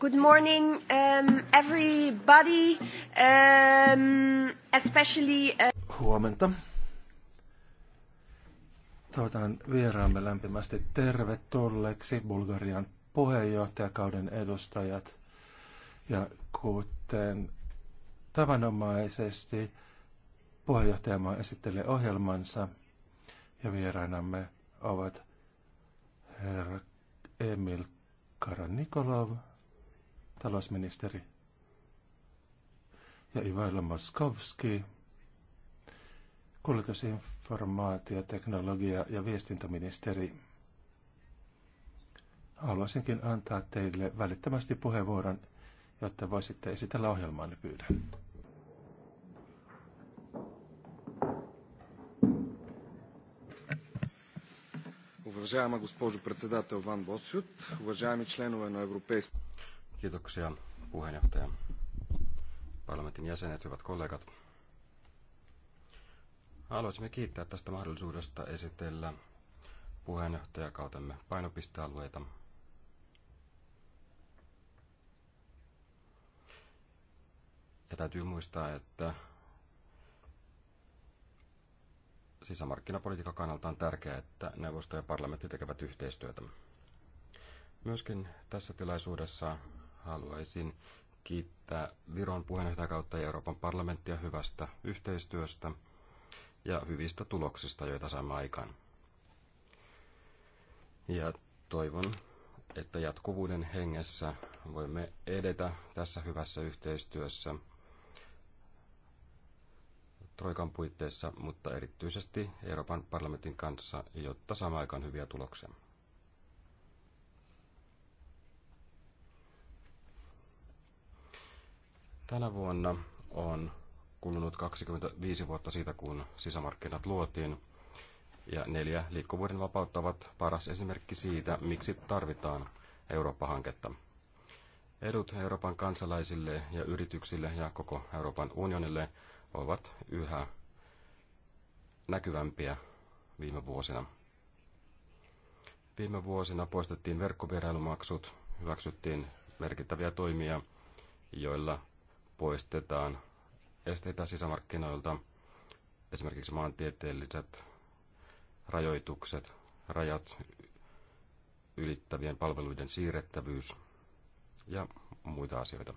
Good morning, um, everybody, um, especially... Uh... Huomenta. Toivotan vieraamme lämpimästi tervetulleeksi Bulgarian puheenjohtajakauden edustajat. Ja kuten tavanomaisesti puheenjohtajamaa esittelee ohjelmansa ja vierainamme ovat herra Emil Karanikolov, talousministeri, ja Ivailo Moskovski, kuljetusinformaatio, teknologia ja viestintäministeri. Haluaisinkin antaa teille välittömästi puheenvuoron, jotta voisitte esitellä ohjelmaanne pyydän. Уважаема госпожо председател Ван Босют, уважаеми членове на Европейския Kiitoksia puheenjohtaja. Parlamentin jäsenet, hyvät kollegat. Haluaisimme kiittää tästä mahdollisuudesta esitellä puheenjohtajakautemme painopistealueita. Ja täytyy muistaa, että sisämarkkinapolitiikan kannalta on tärkeää, että neuvosto ja parlamentti tekevät yhteistyötä. Myöskin tässä tilaisuudessa haluaisin kiittää Viron puheenjohtajakautta ja Euroopan parlamenttia hyvästä yhteistyöstä ja hyvistä tuloksista, joita saamme aikaan. Ja toivon, että jatkuvuuden hengessä voimme edetä tässä hyvässä yhteistyössä Troikan puitteissa, mutta erityisesti Euroopan parlamentin kanssa, jotta saamme aikaan hyviä tuloksia. Tänä vuonna on kulunut 25 vuotta siitä, kun sisämarkkinat luotiin, ja neljä liikkuvuuden vapautta ovat paras esimerkki siitä, miksi tarvitaan Eurooppa-hanketta. Edut Euroopan kansalaisille ja yrityksille ja koko Euroopan unionille ovat yhä näkyvämpiä viime vuosina. Viime vuosina poistettiin verkkovierailumaksut, hyväksyttiin merkittäviä toimia, joilla poistetaan esteitä sisämarkkinoilta, esimerkiksi maantieteelliset rajoitukset, rajat ylittävien palveluiden siirrettävyys ja muita asioita.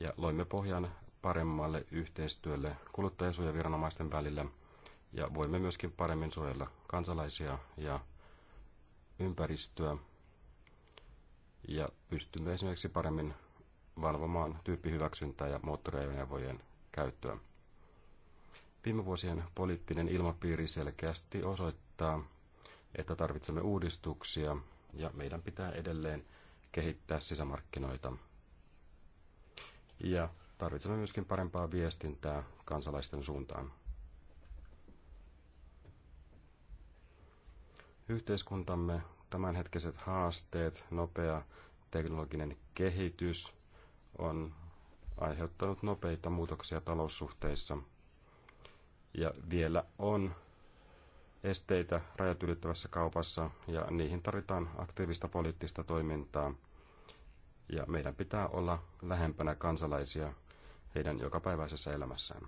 Ja loimme pohjan paremmalle yhteistyölle kuluttajasuojaviranomaisten välillä ja voimme myöskin paremmin suojella kansalaisia ja ympäristöä ja pystymme esimerkiksi paremmin valvomaan tyyppihyväksyntää ja moottoriajoneuvojen käyttöä. Viime vuosien poliittinen ilmapiiri selkeästi osoittaa, että tarvitsemme uudistuksia ja meidän pitää edelleen kehittää sisämarkkinoita. Ja tarvitsemme myöskin parempaa viestintää kansalaisten suuntaan. Yhteiskuntamme tämänhetkiset haasteet, nopea teknologinen kehitys on aiheuttanut nopeita muutoksia taloussuhteissa. Ja vielä on esteitä rajat ylittävässä kaupassa ja niihin tarvitaan aktiivista poliittista toimintaa. Ja meidän pitää olla lähempänä kansalaisia heidän jokapäiväisessä elämässään.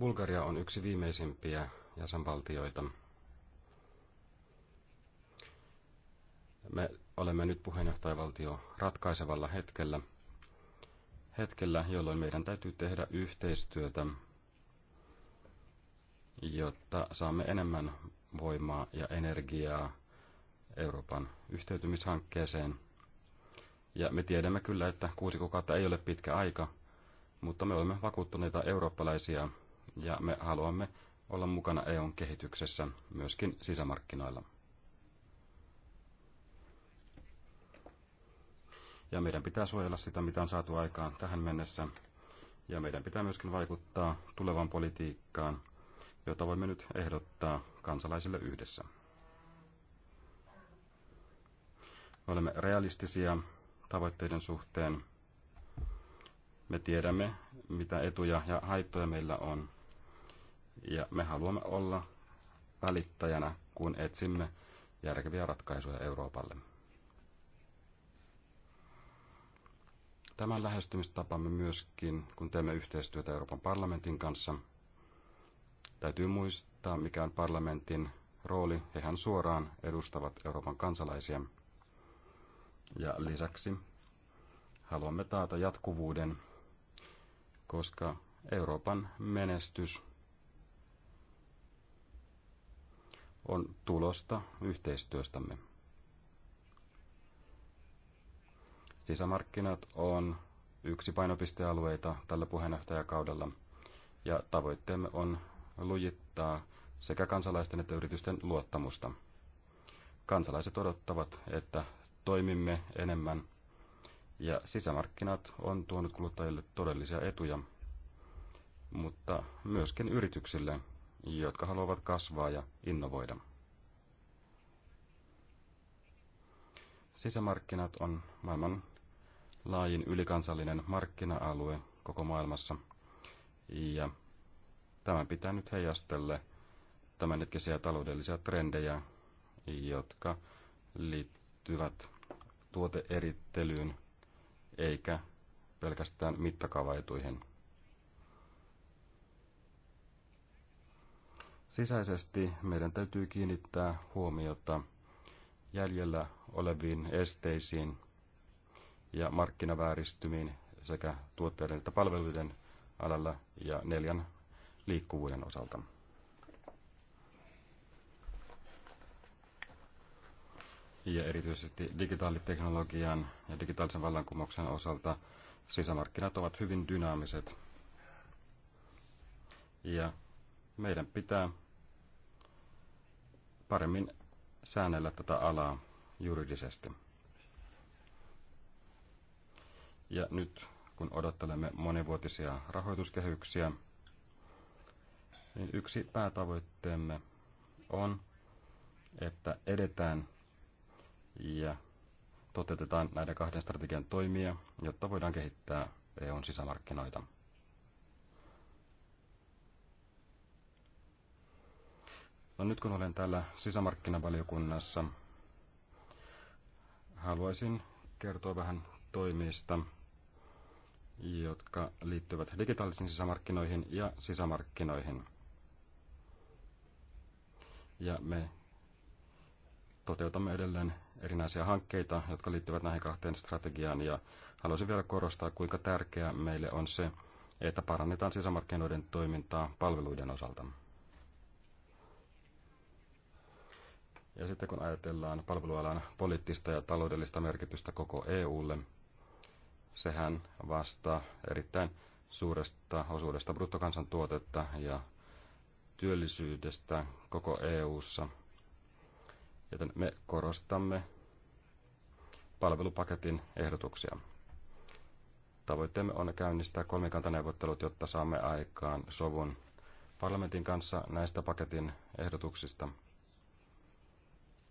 Bulgaria on yksi viimeisimpiä jäsenvaltioita. Me olemme nyt puheenjohtajavaltio ratkaisevalla hetkellä, hetkellä, jolloin meidän täytyy tehdä yhteistyötä, jotta saamme enemmän voimaa ja energiaa Euroopan yhteytymishankkeeseen. Ja me tiedämme kyllä, että kuusi kuukautta ei ole pitkä aika, mutta me olemme vakuuttuneita eurooppalaisia ja me haluamme olla mukana EUn kehityksessä myöskin sisämarkkinoilla. ja meidän pitää suojella sitä, mitä on saatu aikaan tähän mennessä. Ja meidän pitää myöskin vaikuttaa tulevan politiikkaan, jota voimme nyt ehdottaa kansalaisille yhdessä. Me olemme realistisia tavoitteiden suhteen. Me tiedämme, mitä etuja ja haittoja meillä on. Ja me haluamme olla välittäjänä, kun etsimme järkeviä ratkaisuja Euroopalle. tämän lähestymistapamme myöskin, kun teemme yhteistyötä Euroopan parlamentin kanssa. Täytyy muistaa, mikä on parlamentin rooli. Hehän suoraan edustavat Euroopan kansalaisia. Ja lisäksi haluamme taata jatkuvuuden, koska Euroopan menestys on tulosta yhteistyöstämme. Sisämarkkinat on yksi painopistealueita tällä puheenjohtajakaudella, ja tavoitteemme on lujittaa sekä kansalaisten että yritysten luottamusta. Kansalaiset odottavat, että toimimme enemmän, ja sisämarkkinat on tuonut kuluttajille todellisia etuja, mutta myöskin yrityksille, jotka haluavat kasvaa ja innovoida. Sisämarkkinat on maailman laajin ylikansallinen markkina-alue koko maailmassa. Ja tämän pitää nyt heijastella tämänhetkisiä taloudellisia trendejä, jotka liittyvät tuoteerittelyyn eikä pelkästään mittakaavaetuihin. Sisäisesti meidän täytyy kiinnittää huomiota jäljellä oleviin esteisiin – ja markkinavääristymiin sekä tuotteiden että palveluiden alalla ja neljän liikkuvuuden osalta. Ja erityisesti digitaaliteknologian ja digitaalisen vallankumouksen osalta sisämarkkinat ovat hyvin dynaamiset. Ja meidän pitää paremmin säännellä tätä alaa juridisesti. Ja nyt kun odottelemme monivuotisia rahoituskehyksiä, niin yksi päätavoitteemme on, että edetään ja toteutetaan näiden kahden strategian toimia, jotta voidaan kehittää EUn sisämarkkinoita. No nyt kun olen täällä sisämarkkinavaliokunnassa, haluaisin kertoa vähän toimista, jotka liittyvät digitaalisiin sisämarkkinoihin ja sisämarkkinoihin. Ja me toteutamme edelleen erinäisiä hankkeita, jotka liittyvät näihin kahteen strategiaan. Ja haluaisin vielä korostaa, kuinka tärkeää meille on se, että parannetaan sisämarkkinoiden toimintaa palveluiden osalta. Ja sitten kun ajatellaan palvelualan poliittista ja taloudellista merkitystä koko EUlle – Sehän vastaa erittäin suuresta osuudesta bruttokansantuotetta ja työllisyydestä koko EU:ssa. Joten me korostamme palvelupaketin ehdotuksia. Tavoitteemme on käynnistää kolmikantaneuvottelut, jotta saamme aikaan sovun parlamentin kanssa näistä paketin ehdotuksista.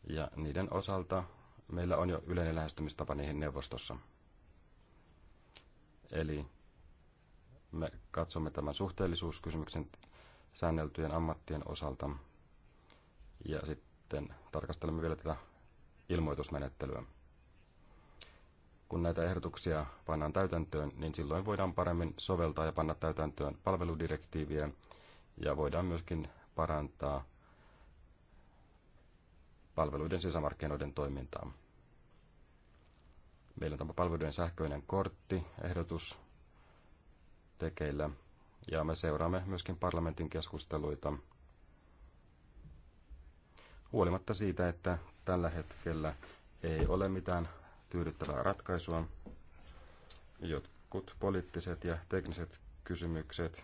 Ja niiden osalta meillä on jo yleinen lähestymistapa niihin neuvostossa. Eli me katsomme tämän suhteellisuuskysymyksen säänneltyjen ammattien osalta ja sitten tarkastelemme vielä tätä ilmoitusmenettelyä. Kun näitä ehdotuksia pannaan täytäntöön, niin silloin voidaan paremmin soveltaa ja panna täytäntöön palveludirektiiviä ja voidaan myöskin parantaa palveluiden sisämarkkinoiden toimintaa. Meillä on tämä palveluiden sähköinen kortti, ehdotus tekeillä. Ja me seuraamme myöskin parlamentin keskusteluita huolimatta siitä, että tällä hetkellä ei ole mitään tyydyttävää ratkaisua. Jotkut poliittiset ja tekniset kysymykset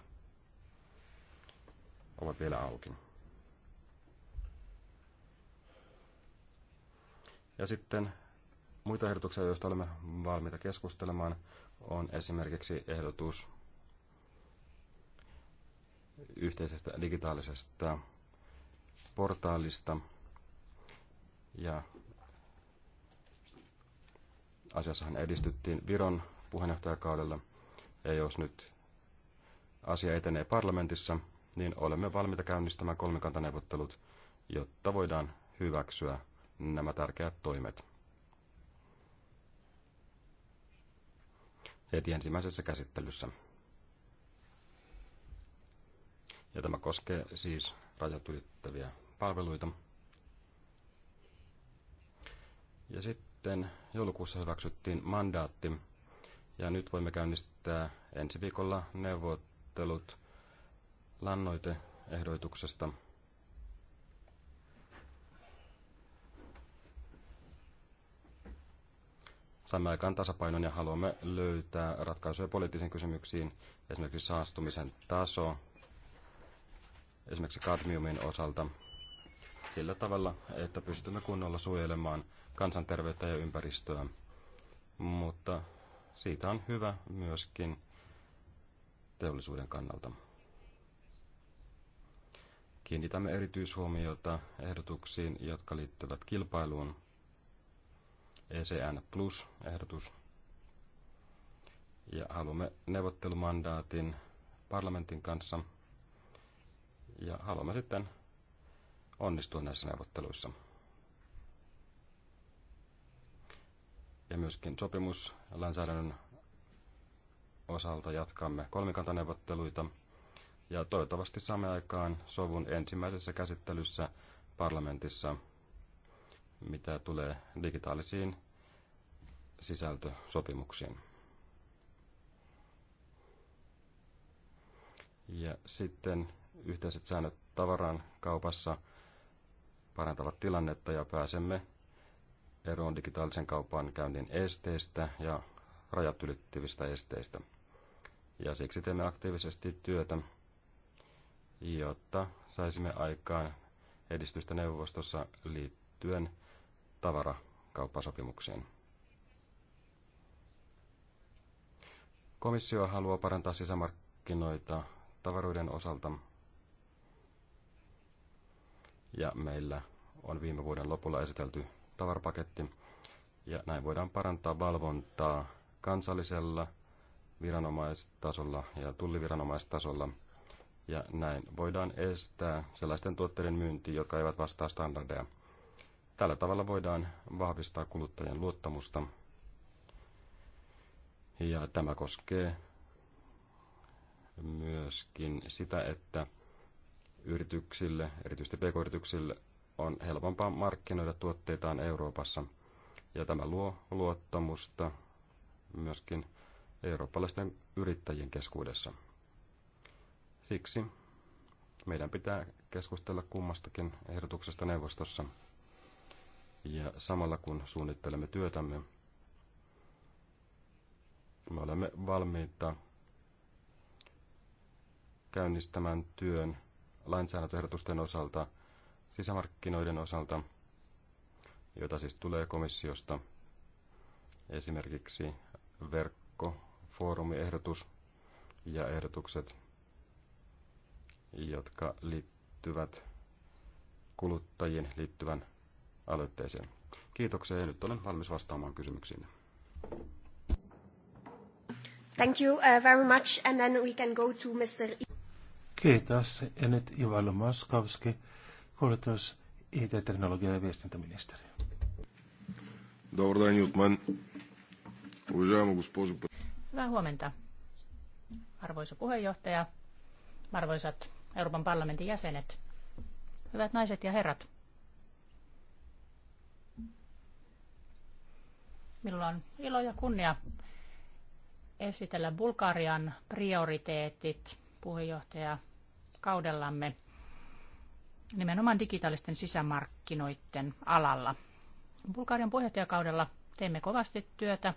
ovat vielä auki. Ja sitten Muita ehdotuksia, joista olemme valmiita keskustelemaan, on esimerkiksi ehdotus yhteisestä digitaalisesta portaalista ja asiassahan edistyttiin Viron puheenjohtajakaudella ja jos nyt asia etenee parlamentissa, niin olemme valmiita käynnistämään kolmikantaneuvottelut, jotta voidaan hyväksyä nämä tärkeät toimet. heti ensimmäisessä käsittelyssä. Ja tämä koskee siis rajat ylittäviä palveluita. Ja sitten joulukuussa hyväksyttiin mandaatti, ja nyt voimme käynnistää ensi viikolla neuvottelut lannoiteehdoituksesta – saamme aikaan tasapainon ja haluamme löytää ratkaisuja poliittisiin kysymyksiin, esimerkiksi saastumisen taso, esimerkiksi kadmiumin osalta, sillä tavalla, että pystymme kunnolla suojelemaan kansanterveyttä ja ympäristöä. Mutta siitä on hyvä myöskin teollisuuden kannalta. Kiinnitämme erityishuomiota ehdotuksiin, jotka liittyvät kilpailuun ECN Plus-ehdotus. Ja haluamme neuvottelumandaatin parlamentin kanssa. Ja haluamme sitten onnistua näissä neuvotteluissa. Ja myöskin sopimuslainsäädännön osalta jatkamme kolmikantaneuvotteluita ja toivottavasti saamme aikaan sovun ensimmäisessä käsittelyssä parlamentissa mitä tulee digitaalisiin sisältösopimuksiin. Ja sitten yhteiset säännöt tavaran kaupassa parantavat tilannetta ja pääsemme eroon digitaalisen kaupan käynnin esteistä ja rajat ylittävistä esteistä. Ja siksi teemme aktiivisesti työtä, jotta saisimme aikaan edistystä neuvostossa liittyen tavarakauppasopimuksiin. Komissio haluaa parantaa sisämarkkinoita tavaroiden osalta ja meillä on viime vuoden lopulla esitelty tavarapaketti ja näin voidaan parantaa valvontaa kansallisella viranomaistasolla ja tulliviranomaistasolla ja näin voidaan estää sellaisten tuotteiden myynti, jotka eivät vastaa standardeja. Tällä tavalla voidaan vahvistaa kuluttajien luottamusta. Ja tämä koskee myöskin sitä, että yrityksille, erityisesti pk-yrityksille, on helpompaa markkinoida tuotteitaan Euroopassa. Ja tämä luo luottamusta myöskin eurooppalaisten yrittäjien keskuudessa. Siksi meidän pitää keskustella kummastakin ehdotuksesta neuvostossa – ja samalla kun suunnittelemme työtämme, me olemme valmiita käynnistämään työn lainsäädäntöehdotusten osalta, sisämarkkinoiden osalta, jota siis tulee komissiosta, esimerkiksi verkkofoorumiehdotus ja ehdotukset, jotka liittyvät kuluttajien liittyvän aloitteeseen. Kiitoksia ja nyt olen valmis vastaamaan kysymyksiin. Thank you uh, very much and then we can go to Mr. Kiitos. Ja nyt Ivalo Moskovski, koulutus, IT-teknologia ja viestintäministeri. Hyvää huomenta, arvoisa puheenjohtaja, arvoisat Euroopan parlamentin jäsenet, hyvät naiset ja herrat. Minulla on ilo ja kunnia esitellä Bulgarian prioriteetit puheenjohtaja kaudellamme nimenomaan digitaalisten sisämarkkinoiden alalla. Bulgarian puheenjohtajakaudella teemme kovasti työtä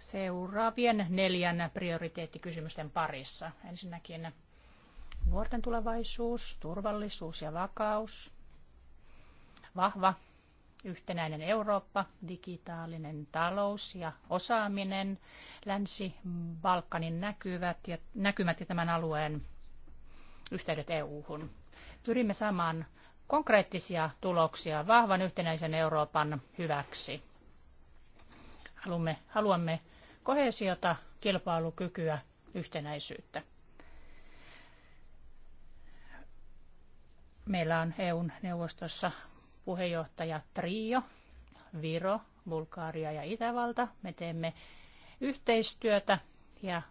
seuraavien neljän prioriteettikysymysten parissa. Ensinnäkin nuorten tulevaisuus, turvallisuus ja vakaus, vahva yhtenäinen Eurooppa, digitaalinen talous ja osaaminen, Länsi-Balkanin näkyvät ja, näkymät ja tämän alueen yhteydet EU-hun. Pyrimme saamaan konkreettisia tuloksia vahvan yhtenäisen Euroopan hyväksi. Haluamme, haluamme kohesiota, kilpailukykyä, yhtenäisyyttä. Meillä on EUn neuvostossa puheenjohtaja Trio, Viro, Bulgaria ja Itävalta. Me teemme yhteistyötä ja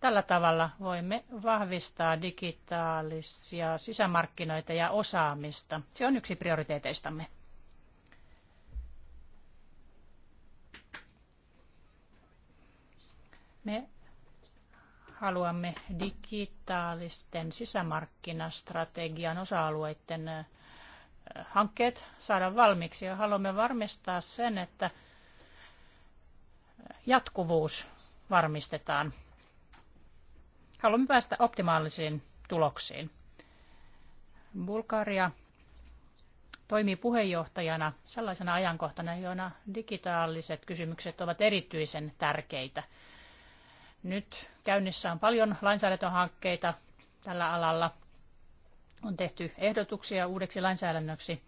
tällä tavalla voimme vahvistaa digitaalisia sisämarkkinoita ja osaamista. Se on yksi prioriteeteistamme. Me haluamme digitaalisten sisämarkkinastrategian osa-alueiden hankkeet saada valmiiksi ja haluamme varmistaa sen, että jatkuvuus varmistetaan. Haluamme päästä optimaalisiin tuloksiin. Bulgaria toimii puheenjohtajana sellaisena ajankohtana, jona digitaaliset kysymykset ovat erityisen tärkeitä. Nyt käynnissä on paljon lainsäädäntöhankkeita tällä alalla. On tehty ehdotuksia uudeksi lainsäädännöksi.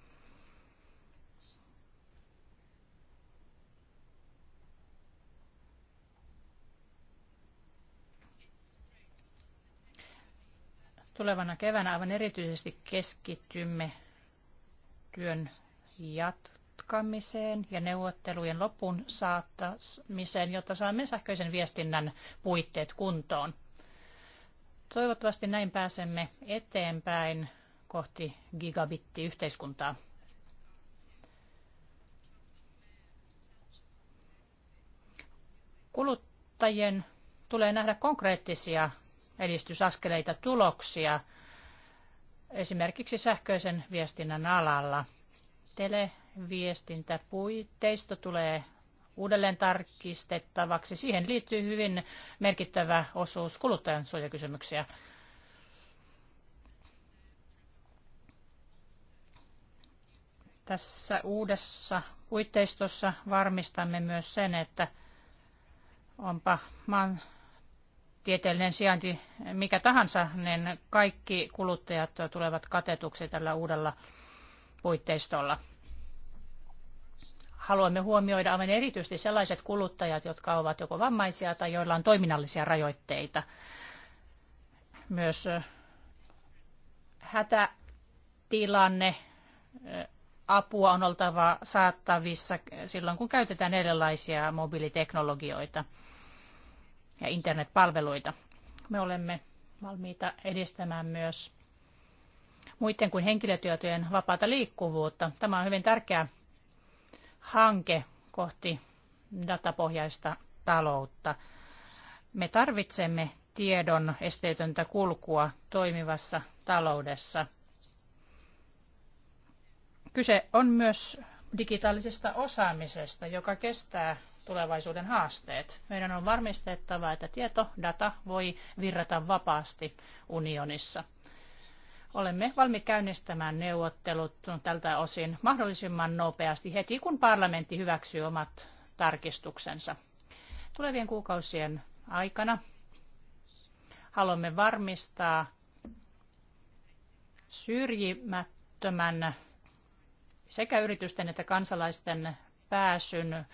Tulevana keväänä aivan erityisesti keskitymme työn jatkamiseen ja neuvottelujen loppuun saattamiseen, jotta saamme sähköisen viestinnän puitteet kuntoon. Toivottavasti näin pääsemme eteenpäin kohti gigabittiyhteiskuntaa. Kuluttajien tulee nähdä konkreettisia edistysaskeleita, tuloksia esimerkiksi sähköisen viestinnän alalla. Televiestintäpuitteisto tulee uudelleen tarkistettavaksi. Siihen liittyy hyvin merkittävä osuus kuluttajan suojakysymyksiä. Tässä uudessa puitteistossa varmistamme myös sen, että onpa maan tieteellinen sijainti mikä tahansa, niin kaikki kuluttajat tulevat katetuksi tällä uudella puitteistolla haluamme huomioida aivan erityisesti sellaiset kuluttajat, jotka ovat joko vammaisia tai joilla on toiminnallisia rajoitteita. Myös hätätilanne apua on oltava saattavissa silloin, kun käytetään erilaisia mobiiliteknologioita ja internetpalveluita. Me olemme valmiita edistämään myös muiden kuin henkilötietojen vapaata liikkuvuutta. Tämä on hyvin tärkeä hanke kohti datapohjaista taloutta. Me tarvitsemme tiedon esteetöntä kulkua toimivassa taloudessa. Kyse on myös digitaalisesta osaamisesta, joka kestää tulevaisuuden haasteet. Meidän on varmistettava, että tieto, data voi virrata vapaasti unionissa. Olemme valmiit käynnistämään neuvottelut tältä osin mahdollisimman nopeasti heti, kun parlamentti hyväksyy omat tarkistuksensa. Tulevien kuukausien aikana haluamme varmistaa syrjimättömän sekä yritysten että kansalaisten pääsyn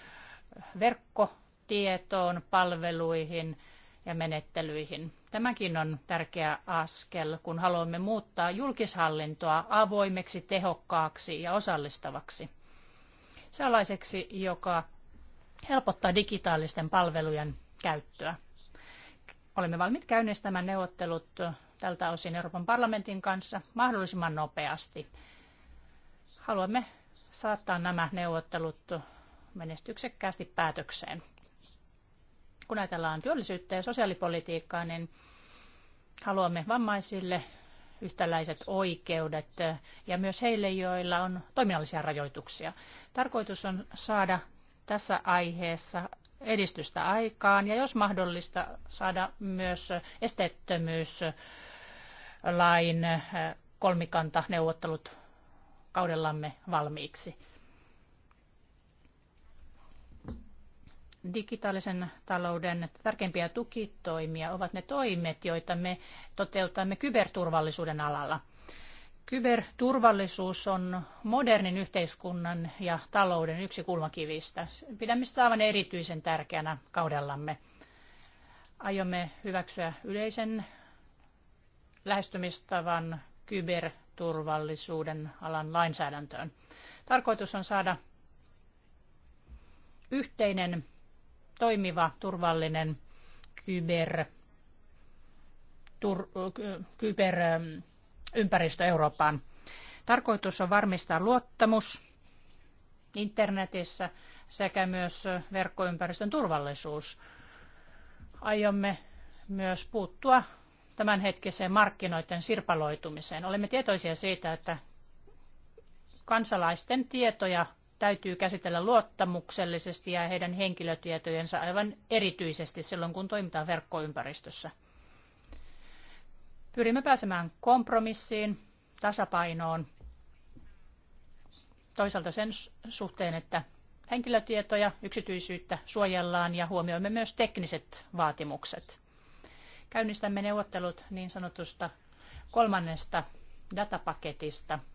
verkkotietoon, palveluihin ja menettelyihin. Tämäkin on tärkeä askel, kun haluamme muuttaa julkishallintoa avoimeksi, tehokkaaksi ja osallistavaksi. Sellaiseksi, joka helpottaa digitaalisten palvelujen käyttöä. Olemme valmiit käynnistämään neuvottelut tältä osin Euroopan parlamentin kanssa mahdollisimman nopeasti. Haluamme saattaa nämä neuvottelut menestyksekkäästi päätökseen kun ajatellaan työllisyyttä ja sosiaalipolitiikkaa, niin haluamme vammaisille yhtäläiset oikeudet ja myös heille, joilla on toiminnallisia rajoituksia. Tarkoitus on saada tässä aiheessa edistystä aikaan ja jos mahdollista saada myös esteettömyyslain kolmikanta neuvottelut kaudellamme valmiiksi. digitaalisen talouden tärkeimpiä tukitoimia ovat ne toimet, joita me toteutamme kyberturvallisuuden alalla. Kyberturvallisuus on modernin yhteiskunnan ja talouden yksi kulmakivistä. Pidämme sitä aivan erityisen tärkeänä kaudellamme. Aiomme hyväksyä yleisen lähestymistavan kyberturvallisuuden alan lainsäädäntöön. Tarkoitus on saada yhteinen toimiva, turvallinen kyber, tur, kyberympäristö Eurooppaan. Tarkoitus on varmistaa luottamus internetissä sekä myös verkkoympäristön turvallisuus. Aiomme myös puuttua tämänhetkiseen markkinoiden sirpaloitumiseen. Olemme tietoisia siitä, että kansalaisten tietoja täytyy käsitellä luottamuksellisesti ja heidän henkilötietojensa aivan erityisesti silloin, kun toimitaan verkkoympäristössä. Pyrimme pääsemään kompromissiin, tasapainoon, toisaalta sen suhteen, että henkilötietoja, yksityisyyttä suojellaan ja huomioimme myös tekniset vaatimukset. Käynnistämme neuvottelut niin sanotusta kolmannesta datapaketista –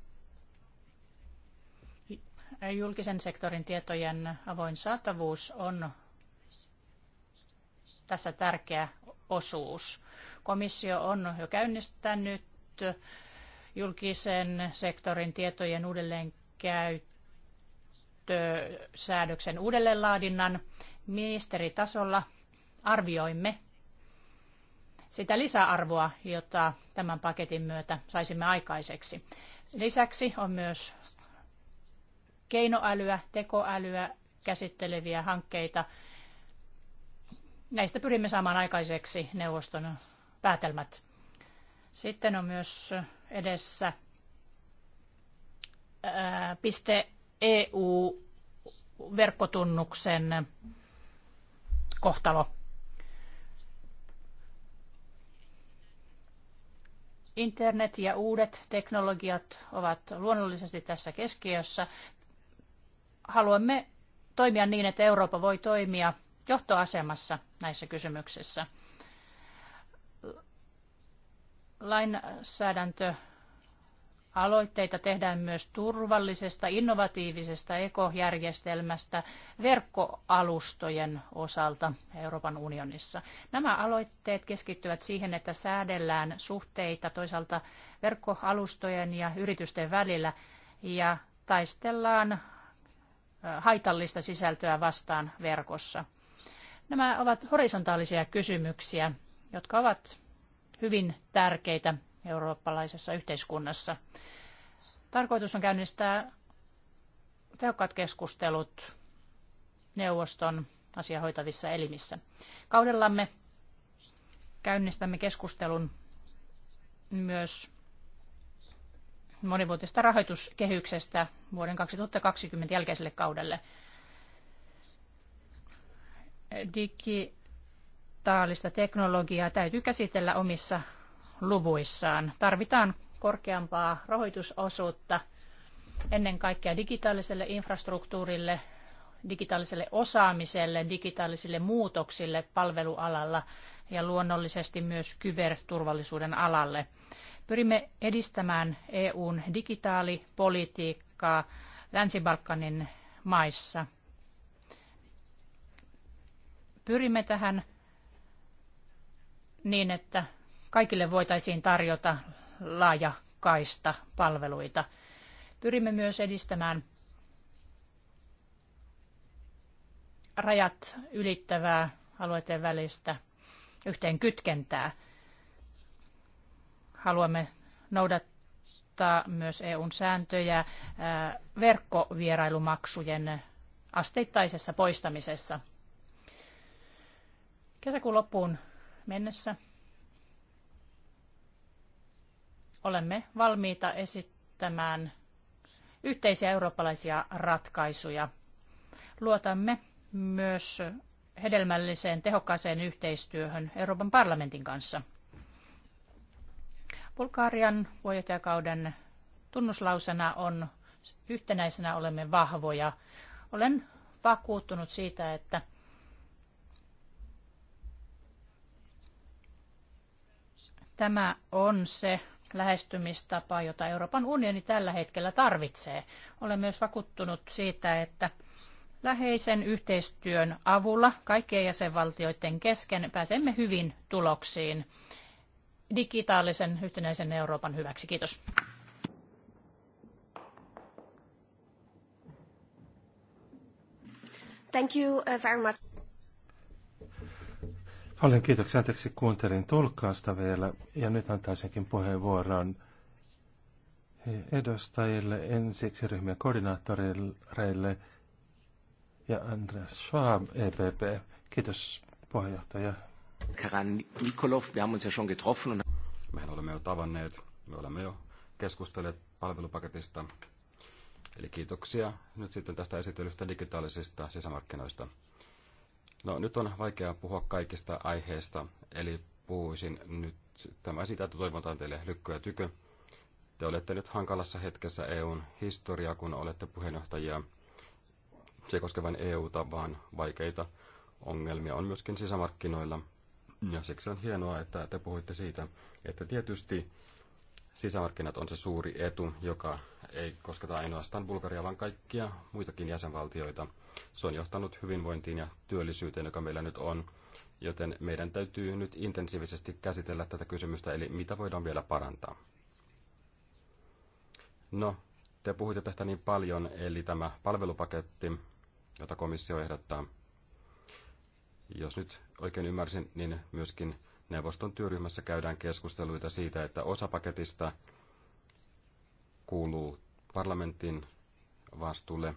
julkisen sektorin tietojen avoin saatavuus on tässä tärkeä osuus. Komissio on jo käynnistänyt julkisen sektorin tietojen uudelleenkäyttösäädöksen uudelleenlaadinnan. Ministeritasolla arvioimme sitä lisäarvoa, jota tämän paketin myötä saisimme aikaiseksi. Lisäksi on myös keinoälyä, tekoälyä käsitteleviä hankkeita. Näistä pyrimme saamaan aikaiseksi neuvoston päätelmät. Sitten on myös edessä piste EU-verkkotunnuksen kohtalo. Internet ja uudet teknologiat ovat luonnollisesti tässä keskiössä haluamme toimia niin, että Eurooppa voi toimia johtoasemassa näissä kysymyksissä. Lainsäädäntö Aloitteita tehdään myös turvallisesta, innovatiivisesta ekojärjestelmästä verkkoalustojen osalta Euroopan unionissa. Nämä aloitteet keskittyvät siihen, että säädellään suhteita toisaalta verkkoalustojen ja yritysten välillä ja taistellaan haitallista sisältöä vastaan verkossa. Nämä ovat horisontaalisia kysymyksiä, jotka ovat hyvin tärkeitä eurooppalaisessa yhteiskunnassa. Tarkoitus on käynnistää tehokkaat keskustelut neuvoston asiahoitavissa elimissä. Kaudellamme käynnistämme keskustelun myös monivuotista rahoituskehyksestä vuoden 2020 jälkeiselle kaudelle. Digitaalista teknologiaa täytyy käsitellä omissa luvuissaan. Tarvitaan korkeampaa rahoitusosuutta ennen kaikkea digitaaliselle infrastruktuurille, digitaaliselle osaamiselle, digitaalisille muutoksille palvelualalla ja luonnollisesti myös kyberturvallisuuden alalle. Pyrimme edistämään EUn digitaalipolitiikkaa Länsi-Balkanin maissa. Pyrimme tähän niin, että kaikille voitaisiin tarjota kaista palveluita. Pyrimme myös edistämään rajat ylittävää alueiden välistä yhteen kytkentää. Haluamme noudattaa myös EUn sääntöjä verkkovierailumaksujen asteittaisessa poistamisessa. Kesäkuun loppuun mennessä olemme valmiita esittämään yhteisiä eurooppalaisia ratkaisuja. Luotamme myös hedelmälliseen tehokkaaseen yhteistyöhön Euroopan parlamentin kanssa. Bulgarian puheenjohtajakauden tunnuslausena on yhtenäisenä olemme vahvoja. Olen vakuuttunut siitä, että tämä on se lähestymistapa, jota Euroopan unioni tällä hetkellä tarvitsee. Olen myös vakuuttunut siitä, että läheisen yhteistyön avulla kaikkien jäsenvaltioiden kesken pääsemme hyvin tuloksiin digitaalisen yhtenäisen Euroopan hyväksi. Kiitos. Thank you uh, very much. Paljon kiitoksia. Anteeksi, kuuntelin tulkkausta vielä. Ja nyt antaisinkin puheenvuoron edustajille, ensiksi ryhmien koordinaattoreille ja Andreas Schwab, EPP. Kiitos puheenjohtaja. Karan Nikolov, me haben uns ja schon getroffen. Und... Mehän olemme jo tavanneet, me olemme jo keskustelleet palvelupaketista. Eli kiitoksia nyt sitten tästä esittelystä digitaalisista sisämarkkinoista. No nyt on vaikea puhua kaikista aiheista, eli puhuisin nyt tämä sitä, että toivotan teille ja tykö. Te olette nyt hankalassa hetkessä EUn historiaa, kun olette puheenjohtajia. Se koskevan EUta, vaan vaikeita ongelmia on myöskin sisämarkkinoilla. Ja siksi on hienoa, että te puhuitte siitä, että tietysti sisämarkkinat on se suuri etu, joka ei kosketa ainoastaan Bulgaria, vaan kaikkia muitakin jäsenvaltioita. Se on johtanut hyvinvointiin ja työllisyyteen, joka meillä nyt on, joten meidän täytyy nyt intensiivisesti käsitellä tätä kysymystä, eli mitä voidaan vielä parantaa. No, te puhuitte tästä niin paljon, eli tämä palvelupaketti, jota komissio ehdottaa, jos nyt oikein ymmärsin, niin myöskin neuvoston työryhmässä käydään keskusteluita siitä, että osa paketista kuuluu parlamentin vastuulle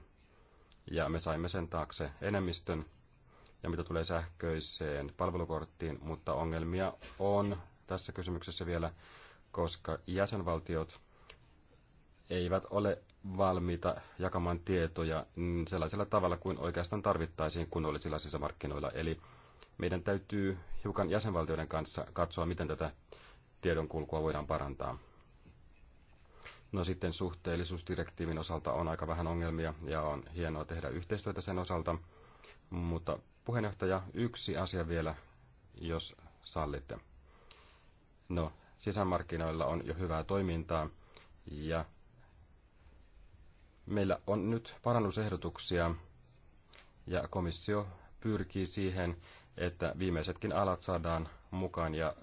ja me saimme sen taakse enemmistön. Ja mitä tulee sähköiseen palvelukorttiin, mutta ongelmia on tässä kysymyksessä vielä, koska jäsenvaltiot eivät ole valmiita jakamaan tietoja mm, sellaisella tavalla kuin oikeastaan tarvittaisiin kunnollisilla sisämarkkinoilla. Eli meidän täytyy hiukan jäsenvaltioiden kanssa katsoa, miten tätä tiedonkulkua voidaan parantaa. No sitten suhteellisuusdirektiivin osalta on aika vähän ongelmia ja on hienoa tehdä yhteistyötä sen osalta. Mutta puheenjohtaja, yksi asia vielä, jos sallitte. No, sisämarkkinoilla on jo hyvää toimintaa ja Meillä on nyt parannusehdotuksia ja komissio pyrkii siihen, että viimeisetkin alat saadaan mukaan ja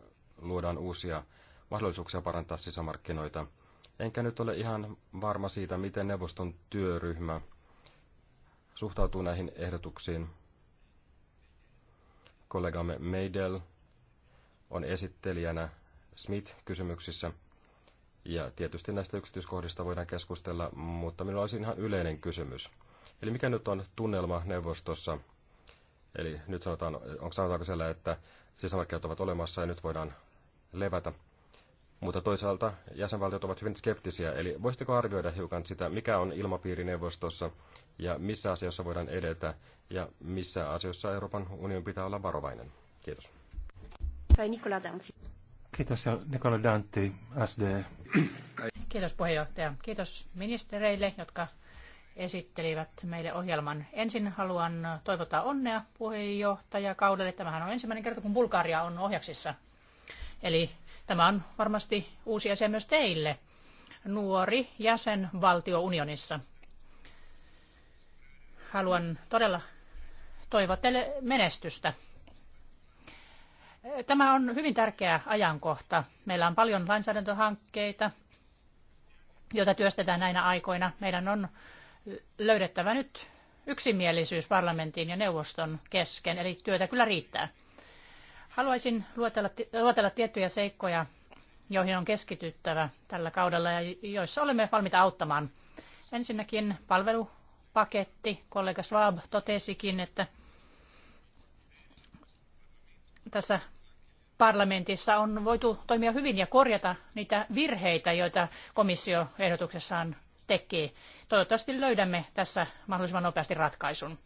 luodaan uusia mahdollisuuksia parantaa sisämarkkinoita. Enkä nyt ole ihan varma siitä, miten neuvoston työryhmä suhtautuu näihin ehdotuksiin. Kollegamme Meidel on esittelijänä Smith-kysymyksissä – ja tietysti näistä yksityiskohdista voidaan keskustella, mutta minulla olisi ihan yleinen kysymys. Eli mikä nyt on tunnelma neuvostossa? Eli nyt sanotaan, onko sanotaanko siellä, että sisämarkkinat ovat olemassa ja nyt voidaan levätä. Mutta toisaalta jäsenvaltiot ovat hyvin skeptisiä, eli voisitteko arvioida hiukan sitä, mikä on ilmapiiri neuvostossa ja missä asioissa voidaan edetä ja missä asioissa Euroopan unionin pitää olla varovainen? Kiitos. Tai Nikola Dansi. Kiitos ja Nikola Dantti, SD. Kiitos puheenjohtaja. Kiitos ministereille, jotka esittelivät meille ohjelman. Ensin haluan toivottaa onnea kaudelle. Tämähän on ensimmäinen kerta, kun Bulgaria on ohjaksissa. Eli tämä on varmasti uusi asia myös teille. Nuori jäsenvaltio unionissa. Haluan todella toivoa teille menestystä Tämä on hyvin tärkeä ajankohta. Meillä on paljon lainsäädäntöhankkeita, joita työstetään näinä aikoina. Meidän on löydettävä nyt yksimielisyys parlamentin ja neuvoston kesken, eli työtä kyllä riittää. Haluaisin luotella, luotella tiettyjä seikkoja, joihin on keskityttävä tällä kaudella ja joissa olemme valmiita auttamaan. Ensinnäkin palvelupaketti. Kollega Schwab totesikin, että tässä parlamentissa on voitu toimia hyvin ja korjata niitä virheitä, joita komissio ehdotuksessaan teki. Toivottavasti löydämme tässä mahdollisimman nopeasti ratkaisun.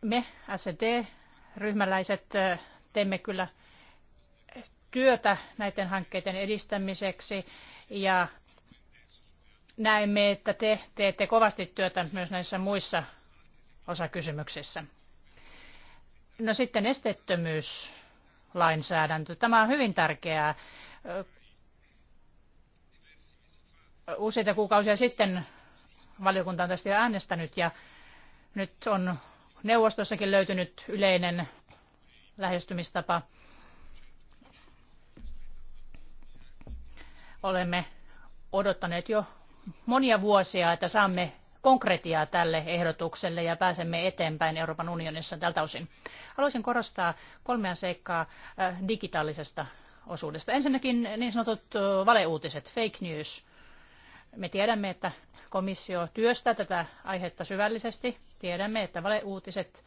Me SD-ryhmäläiset teemme kyllä työtä näiden hankkeiden edistämiseksi ja näemme, että te teette kovasti työtä myös näissä muissa osakysymyksissä. No sitten esteettömyys lainsäädäntö. Tämä on hyvin tärkeää. Useita kuukausia sitten valiokunta on tästä jo äänestänyt ja nyt on neuvostossakin löytynyt yleinen lähestymistapa. Olemme odottaneet jo monia vuosia, että saamme konkretiaa tälle ehdotukselle ja pääsemme eteenpäin Euroopan unionissa tältä osin. Haluaisin korostaa kolmea seikkaa äh, digitaalisesta osuudesta. Ensinnäkin niin sanotut valeuutiset, fake news. Me tiedämme, että komissio työstää tätä aihetta syvällisesti. Tiedämme, että valeuutiset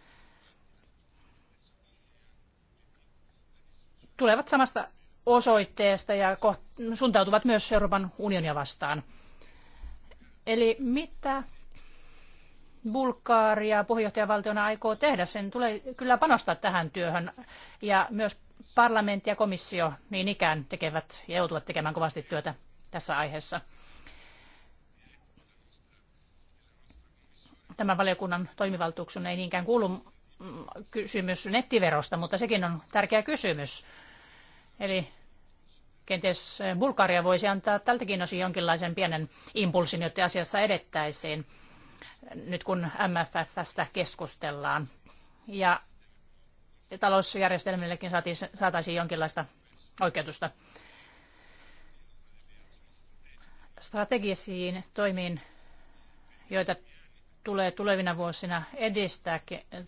tulevat samasta osoitteesta ja suuntautuvat myös Euroopan unionia vastaan. Eli mitä Bulgaaria puheenjohtajavaltiona aikoo tehdä. Sen tulee kyllä panostaa tähän työhön ja myös parlamentti ja komissio niin ikään tekevät ja joutuvat tekemään kovasti työtä tässä aiheessa. Tämän valiokunnan toimivaltuuksun ei niinkään kuulu mm, kysymys nettiverosta, mutta sekin on tärkeä kysymys. Eli kenties Bulgaria voisi antaa tältäkin osin jonkinlaisen pienen impulssin, jotta asiassa edettäisiin nyt kun MFFstä keskustellaan. Ja talousjärjestelmillekin saatiin, saataisiin jonkinlaista oikeutusta. Strategisiin toimiin, joita tulee tulevina vuosina edistää,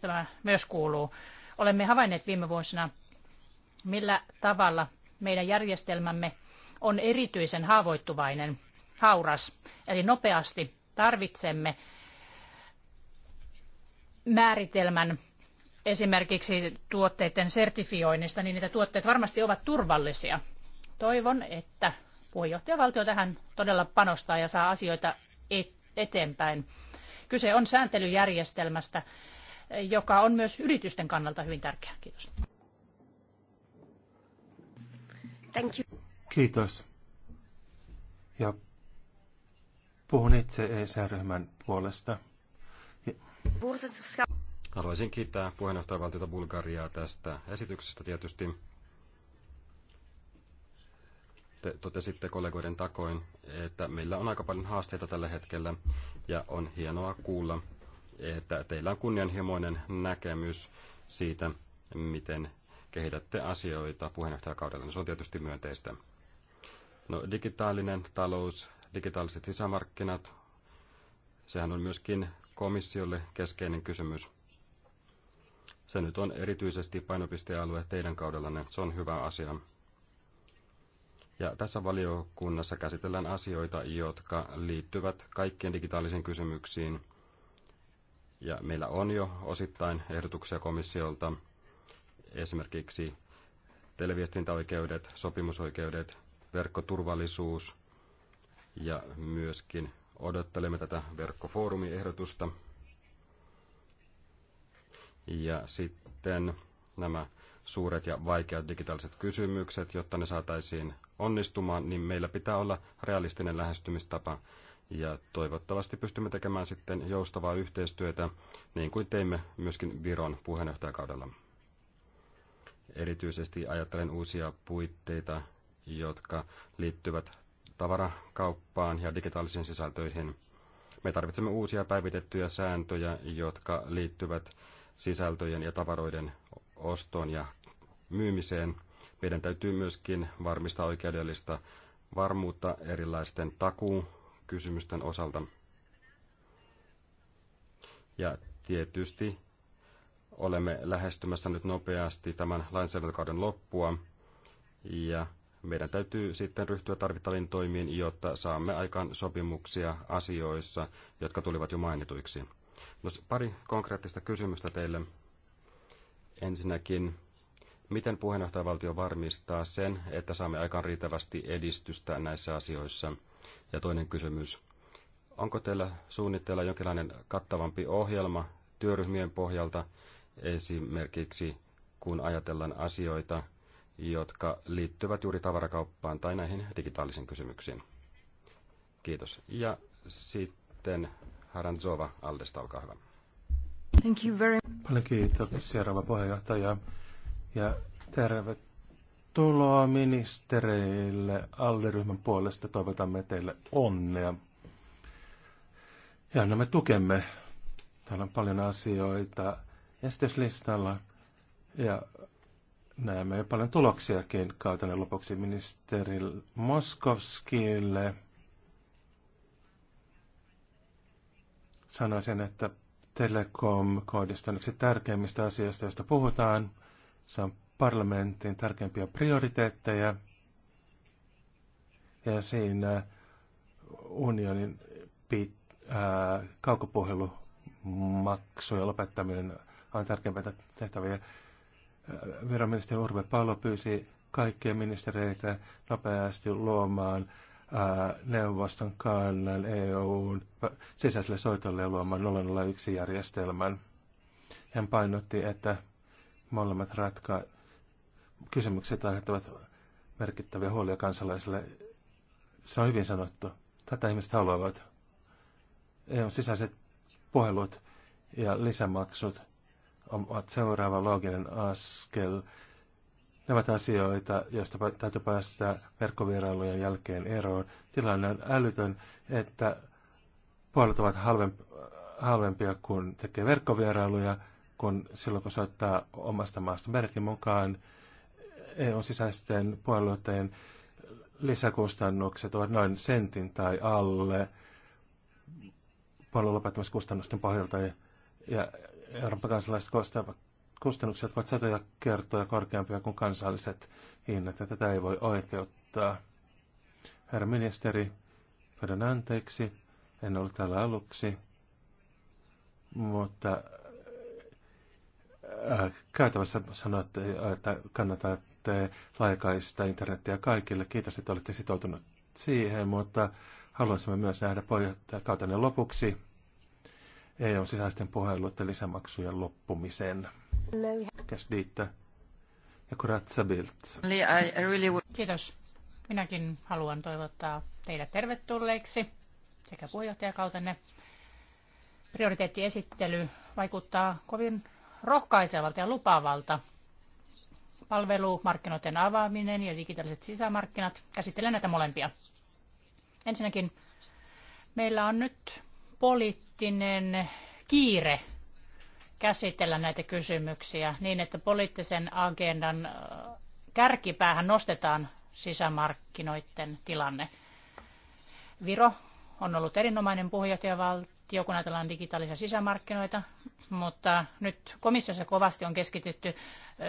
tämä myös kuuluu. Olemme havainneet viime vuosina, millä tavalla meidän järjestelmämme on erityisen haavoittuvainen, hauras. Eli nopeasti tarvitsemme määritelmän esimerkiksi tuotteiden sertifioinnista, niin niitä tuotteet varmasti ovat turvallisia. Toivon, että puheenjohtajavaltio tähän todella panostaa ja saa asioita eteenpäin. Kyse on sääntelyjärjestelmästä, joka on myös yritysten kannalta hyvin tärkeä. Kiitos. Thank you. Kiitos. Ja puhun itse ESR-ryhmän puolesta. Haluaisin kiittää puheenjohtajavaltiota Bulgariaa tästä esityksestä tietysti. Te totesitte kollegoiden takoin, että meillä on aika paljon haasteita tällä hetkellä ja on hienoa kuulla, että teillä on kunnianhimoinen näkemys siitä, miten kehitätte asioita puheenjohtajakaudella. Se on tietysti myönteistä. No, digitaalinen talous, digitaaliset sisämarkkinat, sehän on myöskin komissiolle keskeinen kysymys. Se nyt on erityisesti painopistealue teidän kaudellanne. Se on hyvä asia. Ja tässä valiokunnassa käsitellään asioita, jotka liittyvät kaikkien digitaalisiin kysymyksiin. Ja meillä on jo osittain ehdotuksia komissiolta, esimerkiksi televiestintäoikeudet, sopimusoikeudet, verkkoturvallisuus ja myöskin odottelemme tätä verkkofoorumiehdotusta. Ja sitten nämä suuret ja vaikeat digitaaliset kysymykset, jotta ne saataisiin onnistumaan, niin meillä pitää olla realistinen lähestymistapa. Ja toivottavasti pystymme tekemään sitten joustavaa yhteistyötä, niin kuin teimme myöskin Viron puheenjohtajakaudella. Erityisesti ajattelen uusia puitteita, jotka liittyvät tavarakauppaan ja digitaalisiin sisältöihin. Me tarvitsemme uusia päivitettyjä sääntöjä, jotka liittyvät sisältöjen ja tavaroiden ostoon ja myymiseen. Meidän täytyy myöskin varmistaa oikeudellista varmuutta erilaisten takuukysymysten osalta. Ja tietysti olemme lähestymässä nyt nopeasti tämän lainsäädäntökauden loppua ja meidän täytyy sitten ryhtyä tarvittaviin toimiin, jotta saamme aikaan sopimuksia asioissa, jotka tulivat jo mainituiksi. No, pari konkreettista kysymystä teille. Ensinnäkin, miten puheenjohtajavaltio varmistaa sen, että saamme aikaan riittävästi edistystä näissä asioissa? Ja toinen kysymys, onko teillä suunnitteilla jonkinlainen kattavampi ohjelma työryhmien pohjalta, esimerkiksi kun ajatellaan asioita, jotka liittyvät juuri tavarakauppaan tai näihin digitaalisiin kysymyksiin. Kiitos. Ja sitten Zova Aldesta, olkaa hyvä. Thank you very... much. Paljon kiitoksia, rouva puheenjohtaja. Ja tervetuloa ministereille Alderyhmän puolesta. Toivotamme teille onnea. Ja annamme tukemme. Täällä on paljon asioita esityslistalla. Ja näemme paljon tuloksiakin käytännön lopuksi ministeri Moskovskille. Sanoisin, että Telekom-koodista on yksi tärkeimmistä asioista, joista puhutaan. Se on parlamentin tärkeimpiä prioriteetteja. Ja siinä unionin kaukopuhelumaksujen lopettaminen on tärkeimpää tehtäviä veroministeri Urve Palo pyysi kaikkia ministereitä nopeasti luomaan neuvoston kannan EUn sisäiselle soitolle luomaan 001-järjestelmän. Hän painotti, että molemmat ratka- kysymykset aiheuttavat merkittäviä huolia kansalaisille. Se on hyvin sanottu. Tätä ihmiset haluavat. EUn sisäiset puhelut ja lisämaksut – ovat seuraava looginen askel. Ne ovat asioita, joista täytyy päästä verkkovierailujen jälkeen eroon. Tilanne on älytön, että puolet ovat halvempia, kun tekee verkkovierailuja, kun silloin kun soittaa omasta maasta merkin mukaan. eu sisäisten puolueiden lisäkustannukset ovat noin sentin tai alle puolueen lopettamiskustannusten pohjalta. ja Euroopan kansalaiset kostavat kustannukset, ovat satoja kertoja korkeampia kuin kansalliset hinnat, ja tätä ei voi oikeuttaa. Herra ministeri, pyydän anteeksi, en ollut täällä aluksi, mutta äh, käytävässä sanoitte, että kannatatte laikaista internettiä kaikille. Kiitos, että olette sitoutuneet siihen, mutta haluaisimme myös nähdä puheenjohtajakautenne lopuksi EU-sisäisten puheluiden lisämaksujen loppumisen. Käs Ja Kuratsabilt. Kiitos. Minäkin haluan toivottaa teidät tervetulleiksi sekä puheenjohtajakautenne. Prioriteettiesittely vaikuttaa kovin rohkaisevalta ja lupaavalta. Palvelumarkkinoiden avaaminen ja digitaaliset sisämarkkinat. Käsittelen näitä molempia. Ensinnäkin meillä on nyt poliittinen poliittinen kiire käsitellä näitä kysymyksiä niin, että poliittisen agendan kärkipäähän nostetaan sisämarkkinoiden tilanne. Viro on ollut erinomainen puheenjohtajavaltio, kun ajatellaan digitaalisia sisämarkkinoita, mutta nyt komissiossa kovasti on keskitytty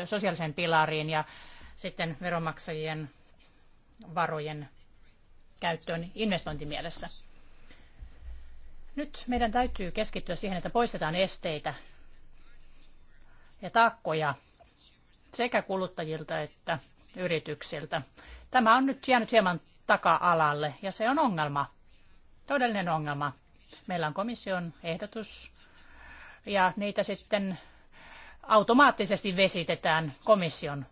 sosiaaliseen pilariin ja sitten veronmaksajien varojen käyttöön investointimielessä. Nyt meidän täytyy keskittyä siihen, että poistetaan esteitä ja taakkoja sekä kuluttajilta että yrityksiltä. Tämä on nyt jäänyt hieman taka-alalle ja se on ongelma, todellinen ongelma. Meillä on komission ehdotus ja niitä sitten automaattisesti vesitetään komission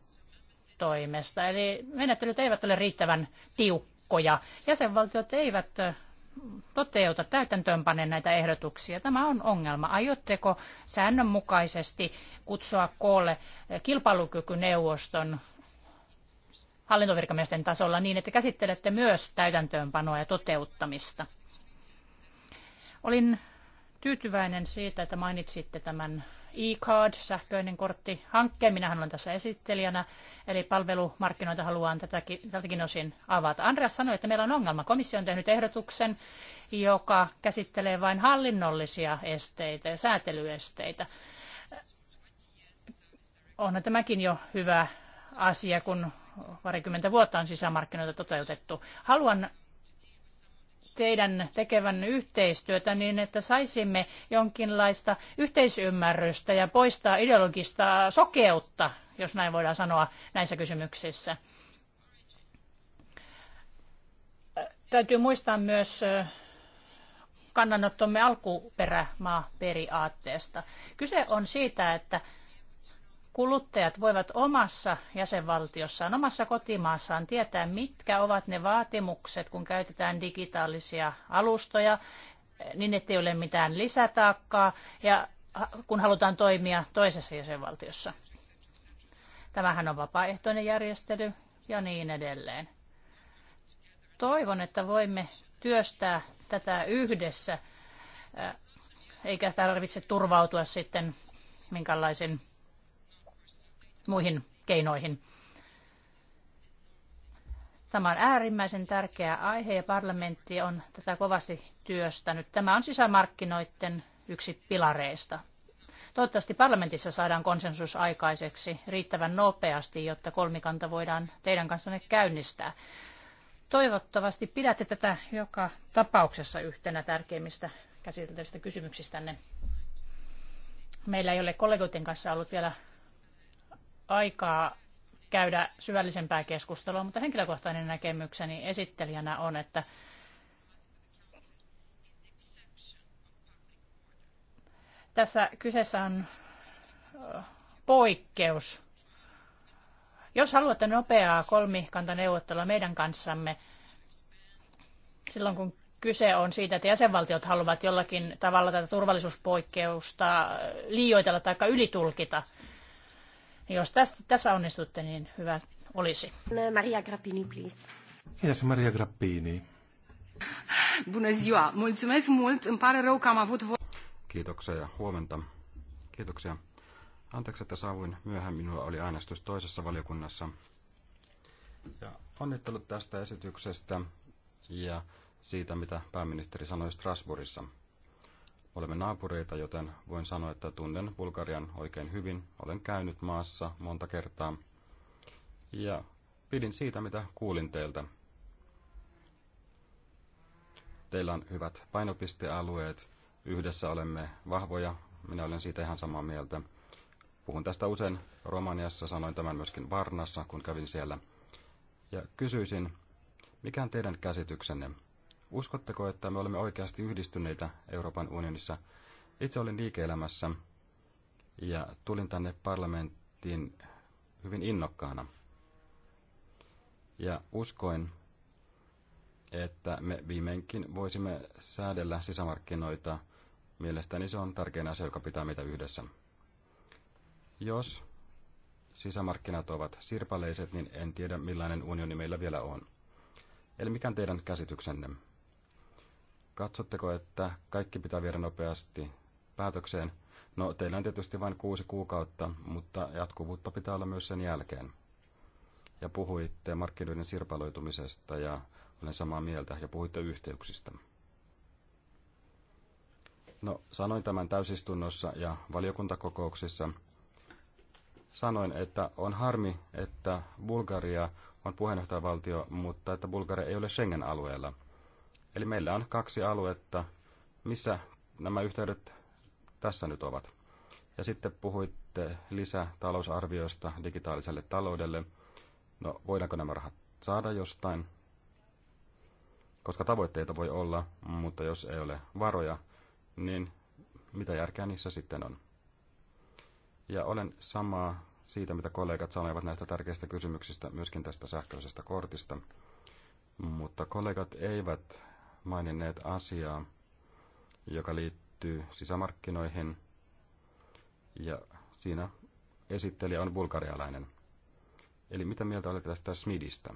toimesta. Eli menettelyt eivät ole riittävän tiukkoja. Jäsenvaltiot eivät toteuta, täytäntöönpane näitä ehdotuksia. Tämä on ongelma. Aiotteko säännönmukaisesti kutsua koolle kilpailukykyneuvoston hallintovirkamiesten tasolla niin, että käsittelette myös täytäntöönpanoa ja toteuttamista? Olin tyytyväinen siitä, että mainitsitte tämän e-card, sähköinen kortti hankkeen. Minähän olen tässä esittelijänä, eli palvelumarkkinoita haluan tätäkin, tältäkin osin avata. Andreas sanoi, että meillä on ongelma. Komissio on tehnyt ehdotuksen, joka käsittelee vain hallinnollisia esteitä ja säätelyesteitä. Onhan tämäkin jo hyvä asia, kun parikymmentä vuotta on sisämarkkinoita toteutettu. Haluan teidän tekevän yhteistyötä niin, että saisimme jonkinlaista yhteisymmärrystä ja poistaa ideologista sokeutta, jos näin voidaan sanoa näissä kysymyksissä. Täytyy muistaa myös kannanottomme alkuperämaaperiaatteesta. Kyse on siitä, että kuluttajat voivat omassa jäsenvaltiossaan, omassa kotimaassaan tietää, mitkä ovat ne vaatimukset, kun käytetään digitaalisia alustoja, niin ettei ole mitään lisätaakkaa ja kun halutaan toimia toisessa jäsenvaltiossa. Tämähän on vapaaehtoinen järjestely ja niin edelleen. Toivon, että voimme työstää tätä yhdessä, eikä tarvitse turvautua sitten minkälaisen muihin keinoihin. Tämä on äärimmäisen tärkeä aihe ja parlamentti on tätä kovasti työstänyt. Tämä on sisämarkkinoiden yksi pilareista. Toivottavasti parlamentissa saadaan konsensus aikaiseksi riittävän nopeasti, jotta kolmikanta voidaan teidän kanssanne käynnistää. Toivottavasti pidätte tätä joka tapauksessa yhtenä tärkeimmistä käsiteltävistä kysymyksistänne. Meillä ei ole kollegoiden kanssa ollut vielä aikaa käydä syvällisempää keskustelua, mutta henkilökohtainen näkemykseni esittelijänä on, että tässä kyseessä on poikkeus. Jos haluatte nopeaa kolmikantaneuvottelua meidän kanssamme, silloin kun kyse on siitä, että jäsenvaltiot haluavat jollakin tavalla tätä turvallisuuspoikkeusta liioitella tai ylitulkita, jos tästä, tässä onnistutte, niin hyvä olisi. Maria Grappini, please. Kiitos Maria Grappini. Bună ziua! Mulțumesc mult! Îmi pare rău că am avut vo- Kiitoksia ja huomenta. Kiitoksia. Anteeksi, että saavuin myöhemmin. Minulla oli äänestys toisessa valiokunnassa. Ja onnittelut tästä esityksestä ja siitä, mitä pääministeri sanoi Strasbourgissa. Olemme naapureita, joten voin sanoa, että tunnen Bulgarian oikein hyvin. Olen käynyt maassa monta kertaa ja pidin siitä, mitä kuulin teiltä. Teillä on hyvät painopistealueet. Yhdessä olemme vahvoja. Minä olen siitä ihan samaa mieltä. Puhun tästä usein Romaniassa, sanoin tämän myöskin Varnassa, kun kävin siellä. Ja kysyisin, mikä on teidän käsityksenne? Uskotteko, että me olemme oikeasti yhdistyneitä Euroopan unionissa? Itse olin liike-elämässä ja tulin tänne parlamenttiin hyvin innokkaana. Ja uskoin, että me viimeinkin voisimme säädellä sisämarkkinoita. Mielestäni se on tärkein asia, joka pitää meitä yhdessä. Jos sisämarkkinat ovat sirpaleiset, niin en tiedä millainen unioni meillä vielä on. Eli mikä on teidän käsityksenne? Katsotteko, että kaikki pitää viedä nopeasti päätökseen? No, teillä on tietysti vain kuusi kuukautta, mutta jatkuvuutta pitää olla myös sen jälkeen. Ja puhuitte markkinoiden sirpaloitumisesta ja olen samaa mieltä ja puhuitte yhteyksistä. No, sanoin tämän täysistunnossa ja valiokuntakokouksissa. Sanoin, että on harmi, että Bulgaria on puheenjohtajavaltio, mutta että Bulgaria ei ole Schengen-alueella – Eli meillä on kaksi aluetta, missä nämä yhteydet tässä nyt ovat. Ja sitten puhuitte lisätalousarviosta digitaaliselle taloudelle. No, voidaanko nämä rahat saada jostain? Koska tavoitteita voi olla, mutta jos ei ole varoja, niin mitä järkeä niissä sitten on? Ja olen samaa siitä, mitä kollegat sanoivat näistä tärkeistä kysymyksistä, myöskin tästä sähköisestä kortista. Mutta kollegat eivät maininneet asiaa, joka liittyy sisämarkkinoihin, ja siinä esittelijä on bulgarialainen. Eli mitä mieltä olet tästä Smidistä?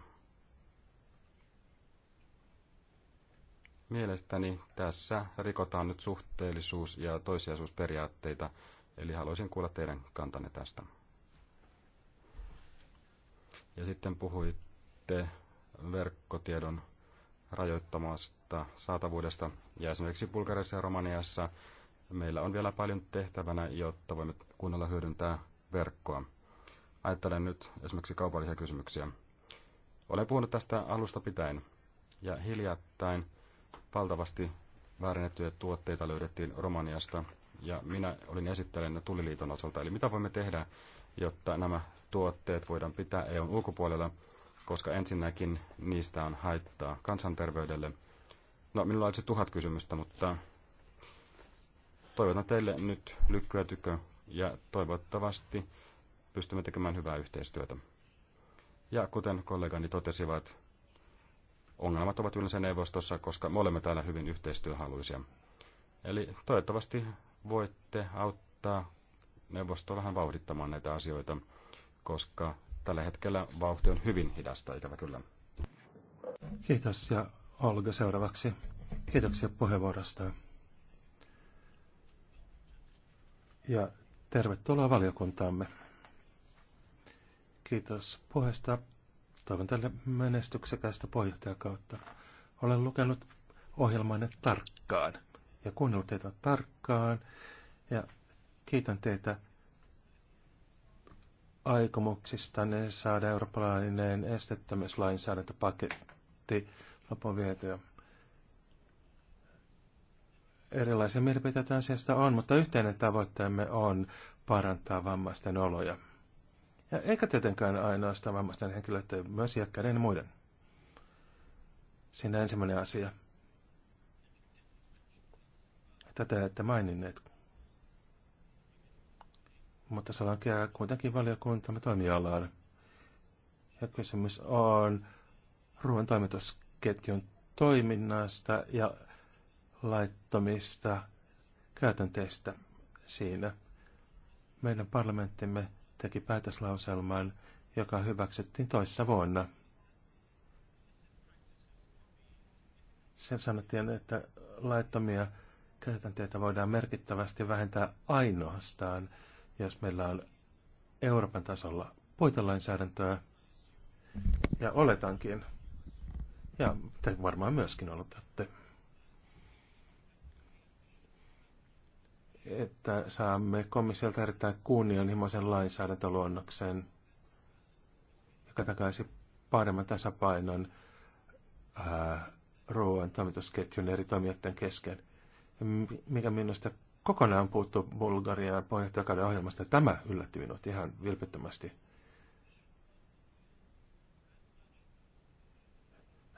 Mielestäni tässä rikotaan nyt suhteellisuus- ja toisiasuusperiaatteita, eli haluaisin kuulla teidän kantanne tästä. Ja sitten puhuitte verkkotiedon rajoittamasta saatavuudesta. Ja esimerkiksi Bulgariassa ja Romaniassa meillä on vielä paljon tehtävänä, jotta voimme kunnolla hyödyntää verkkoa. Ajattelen nyt esimerkiksi kaupallisia kysymyksiä. Olen puhunut tästä alusta pitäen, ja hiljattain valtavasti väärennettyjä tuotteita löydettiin Romaniasta, ja minä olin esittelijänä Tuliliiton osalta. Eli mitä voimme tehdä, jotta nämä tuotteet voidaan pitää EUn ulkopuolella, koska ensinnäkin niistä on haittaa kansanterveydelle. No, minulla on se tuhat kysymystä, mutta toivotan teille nyt lykkyä tykö ja toivottavasti pystymme tekemään hyvää yhteistyötä. Ja kuten kollegani totesivat, ongelmat ovat yleensä neuvostossa, koska me olemme täällä hyvin yhteistyöhaluisia. Eli toivottavasti voitte auttaa neuvostoa vähän vauhdittamaan näitä asioita, koska tällä hetkellä vauhti on hyvin hidasta, ikävä kyllä. Kiitos ja Olga seuraavaksi. Kiitoksia puheenvuorosta. Ja tervetuloa valiokuntaamme. Kiitos puheesta. Toivon tälle menestyksekästä puheenjohtajakautta. Olen lukenut ohjelmanne tarkkaan ja kuunnellut teitä tarkkaan. Ja kiitän teitä aikomuksistanne saada eurooppalainen esteettömyyslainsäädäntöpaketti lopun vietyä. Erilaisia mielipiteitä asiasta on, mutta yhteinen tavoitteemme on parantaa vammaisten oloja. Ja eikä tietenkään ainoastaan vammaisten henkilöiden, myös iäkkäiden ja muiden. Siinä ensimmäinen asia. Tätä ette maininneet mutta se lankeaa kuitenkin valiokuntamme toimialaan. Ja kysymys on ruoan toimitusketjun toiminnasta ja laittomista käytänteistä siinä. Meidän parlamenttimme teki päätöslauselman, joka hyväksyttiin toissa vuonna. Sen sanottiin, että laittomia käytänteitä voidaan merkittävästi vähentää ainoastaan – jos meillä on Euroopan tasolla puitelainsäädäntöä, ja oletankin, ja te varmaan myöskin oletatte, että saamme komissiolta erittäin kunnianhimoisen lainsäädäntöluonnoksen, joka takaisi paremman tasapainon ruoan toimitusketjun eri toimijoiden kesken, mikä minusta kokonaan puuttu Bulgarian puheenjohtajakauden ohjelmasta. Tämä yllätti minut ihan vilpittömästi.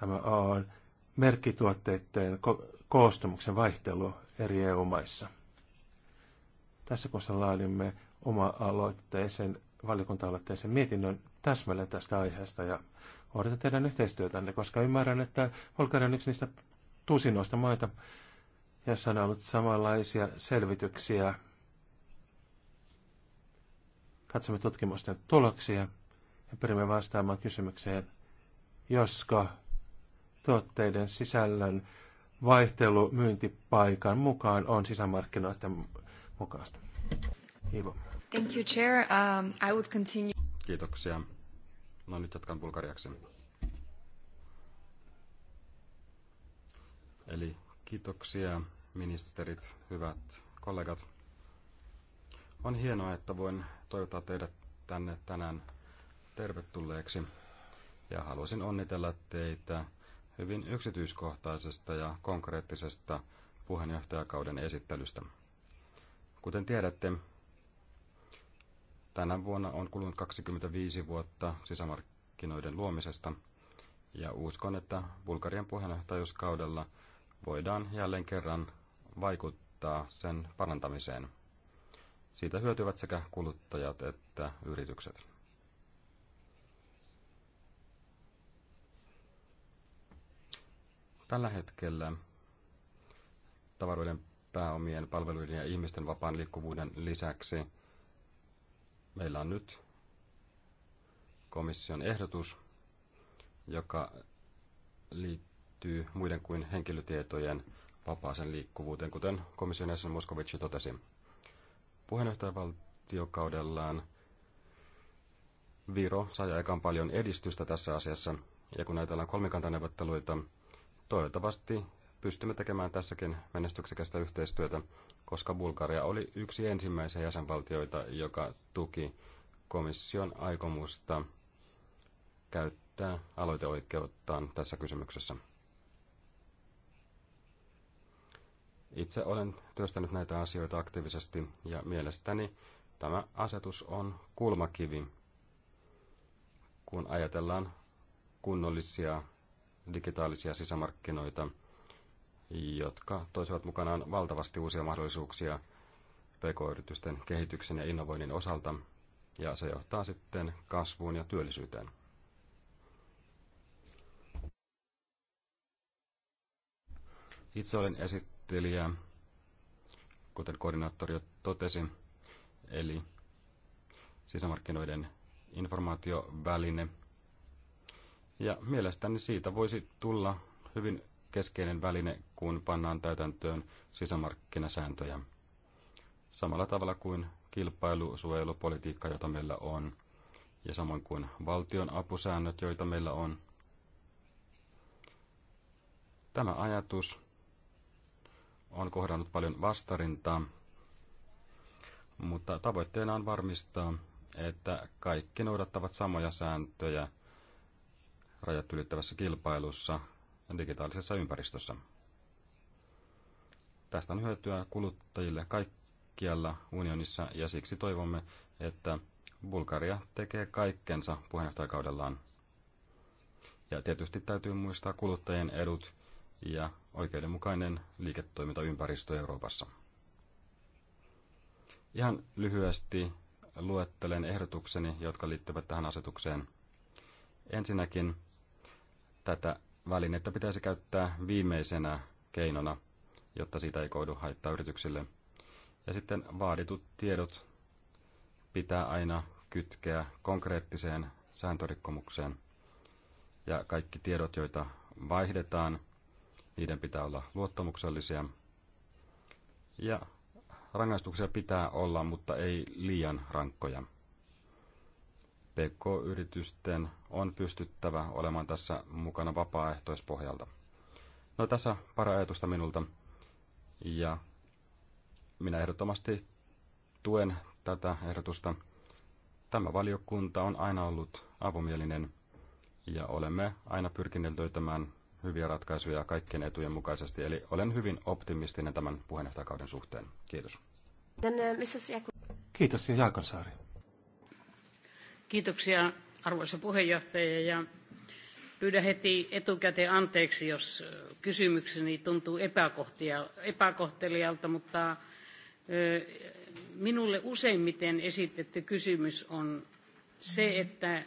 Tämä on merkkituotteiden koostumuksen vaihtelu eri EU-maissa. Tässä kohdassa laadimme oma-aloitteisen valiokunta-aloitteisen mietinnön täsmälleen tästä aiheesta ja odotan teidän yhteistyötänne, koska ymmärrän, että Bulgarian on yksi niistä tusinoista maita, ja sanonut ollut samanlaisia selvityksiä. Katsomme tutkimusten tuloksia ja pyrimme vastaamaan kysymykseen, josko tuotteiden sisällön vaihtelu myyntipaikan mukaan on sisämarkkinoiden mukaista. Ivo. Thank you, Chair. Um, I would continue. Kiitoksia. No nyt jatkan bulgariaksi. Eli Kiitoksia ministerit, hyvät kollegat. On hienoa, että voin toivottaa teidät tänne tänään tervetulleeksi. Ja haluaisin onnitella teitä hyvin yksityiskohtaisesta ja konkreettisesta puheenjohtajakauden esittelystä. Kuten tiedätte, tänä vuonna on kulunut 25 vuotta sisämarkkinoiden luomisesta, ja uskon, että Bulgarian puheenjohtajuuskaudella – voidaan jälleen kerran vaikuttaa sen parantamiseen. Siitä hyötyvät sekä kuluttajat että yritykset. Tällä hetkellä tavaroiden pääomien, palveluiden ja ihmisten vapaan liikkuvuuden lisäksi meillä on nyt komission ehdotus, joka liittyy liittyy muiden kuin henkilötietojen vapaaseen liikkuvuuteen, kuten komission jäsen Moskovitsi totesi. Puheenjohtajavaltiokaudellaan Viro sai aikaan paljon edistystä tässä asiassa, ja kun ajatellaan kolmikantaneuvotteluita, toivottavasti pystymme tekemään tässäkin menestyksekästä yhteistyötä, koska Bulgaria oli yksi ensimmäisiä jäsenvaltioita, joka tuki komission aikomusta käyttää aloiteoikeuttaan tässä kysymyksessä. Itse olen työstänyt näitä asioita aktiivisesti ja mielestäni tämä asetus on kulmakivi, kun ajatellaan kunnollisia digitaalisia sisämarkkinoita, jotka toisivat mukanaan valtavasti uusia mahdollisuuksia pk-yritysten kehityksen ja innovoinnin osalta, ja se johtaa sitten kasvuun ja työllisyyteen. Itse olen esittänyt esittelijää, kuten koordinaattori jo totesi, eli sisämarkkinoiden informaatioväline. Ja mielestäni siitä voisi tulla hyvin keskeinen väline, kun pannaan täytäntöön sisämarkkinasääntöjä. Samalla tavalla kuin kilpailusuojelupolitiikka, jota meillä on, ja samoin kuin valtion apusäännöt, joita meillä on. Tämä ajatus on kohdannut paljon vastarintaa, mutta tavoitteena on varmistaa, että kaikki noudattavat samoja sääntöjä rajat ylittävässä kilpailussa ja digitaalisessa ympäristössä. Tästä on hyötyä kuluttajille kaikkialla unionissa ja siksi toivomme, että Bulgaria tekee kaikkensa puheenjohtajakaudellaan. Ja tietysti täytyy muistaa kuluttajien edut ja oikeudenmukainen liiketoimintaympäristö Euroopassa. Ihan lyhyesti luettelen ehdotukseni, jotka liittyvät tähän asetukseen. Ensinnäkin tätä välinettä pitäisi käyttää viimeisenä keinona, jotta siitä ei koidu haittaa yrityksille. Ja sitten vaaditut tiedot pitää aina kytkeä konkreettiseen sääntörikkomukseen. Ja kaikki tiedot, joita vaihdetaan, niiden pitää olla luottamuksellisia. Ja rangaistuksia pitää olla, mutta ei liian rankkoja. PK-yritysten on pystyttävä olemaan tässä mukana vapaaehtoispohjalta. No tässä pari ajatusta minulta. Ja minä ehdottomasti tuen tätä ehdotusta. Tämä valiokunta on aina ollut avomielinen ja olemme aina pyrkineet löytämään hyviä ratkaisuja kaikkien etujen mukaisesti. Eli olen hyvin optimistinen tämän puheenjohtajakauden suhteen. Kiitos. Uh, Kiitos ja Jaakonsaari. Kiitoksia arvoisa puheenjohtaja ja pyydän heti etukäteen anteeksi, jos kysymykseni tuntuu epäkohtelijalta, mutta minulle useimmiten esitetty kysymys on se, että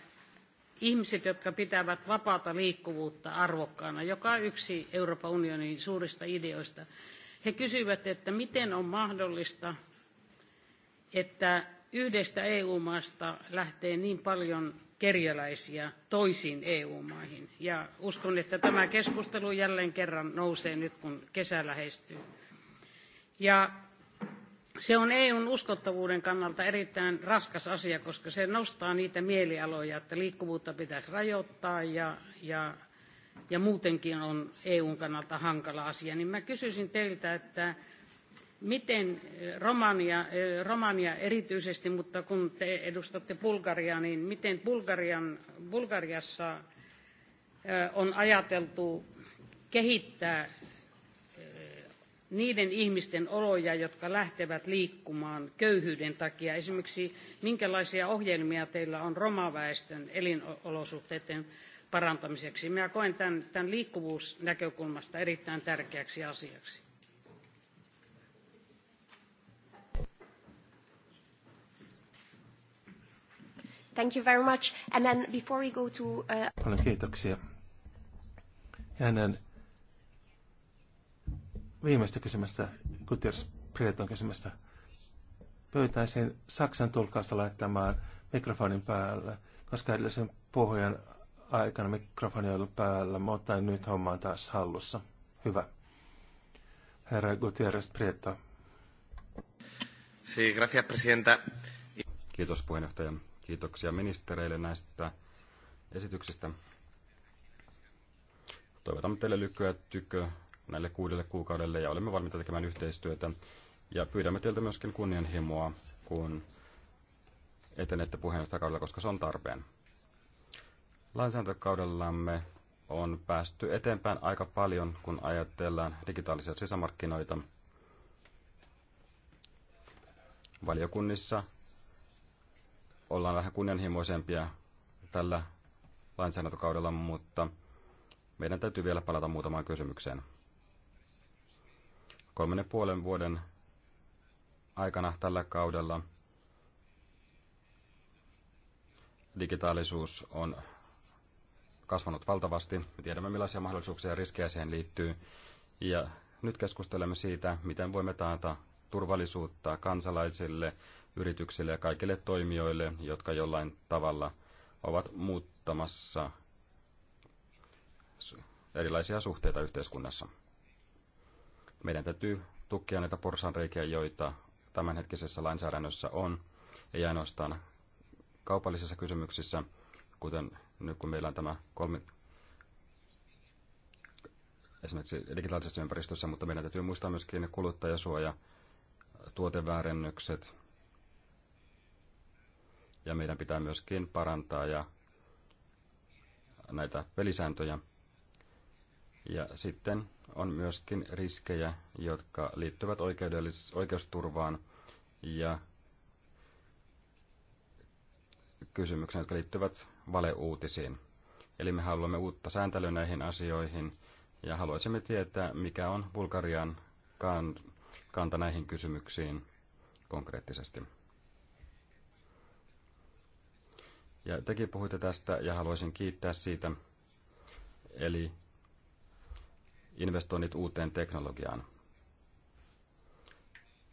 ihmiset, jotka pitävät vapaata liikkuvuutta arvokkaana, joka on yksi Euroopan unionin suurista ideoista, he kysyivät, että miten on mahdollista, että yhdestä EU-maasta lähtee niin paljon kerjäläisiä toisiin EU-maihin. Ja uskon, että tämä keskustelu jälleen kerran nousee nyt, kun kesä lähestyy. Ja se on EUn uskottavuuden kannalta erittäin raskas asia, koska se nostaa niitä mielialoja, että liikkuvuutta pitäisi rajoittaa ja, ja, ja muutenkin on EUn kannalta hankala asia. Niin mä kysyisin teiltä, että miten eh, Romania, eh, Romania erityisesti, mutta kun te edustatte Bulgariaa, niin miten Bulgarian, Bulgariassa eh, on ajateltu kehittää niiden ihmisten oloja, jotka lähtevät liikkumaan köyhyyden takia? Esimerkiksi minkälaisia ohjelmia teillä on romaväestön elinolosuhteiden parantamiseksi? Minä koen tämän, tämän liikkuvuusnäkökulmasta erittäin tärkeäksi asiaksi. Thank you very much. And then before we go to... Uh... Paljon kiitoksia. Ja ennen viimeistä kysymystä, Gutierrez Prieton kysymystä. Pyytäisin Saksan tulkausta laittamaan mikrofonin päälle, koska edellisen puhujan aikana mikrofoni oli päällä, mutta nyt homma on taas hallussa. Hyvä. Herra Gutierrez Prieto. Sí, gracias, presidenta. Kiitos puheenjohtaja. Kiitoksia ministereille näistä esityksistä. Toivotamme teille lykkyä tykö näille kuudelle kuukaudelle ja olemme valmiita tekemään yhteistyötä. Ja pyydämme teiltä myöskin kunnianhimoa, kun etenette puheenjohtajakaudella, koska se on tarpeen. Lainsäädäntökaudellamme on päästy eteenpäin aika paljon, kun ajatellaan digitaalisia sisämarkkinoita. Valiokunnissa ollaan vähän kunnianhimoisempia tällä lainsäädäntökaudella, mutta meidän täytyy vielä palata muutamaan kysymykseen kolmen ja puolen vuoden aikana tällä kaudella digitaalisuus on kasvanut valtavasti. Me tiedämme, millaisia mahdollisuuksia ja riskejä siihen liittyy. Ja nyt keskustelemme siitä, miten voimme taata turvallisuutta kansalaisille, yrityksille ja kaikille toimijoille, jotka jollain tavalla ovat muuttamassa erilaisia suhteita yhteiskunnassa. Meidän täytyy tukkia näitä porsanreikiä, joita tämänhetkisessä lainsäädännössä on, ei ainoastaan kaupallisissa kysymyksissä, kuten nyt kun meillä on tämä kolmi, esimerkiksi digitaalisessa ympäristössä, mutta meidän täytyy muistaa myöskin kuluttajasuoja, tuoteväärennykset, ja meidän pitää myöskin parantaa ja näitä pelisääntöjä. Ja sitten on myöskin riskejä, jotka liittyvät oikeudellis- oikeusturvaan ja kysymyksiä, jotka liittyvät valeuutisiin. Eli me haluamme uutta sääntelyä näihin asioihin ja haluaisimme tietää, mikä on Bulgarian kanta näihin kysymyksiin konkreettisesti. Ja tekin puhuitte tästä ja haluaisin kiittää siitä. Eli investoinnit uuteen teknologiaan.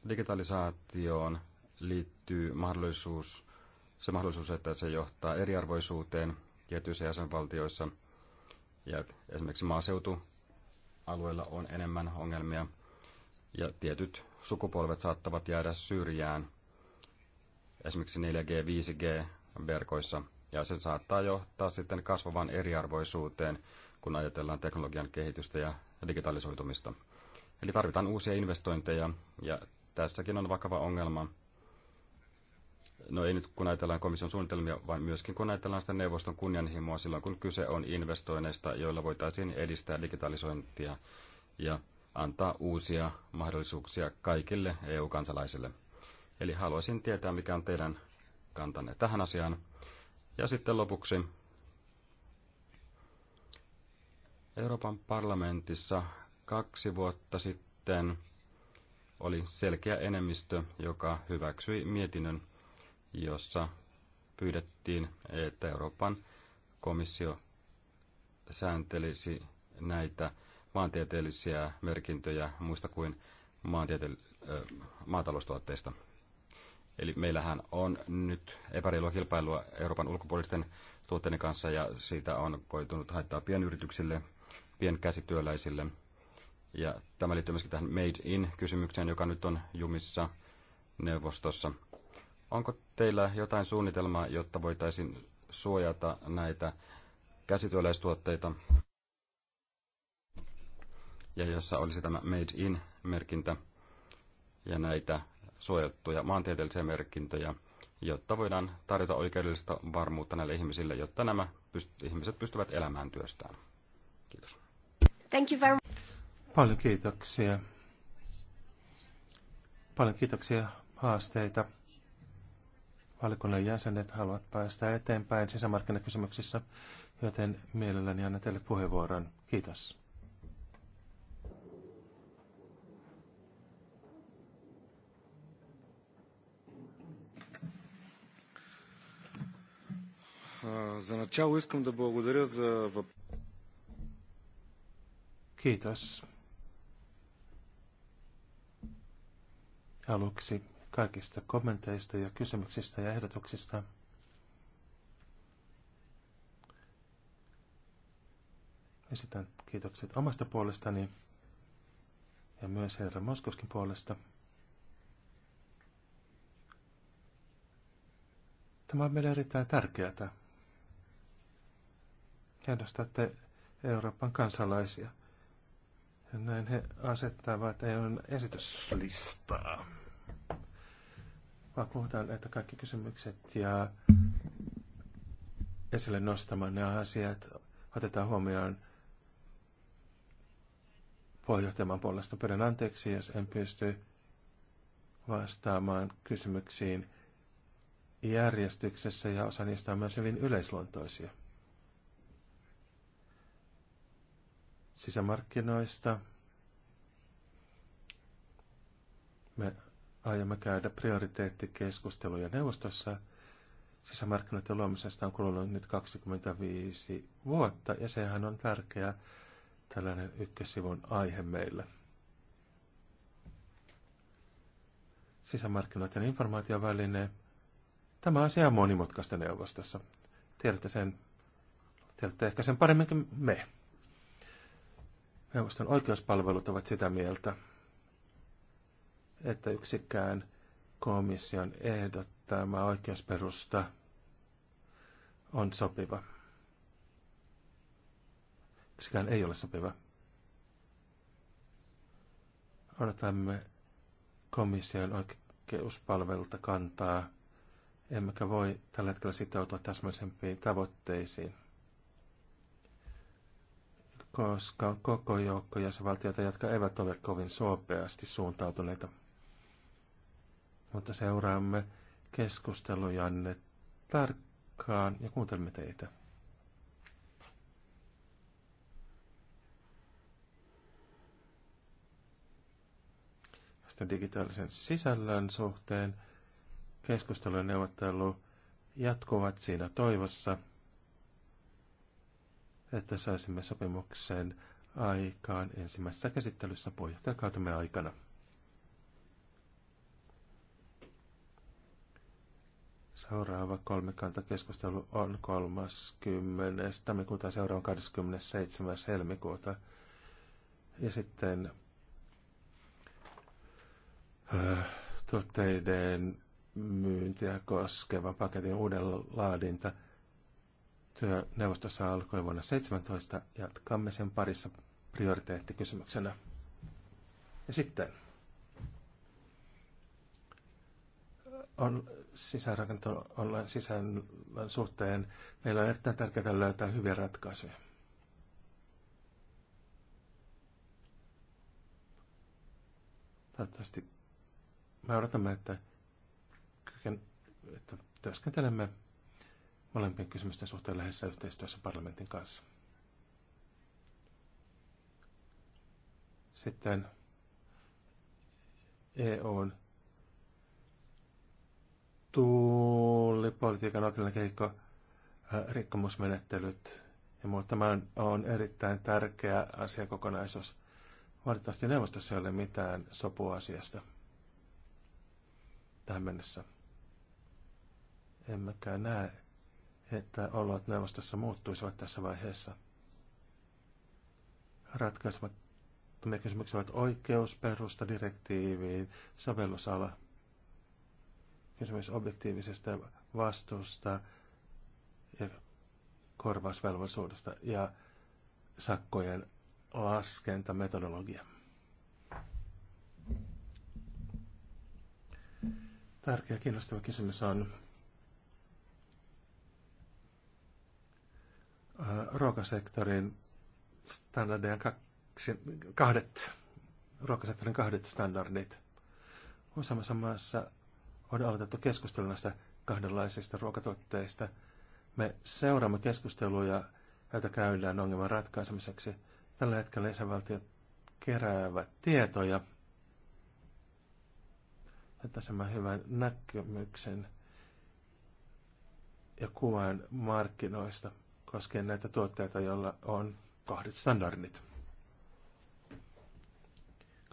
Digitalisaatioon liittyy mahdollisuus, se mahdollisuus, että se johtaa eriarvoisuuteen tietyissä jäsenvaltioissa. Ja esimerkiksi maaseutualueilla on enemmän ongelmia ja tietyt sukupolvet saattavat jäädä syrjään esimerkiksi 4G, 5G verkoissa ja se saattaa johtaa sitten kasvavan eriarvoisuuteen, kun ajatellaan teknologian kehitystä ja digitalisoitumista. Eli tarvitaan uusia investointeja ja tässäkin on vakava ongelma. No ei nyt kun ajatellaan komission suunnitelmia, vaan myöskin kun ajatellaan sitä neuvoston kunnianhimoa silloin, kun kyse on investoinneista, joilla voitaisiin edistää digitalisointia ja antaa uusia mahdollisuuksia kaikille EU-kansalaisille. Eli haluaisin tietää, mikä on teidän kantanne tähän asiaan. Ja sitten lopuksi Euroopan parlamentissa kaksi vuotta sitten oli selkeä enemmistö, joka hyväksyi mietinnön, jossa pyydettiin, että Euroopan komissio sääntelisi näitä maantieteellisiä merkintöjä muista kuin maataloustuotteista. Eli meillähän on nyt epäreilua kilpailua Euroopan ulkopuolisten tuotteiden kanssa ja siitä on koitunut haittaa pienyrityksille pienkäsityöläisille. Ja tämä liittyy myöskin tähän Made In-kysymykseen, joka nyt on jumissa neuvostossa. Onko teillä jotain suunnitelmaa, jotta voitaisiin suojata näitä käsityöläistuotteita, ja jossa olisi tämä Made In-merkintä ja näitä suojattuja maantieteellisiä merkintöjä, jotta voidaan tarjota oikeudellista varmuutta näille ihmisille, jotta nämä pyst- ihmiset pystyvät elämään työstään. Kiitos. Thank you very much. Paljon kiitoksia. Paljon kiitoksia haasteita. Valikunnan jäsenet haluavat päästä eteenpäin sisämarkkinakysymyksissä, joten mielelläni annan teille puheenvuoron. Kiitos. За начало искам да благодаря за Kiitos. Aluksi kaikista kommenteista ja kysymyksistä ja ehdotuksista. Esitän kiitokset omasta puolestani ja myös herra Moskoskin puolesta. Tämä on meille erittäin tärkeää. Edustatte Euroopan kansalaisia. Ja näin he asettavat EUn esityslistaa. Vaan puhutaan, että kaikki kysymykset ja esille nostamaan ne asiat otetaan huomioon puheenjohtajan puolesta. Pyydän anteeksi, jos en pysty vastaamaan kysymyksiin järjestyksessä ja osa niistä on myös hyvin yleisluontoisia. sisämarkkinoista. Me aiomme käydä prioriteettikeskusteluja neuvostossa. Sisämarkkinoiden luomisesta on kulunut nyt 25 vuotta ja sehän on tärkeä tällainen ykkösivun aihe meille. Sisämarkkinoiden informaatioväline. Tämä asia on monimutkaista neuvostossa. Tiedätte sen, tiedätte ehkä sen paremmin kuin me. Neuvoston oikeuspalvelut ovat sitä mieltä, että yksikään komission ehdottama oikeusperusta on sopiva. Yksikään ei ole sopiva. Odotamme komission oikeuspalvelulta kantaa, emmekä voi tällä hetkellä sitoutua täsmällisempiin tavoitteisiin koska on koko joukko jäsenvaltioita, jotka eivät ole kovin sopeasti suuntautuneita. Mutta seuraamme keskustelujanne tarkkaan ja kuuntelemme teitä. Sitten digitaalisen sisällön suhteen keskustelu ja neuvottelu jatkuvat siinä toivossa – että saisimme sopimuksen aikaan ensimmäisessä käsittelyssä puheenjohtajakautemme aikana. Seuraava kolmikantakeskustelu on 30. tammikuuta seuraava 27. helmikuuta. Ja sitten öö, tuotteiden myyntiä koskeva paketin uuden laadinta – Työ neuvostossa alkoi vuonna 17. Jatkamme sen parissa prioriteettikysymyksenä. Ja sitten on sisäänrakenton online sisällön suhteen meillä on erittäin tärkeää löytää hyviä ratkaisuja. Toivottavasti me odotamme, että, että työskentelemme molempien kysymysten suhteen läheisessä yhteistyössä parlamentin kanssa. Sitten EUn tuulipolitiikan oikeudellinen kehikko, äh, rikkomusmenettelyt ja muut. Tämä on erittäin tärkeä asiakokonaisuus. Valitettavasti neuvostossa ei ole mitään sopua asiasta tähän mennessä. Emmekä näe että olot neuvostossa muuttuisivat tässä vaiheessa. Ratkaisemattomia kysymyksiä ovat oikeus, perusta, direktiiviin, sovellusala. Kysymys objektiivisesta vastuusta ja korvausvelvollisuudesta ja sakkojen laskentametodologia. Tärkeä kiinnostava kysymys on, ruokasektorin standardeja kaksi, kahdet, ruokasektorin kahdet standardit. Useammassa maassa on aloitettu keskustelu näistä kahdenlaisista ruokatuotteista. Me seuraamme keskusteluja, joita käydään ongelman ratkaisemiseksi. Tällä hetkellä jäsenvaltiot keräävät tietoja. Että tämä hyvän näkemyksen ja kuvan markkinoista – koskien näitä tuotteita, joilla on kahdet standardit.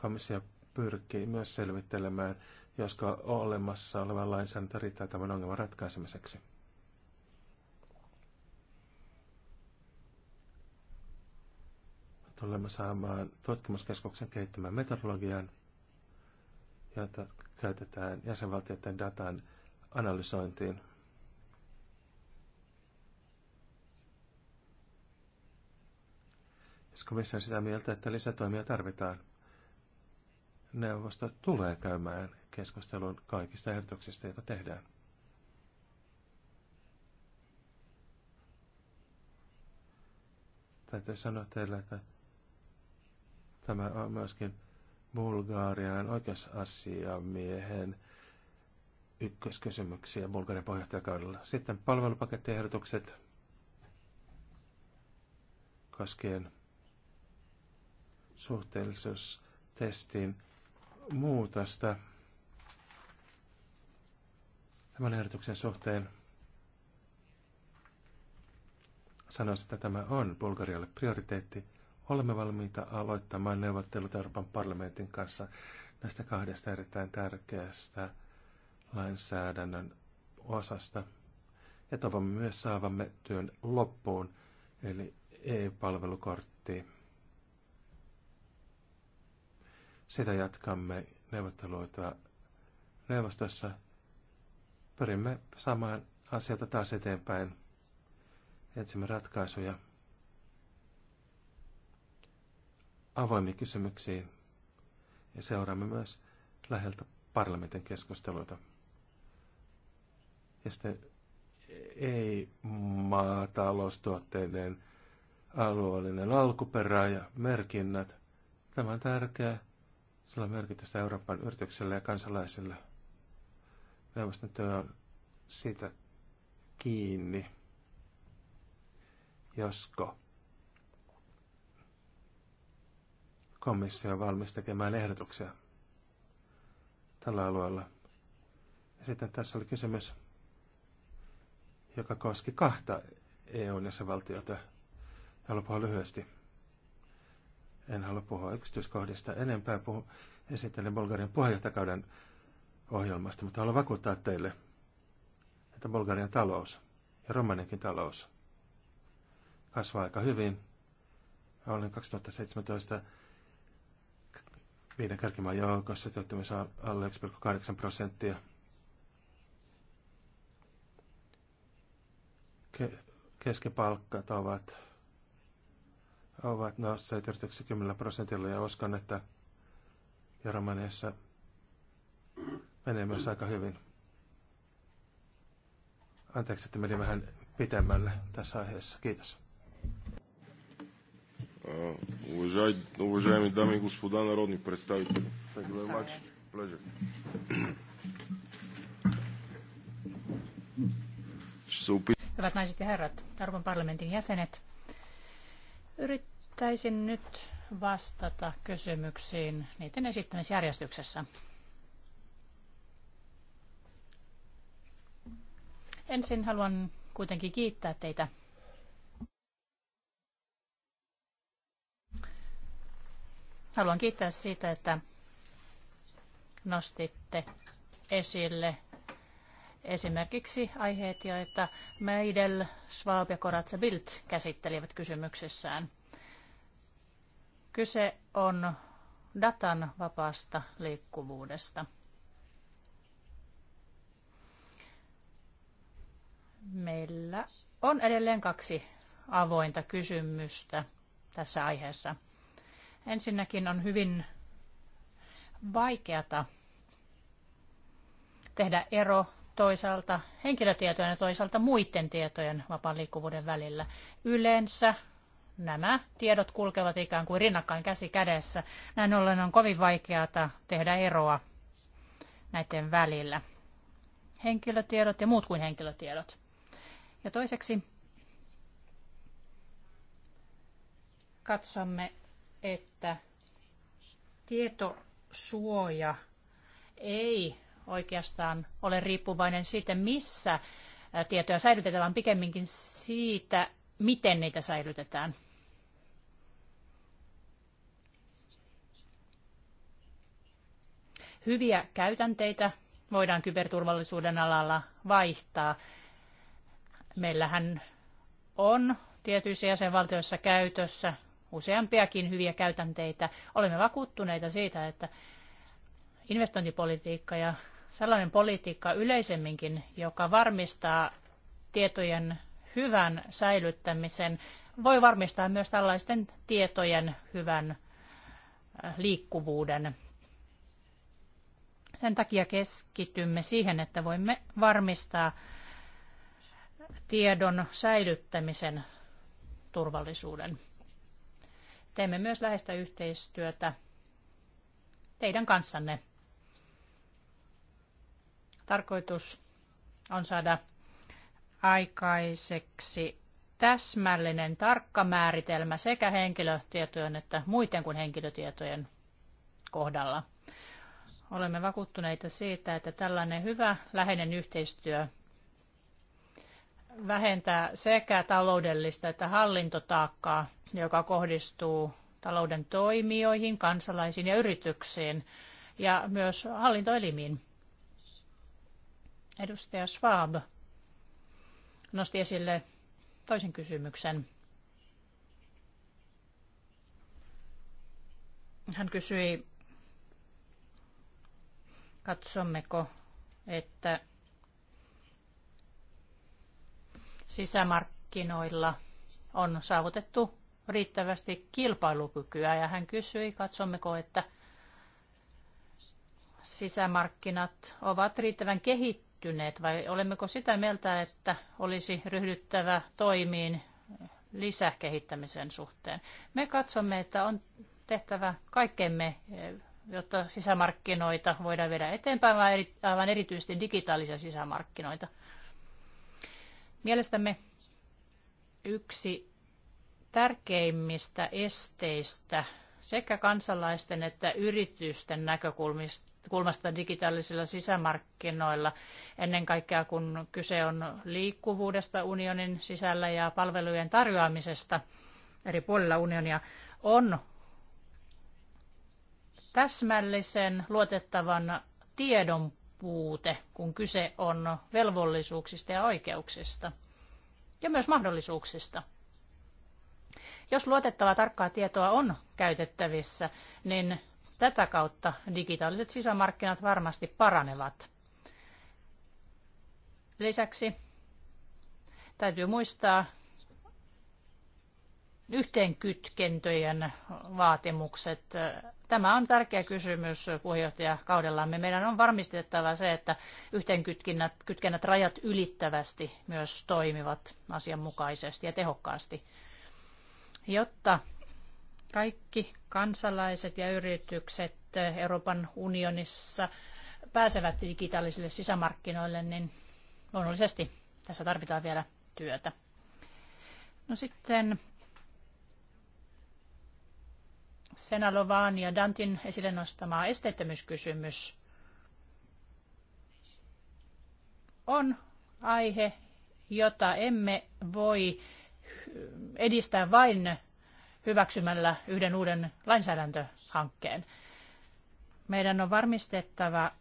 Komissio pyrkii myös selvittelemään, josko olemassa oleva lainsäädäntö riittää tämän ongelman ratkaisemiseksi. tulemme saamaan tutkimuskeskuksen kehittämään metodologian, jota käytetään jäsenvaltioiden datan analysointiin Jos komissio on sitä mieltä, että lisätoimia tarvitaan, neuvosto tulee käymään keskustelun kaikista ehdotuksista, joita tehdään. Täytyy sanoa teille, että tämä on myöskin Bulgarian oikeusasiamiehen ykköskysymyksiä Bulgarian puheenjohtajakaudella. Sitten palvelupakettiehdotukset koskien suhteellisuustestin muutosta tämän ehdotuksen suhteen. Sanoisin, että tämä on Bulgarialle prioriteetti. Olemme valmiita aloittamaan neuvottelut Euroopan parlamentin kanssa näistä kahdesta erittäin tärkeästä lainsäädännön osasta. Ja toivomme myös saavamme työn loppuun, eli e palvelukorttiin Sitä jatkamme neuvotteluita neuvostossa. Pyrimme saamaan asioita taas eteenpäin. Etsimme ratkaisuja avoimiin kysymyksiin ja seuraamme myös läheltä parlamentin keskusteluita. Ja sitten ei maataloustuotteiden alueellinen alkuperä ja merkinnät. Tämä on tärkeää. Sillä on merkitystä Euroopan yritykselle ja kansalaisille. Neuvoston työ on siitä kiinni. Josko komissio on valmis tekemään ehdotuksia tällä alueella. Ja sitten tässä oli kysymys, joka koski kahta EUn jäsenvaltiota. Ja lopua lyhyesti. En halua puhua yksityiskohdista enempää. Puhu, esittelen Bulgarian puheenjohtakauden ohjelmasta, mutta haluan vakuuttaa teille, että Bulgarian talous ja Romaniankin talous kasvaa aika hyvin. Olin 2017 viiden kärkimaan joukossa työttömyys alle 1,8 prosenttia. Ke- keskipalkkat ovat ovat nousseet yrityksi prosentilla ja uskon, että ja Romaniassa menee myös aika hyvin. Anteeksi, että meni vähän pitemmälle tässä aiheessa. Kiitos. Уважаеми дами и господа народни представители, Hyvät naiset ja herrat, Euroopan parlamentin jäsenet, Yrittäisin nyt vastata kysymyksiin niiden esittämisjärjestyksessä. Ensin haluan kuitenkin kiittää teitä Haluan kiittää siitä, että nostitte esille Esimerkiksi aiheet, joita Meidel, Schwab ja Koratsa Bild käsittelivät kysymyksessään. Kyse on datan vapaasta liikkuvuudesta. Meillä on edelleen kaksi avointa kysymystä tässä aiheessa. Ensinnäkin on hyvin vaikeata tehdä ero toisaalta henkilötietojen ja toisaalta muiden tietojen vapaan liikkuvuuden välillä. Yleensä nämä tiedot kulkevat ikään kuin rinnakkain käsi kädessä. Näin ollen on kovin vaikeaa tehdä eroa näiden välillä. Henkilötiedot ja muut kuin henkilötiedot. Ja toiseksi katsomme, että tietosuoja ei oikeastaan ole riippuvainen siitä, missä tietoja säilytetään, vaan pikemminkin siitä, miten niitä säilytetään. Hyviä käytänteitä voidaan kyberturvallisuuden alalla vaihtaa. Meillähän on tietyissä jäsenvaltioissa käytössä useampiakin hyviä käytänteitä. Olemme vakuuttuneita siitä, että investointipolitiikka ja sellainen politiikka yleisemminkin, joka varmistaa tietojen hyvän säilyttämisen, voi varmistaa myös tällaisten tietojen hyvän äh, liikkuvuuden. Sen takia keskitymme siihen, että voimme varmistaa tiedon säilyttämisen turvallisuuden. Teemme myös läheistä yhteistyötä teidän kanssanne Tarkoitus on saada aikaiseksi täsmällinen tarkka määritelmä sekä henkilötietojen että muiden kuin henkilötietojen kohdalla. Olemme vakuuttuneita siitä, että tällainen hyvä läheinen yhteistyö vähentää sekä taloudellista että hallintotaakkaa, joka kohdistuu talouden toimijoihin, kansalaisiin ja yrityksiin ja myös hallintoelimiin. Edustaja Schwab nosti esille toisen kysymyksen. Hän kysyi, katsommeko, että sisämarkkinoilla on saavutettu riittävästi kilpailukykyä. Ja hän kysyi, katsommeko, että sisämarkkinat ovat riittävän kehittyneet kehittyneet vai olemmeko sitä mieltä, että olisi ryhdyttävä toimiin lisäkehittämisen suhteen? Me katsomme, että on tehtävä kaikkemme, jotta sisämarkkinoita voidaan viedä eteenpäin, vaan aivan erityisesti digitaalisia sisämarkkinoita. Mielestämme yksi tärkeimmistä esteistä sekä kansalaisten että yritysten näkökulmista kulmasta digitaalisilla sisämarkkinoilla, ennen kaikkea kun kyse on liikkuvuudesta unionin sisällä ja palvelujen tarjoamisesta eri puolilla unionia, on täsmällisen luotettavan tiedon puute, kun kyse on velvollisuuksista ja oikeuksista ja myös mahdollisuuksista. Jos luotettavaa tarkkaa tietoa on käytettävissä, niin Tätä kautta digitaaliset sisämarkkinat varmasti paranevat. Lisäksi täytyy muistaa yhteenkytkentöjen vaatimukset. Tämä on tärkeä kysymys puheenjohtajakaudellamme. Meidän on varmistettava se, että yhteenkytkennät kytkennät rajat ylittävästi myös toimivat asianmukaisesti ja tehokkaasti, jotta kaikki kansalaiset ja yritykset Euroopan unionissa pääsevät digitaalisille sisämarkkinoille, niin luonnollisesti tässä tarvitaan vielä työtä. No sitten Senalovaan ja Dantin esille nostama esteettömyyskysymys on aihe, jota emme voi edistää vain hyväksymällä yhden uuden lainsäädäntöhankkeen. Meidän on varmistettava,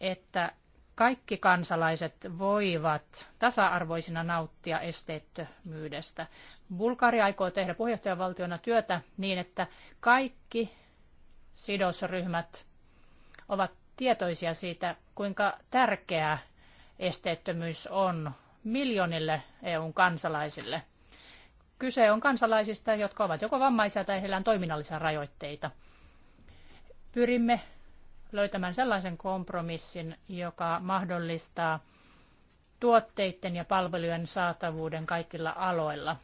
että kaikki kansalaiset voivat tasa-arvoisina nauttia esteettömyydestä. Bulgaria aikoo tehdä puheenjohtajavaltiona työtä niin, että kaikki sidosryhmät ovat tietoisia siitä, kuinka tärkeää esteettömyys on miljoonille EUn kansalaisille – Kyse on kansalaisista, jotka ovat joko vammaisia tai heillä on toiminnallisia rajoitteita. Pyrimme löytämään sellaisen kompromissin, joka mahdollistaa tuotteiden ja palvelujen saatavuuden kaikilla aloilla.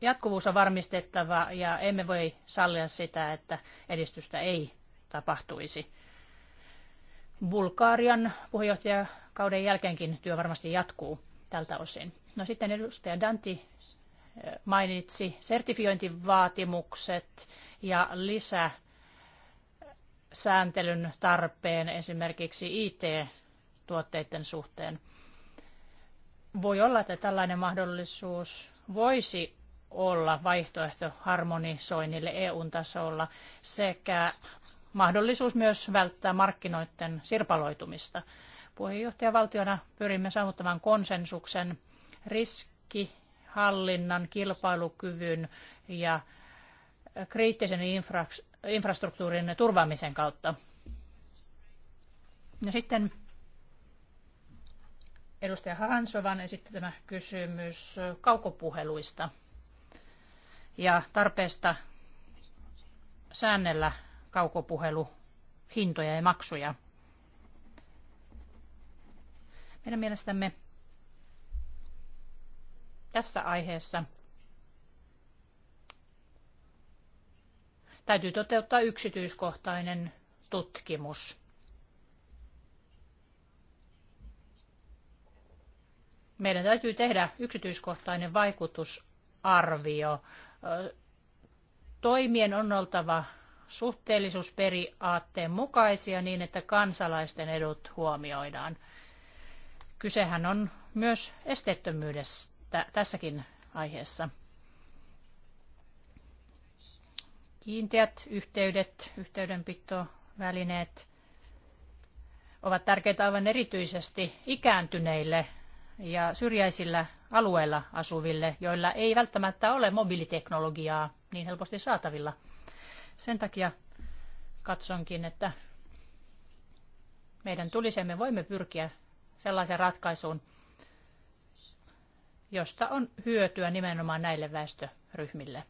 Jatkuvuus on varmistettava ja emme voi sallia sitä, että edistystä ei tapahtuisi. Bulgarian puheenjohtajakauden jälkeenkin työ varmasti jatkuu tältä osin. No sitten edustaja Danti eh, mainitsi sertifiointivaatimukset ja lisäsääntelyn tarpeen esimerkiksi IT-tuotteiden suhteen. Voi olla, että tällainen mahdollisuus voisi olla vaihtoehto harmonisoinnille EU-tasolla sekä mahdollisuus myös välttää markkinoiden sirpaloitumista. Puheenjohtajavaltiona pyrimme saavuttamaan konsensuksen riskihallinnan, kilpailukyvyn ja kriittisen infra, infrastruktuurin turvaamisen kautta. No sitten edustaja Haransovan esittämä kysymys kaukopuheluista ja tarpeesta säännellä kaukopuhelu, hintoja ja maksuja. Meidän mielestämme tässä aiheessa täytyy toteuttaa yksityiskohtainen tutkimus. Meidän täytyy tehdä yksityiskohtainen vaikutusarvio. Toimien on oltava suhteellisuusperiaatteen mukaisia niin, että kansalaisten edut huomioidaan. Kysehän on myös esteettömyydestä tässäkin aiheessa. Kiinteät yhteydet, yhteydenpito, välineet ovat tärkeitä aivan erityisesti ikääntyneille ja syrjäisillä alueilla asuville, joilla ei välttämättä ole mobiiliteknologiaa niin helposti saatavilla. Sen takia katsonkin, että meidän tulisemme voimme pyrkiä sellaiseen ratkaisuun, josta on hyötyä nimenomaan näille väestöryhmille. Ja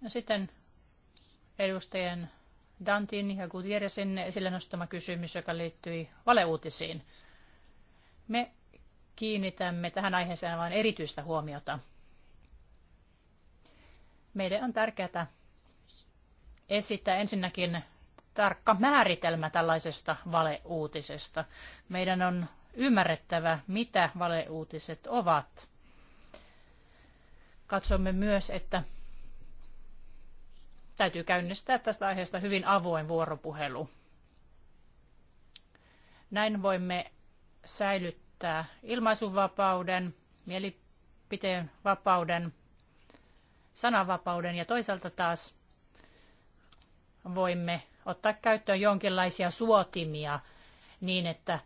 no sitten edustajien Dantin ja Gutierrezin esille nostama kysymys, joka liittyi valeuutisiin. Me kiinnitämme tähän aiheeseen vain erityistä huomiota. Meille on tärkeää esittää ensinnäkin tarkka määritelmä tällaisesta valeuutisesta. Meidän on ymmärrettävä, mitä valeuutiset ovat. Katsomme myös, että täytyy käynnistää tästä aiheesta hyvin avoin vuoropuhelu. Näin voimme säilyttää menettää ilmaisuvapauden, mielipiteen vapauden, sananvapauden ja toisaalta taas voimme ottaa käyttöön jonkinlaisia suotimia niin, että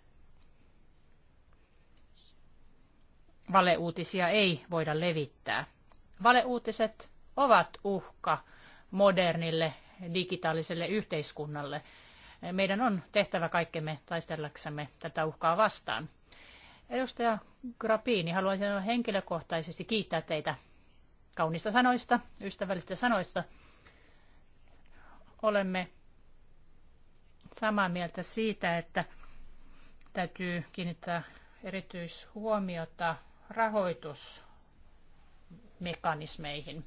valeuutisia ei voida levittää. Valeuutiset ovat uhka modernille digitaaliselle yhteiskunnalle. Meidän on tehtävä kaikkemme taistellaksemme tätä uhkaa vastaan. Edustaja Grappini, haluaisin henkilökohtaisesti kiittää teitä kaunista sanoista, ystävällisistä sanoista. Olemme samaa mieltä siitä, että täytyy kiinnittää erityishuomiota rahoitusmekanismeihin.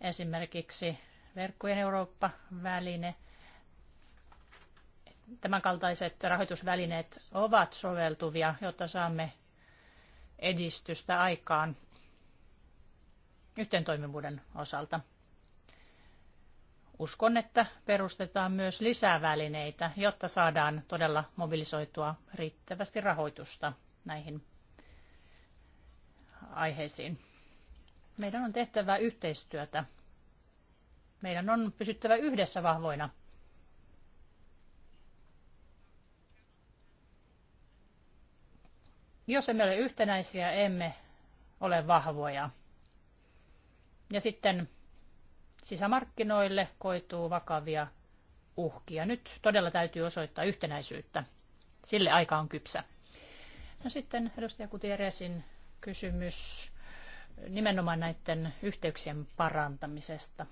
Esimerkiksi verkkojen Eurooppa-väline – tämänkaltaiset rahoitusvälineet ovat soveltuvia, jotta saamme edistystä aikaan yhteentoimivuuden osalta. Uskon, että perustetaan myös lisää välineitä, jotta saadaan todella mobilisoitua riittävästi rahoitusta näihin aiheisiin. Meidän on tehtävä yhteistyötä. Meidän on pysyttävä yhdessä vahvoina Jos emme ole yhtenäisiä, emme ole vahvoja. Ja sitten sisämarkkinoille koituu vakavia uhkia. Nyt todella täytyy osoittaa yhtenäisyyttä. Sille aika on kypsä. No sitten edustaja Kutieresin kysymys nimenomaan näiden yhteyksien parantamisesta.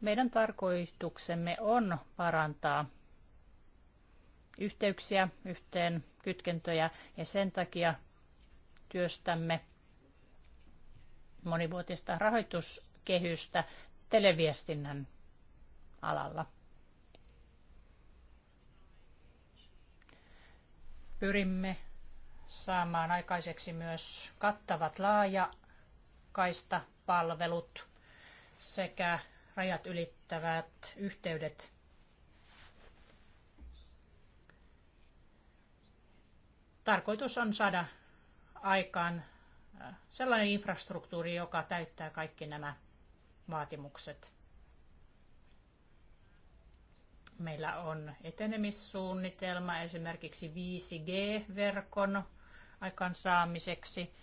Meidän tarkoituksemme on parantaa yhteyksiä, yhteen kytkentöjä ja sen takia työstämme monivuotista rahoituskehystä televiestinnän alalla. Pyrimme saamaan aikaiseksi myös kattavat laajakaistapalvelut palvelut sekä rajat ylittävät yhteydet Tarkoitus on saada aikaan sellainen infrastruktuuri, joka täyttää kaikki nämä vaatimukset. Meillä on etenemissuunnitelma esimerkiksi 5G-verkon aikaansaamiseksi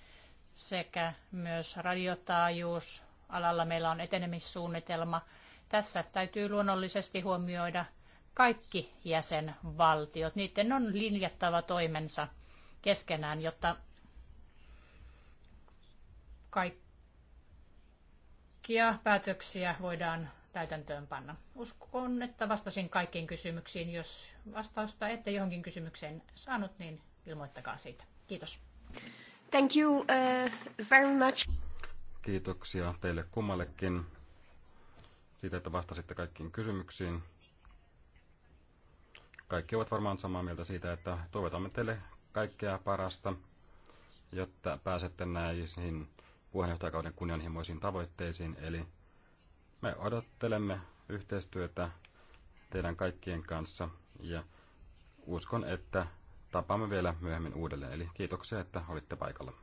sekä myös radiotaajuus. Alalla meillä on etenemissuunnitelma. Tässä täytyy luonnollisesti huomioida kaikki jäsenvaltiot. Niiden on linjattava toimensa – keskenään, jotta kaikkia päätöksiä voidaan täytäntöön panna. Uskon, että vastasin kaikkiin kysymyksiin. Jos vastausta ette johonkin kysymykseen saanut, niin ilmoittakaa siitä. Kiitos. Thank you uh, very much. Kiitoksia teille kummallekin siitä, että vastasitte kaikkiin kysymyksiin. Kaikki ovat varmaan samaa mieltä siitä, että toivotamme teille kaikkea parasta, jotta pääsette näihin puheenjohtajakauden kunnianhimoisiin tavoitteisiin. Eli me odottelemme yhteistyötä teidän kaikkien kanssa ja uskon, että tapaamme vielä myöhemmin uudelleen. Eli kiitoksia, että olitte paikalla.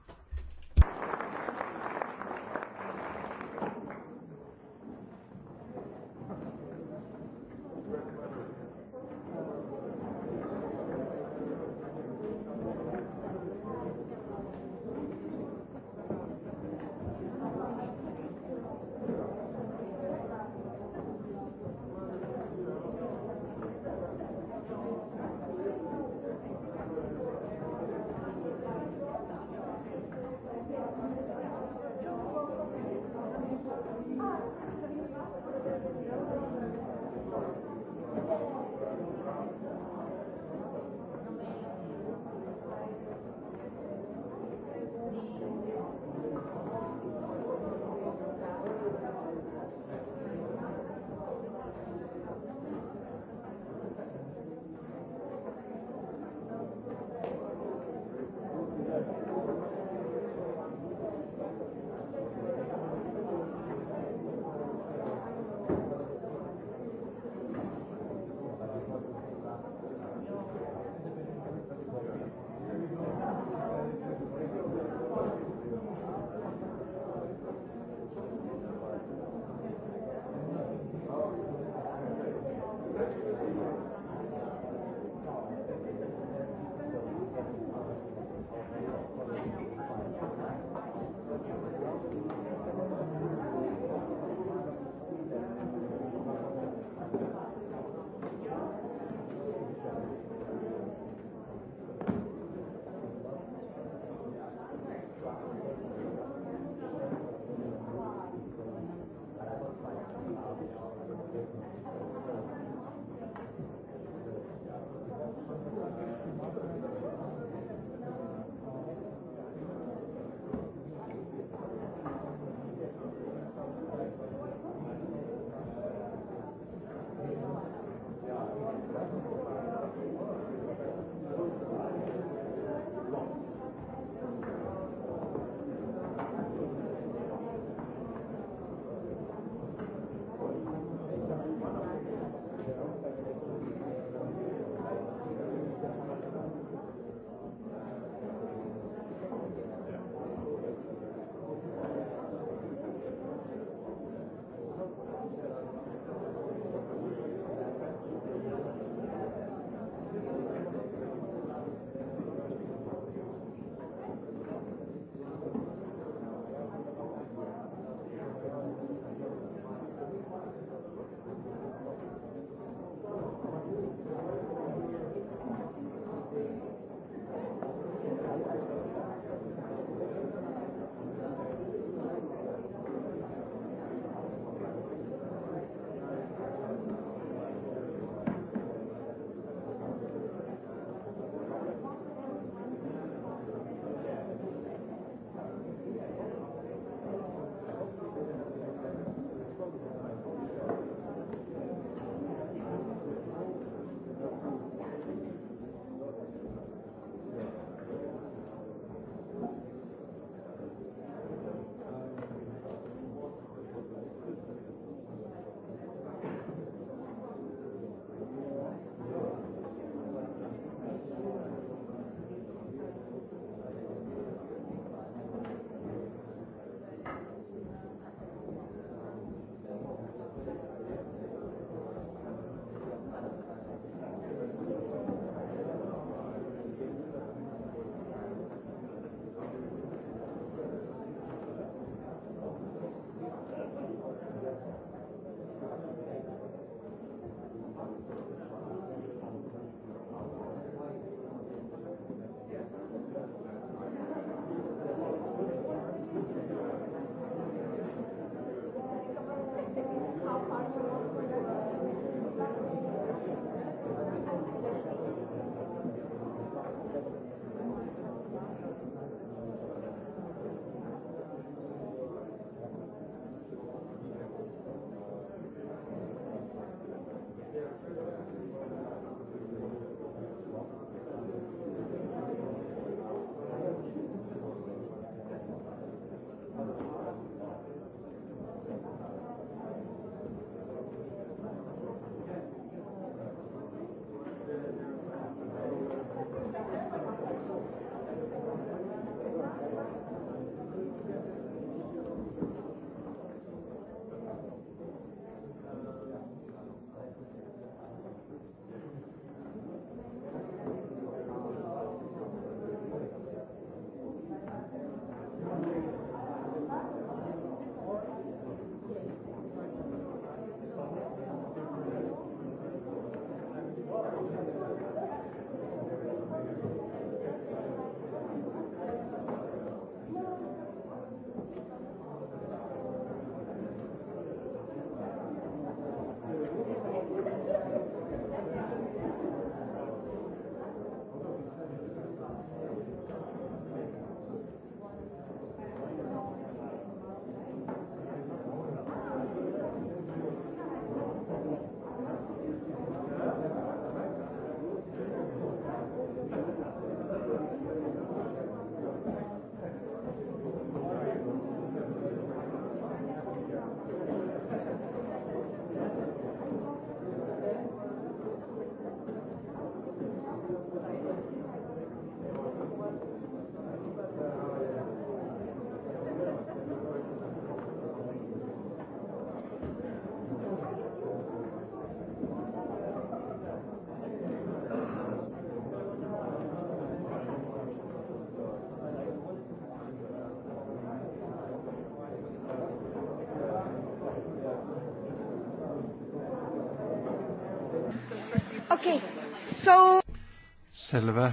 Selvä.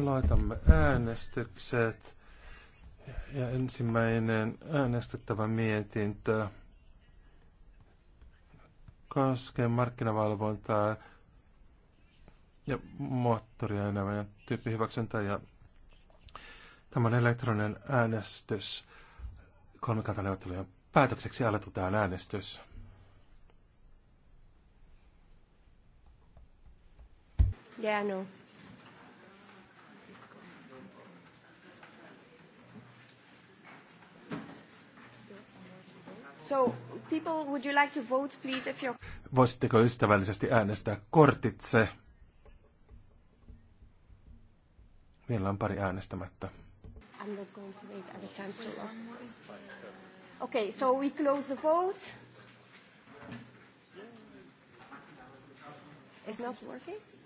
Laitamme äänestykset. Ja ensimmäinen äänestettävä mietintö koskee markkinavalvontaa ja moottoria enemmän ja hyväksyntä ja tämän elektroninen äänestys kolmikantaneuvottelujen päätökseksi aloitetaan äänestys. Yeah, no. So, people, would you like to vote, please, if you're... Voisitteko ystävällisesti äänestää kortitse? Vielä on pari äänestämättä. I'm not going to wait at the time so long. Okay, so we close the vote. It's not working?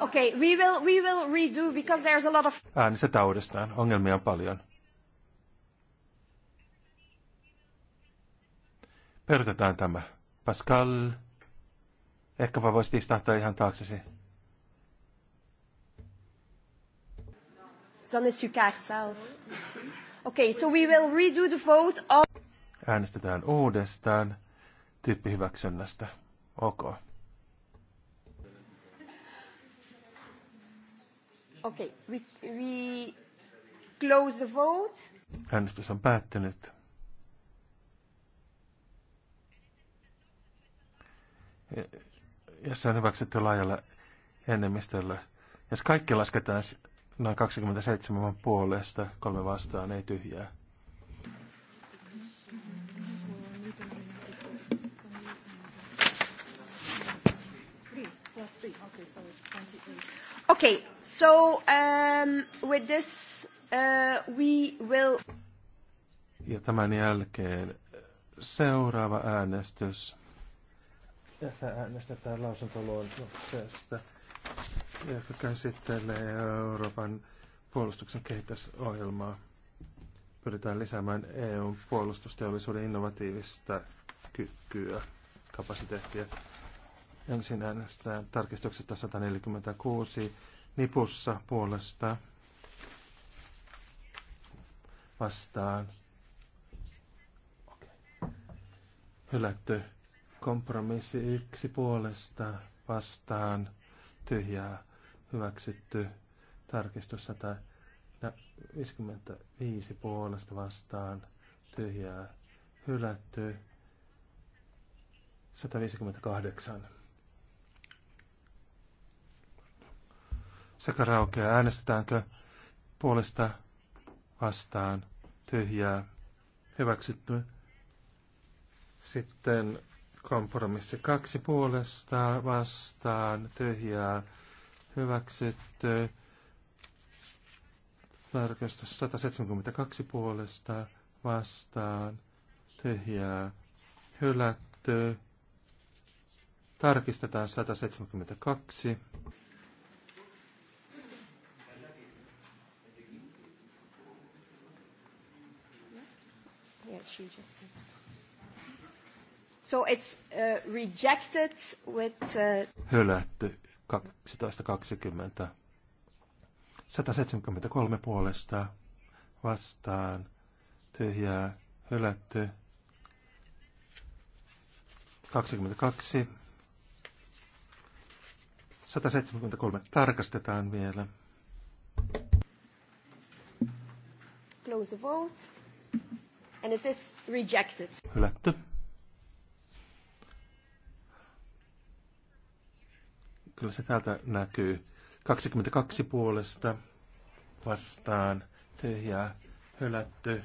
Okay, we will, we will redo because there's a lot of... Äänestetään uudestaan. Ongelmia on paljon. Perutetaan tämä. Pascal, ehkä vaan voisi istahtaa ihan taaksesi. Dan is your card self. Okay, so we will redo the vote on... Äänestetään uudestaan tyyppihyväksynnästä. Ok. Okay, we, we close the vote. Äänestys on päättynyt. Ja se on hyväksytty laajalla enemmistöllä. Jos kaikki lasketaan noin 27 puolesta, kolme vastaan, ei tyhjää. Okei, okay, So um, with this uh, we will... Ja tämän jälkeen seuraava äänestys. Tässä äänestetään lausuntoluonnoksesta, joka käsittelee Euroopan puolustuksen kehitysohjelmaa. Pyritään lisäämään EUn puolustusteollisuuden innovatiivista kykyä, kapasiteettia. Ensin äänestetään tarkistuksesta 146 nipussa puolesta vastaan. Hylätty kompromissi yksi puolesta vastaan tyhjää hyväksytty tarkistus 155 puolesta vastaan tyhjää hylätty 158 sekä raukeaa. Äänestetäänkö puolesta vastaan tyhjää hyväksytty. Sitten kompromissi kaksi puolesta vastaan tyhjää hyväksytty. Tarkistus 172 puolesta vastaan tyhjää hylätty. Tarkistetaan 172. she just said. So it's uh, rejected with... Uh... Hylätty 1220. 173 puolesta vastaan. Tyhjää hylätty. 22. 173 tarkastetaan vielä. Close the vote and it is rejected. Hylätty. Kyllä se täältä näkyy. 22 puolesta vastaan tyhjää hylätty.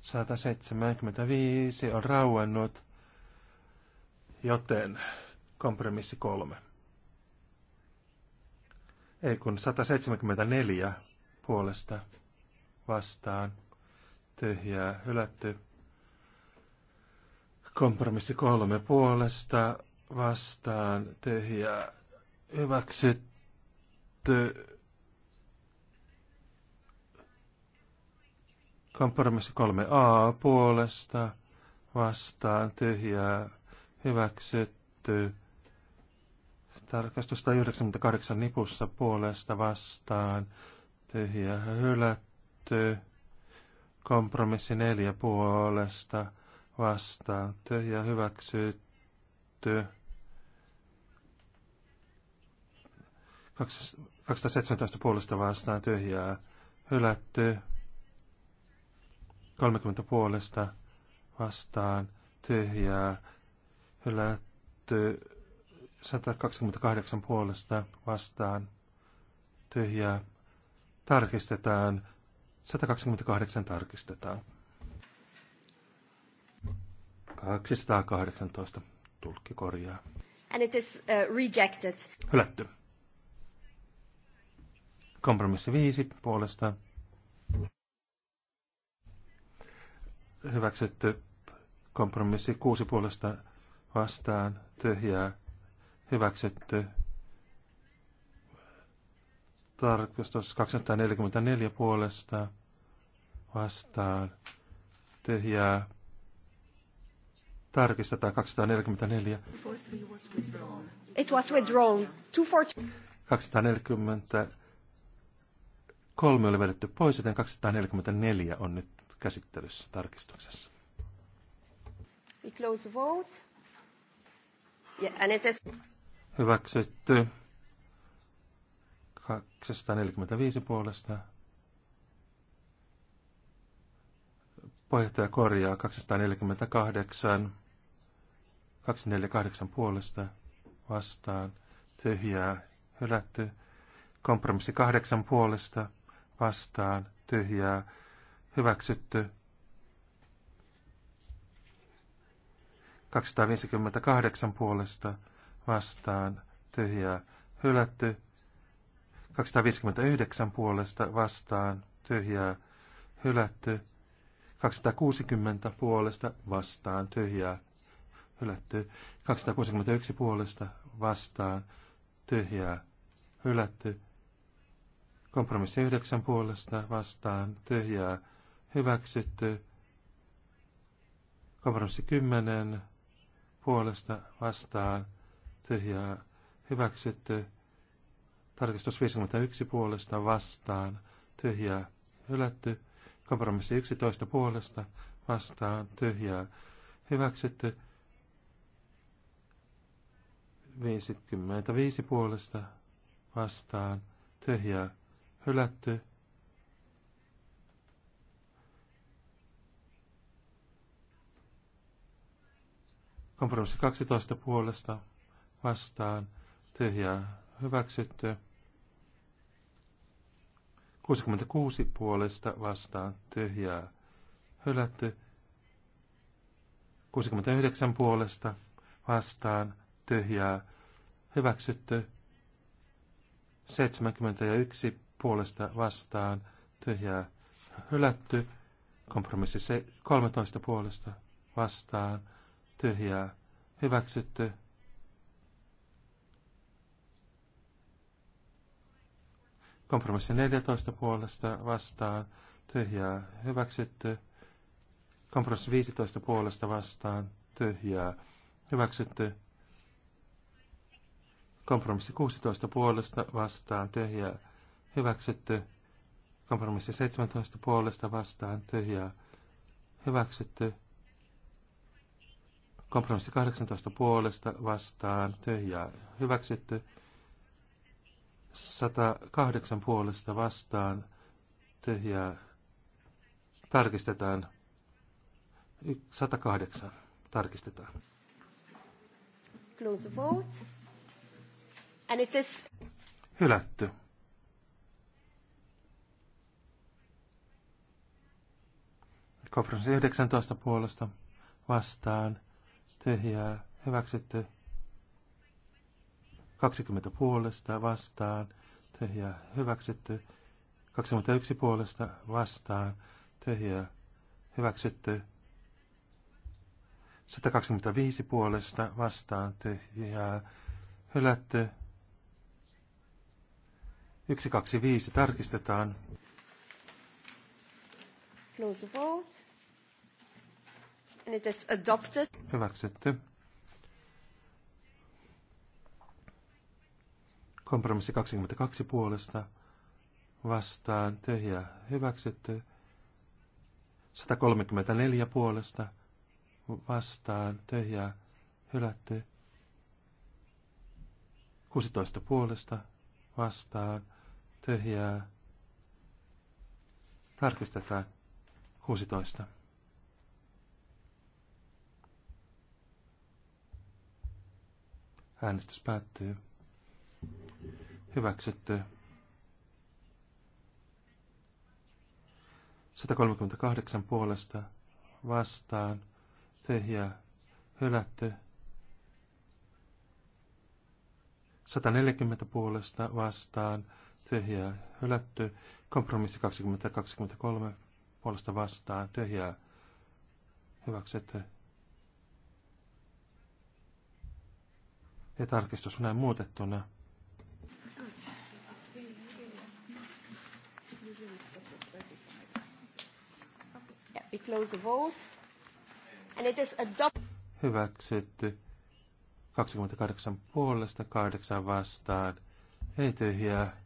175 on rauennut, joten kompromissi kolme. Ei kun 174 puolesta vastaan tyhjää hylätty. Kompromissi kolme puolesta vastaan tyhjää hyväksytty. Kompromissi 3a puolesta vastaan tyhjää hyväksytty. Tarkastus 198 nipussa puolesta vastaan tyhjää hylätty. Kompromissi neljä puolesta vastaan ja hyväksytty. 217 puolesta vastaan tyhjää hylätty. 30 puolesta vastaan tyhjää hylätty. 128 puolesta vastaan tyhjää tarkistetaan 128 tarkistetaan. 218 tulkki korjaa. And it is uh, rejected. Hylätty. Kompromissi 5 puolesta. Hyväksytty kompromissi 6 puolesta vastaan tyhjää. Hyväksytty Tarkistus 244 puolesta vastaan tyhjää. Tarkistetaan 244. 243 oli vedetty pois, joten 244 on nyt käsittelyssä tarkistuksessa. We close the vote. Yeah, and it is... Hyväksytty. 245 puolesta. Puheenjohtaja korjaa 248. 248 puolesta vastaan. Tyhjää hylätty. Kompromissi 8 puolesta vastaan. Tyhjää hyväksytty. 258 puolesta vastaan. Tyhjää hylätty. 259 puolesta vastaan tyhjää hylätty. 260 puolesta vastaan tyhjää hylätty. 261 puolesta vastaan tyhjää hylätty. Kompromissi 9 puolesta vastaan tyhjää hyväksytty. Kompromissi 10 puolesta vastaan tyhjää hyväksytty. Tarkistus 51 puolesta vastaan, tyhjää, hylätty. Kompromissi 11 puolesta vastaan, tyhjää, hyväksytty. 55 puolesta vastaan, tyhjää, hylätty. Kompromissi 12 puolesta vastaan, tyhjää, hyväksytty. 66 puolesta vastaan tyhjää hylätty. 69 puolesta vastaan tyhjää hyväksytty. 71 puolesta vastaan tyhjää hylätty. Kompromissi 13 puolesta vastaan tyhjää hyväksytty. Kompromissi 14 puolesta vastaan, tyhjää hyväksytty. Kompromissi 15 puolesta vastaan, tyhjää hyväksytty. Kompromissi 16 puolesta vastaan, tyhjää hyväksytty. Kompromissi 17 puolesta vastaan, tyhjää hyväksytty. Kompromissi 18 puolesta vastaan, tyhjää hyväksytty. 108 puolesta vastaan tyhjää. Tarkistetaan. 108. Tarkistetaan. Close vote. And it says... Hylätty. Kopros 19 puolesta vastaan tyhjää hyväksytty 20 puolesta vastaan, tehiä hyväksytty. 21 puolesta vastaan, tehiä hyväksytty. 125 puolesta vastaan, tehiä hylätty. 125 tarkistetaan. Close vote. And it is adopted. Hyväksytty. Kompromissi 22 puolesta vastaan tyhjä hyväksytty. 134 puolesta vastaan tyhjä hylätty. 16 puolesta vastaan tyhjää. Tarkistetaan 16. Äänestys päättyy. Hyväksytty. 138 puolesta vastaan. Tyhjä. Hylätty. 140 puolesta vastaan. Tyhjä. Hylätty. Kompromissi 2023 puolesta vastaan. Tyhjä. Hyväksytty. ja tarkistus näin muutettuna We close the vote. And it is adopted. Hyväksytty. 28 puolesta, 8 vastaan. Ei tyhjää.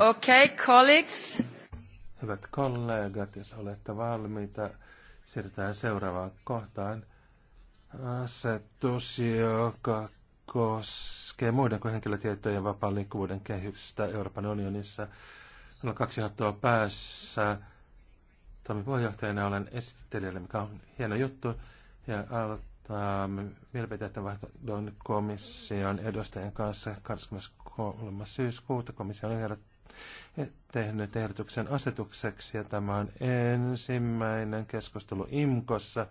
Okay, colleagues. Hyvät kollegat, jos olette valmiita, siirrytään seuraavaan kohtaan. Asetus, joka koskee muiden kuin henkilötietojen vapaan liikkuvuuden kehystä Euroopan unionissa. Meillä on kaksi hattua päässä. Toimi puheenjohtajana olen esittelijälle, mikä on hieno juttu. Ja aloitamme mielipiteiden vaihdon komission edustajien kanssa 23. syyskuuta. Komissio on ehdottanut tehnyt ehdotuksen asetukseksi ja tämä on ensimmäinen keskustelu IMKossa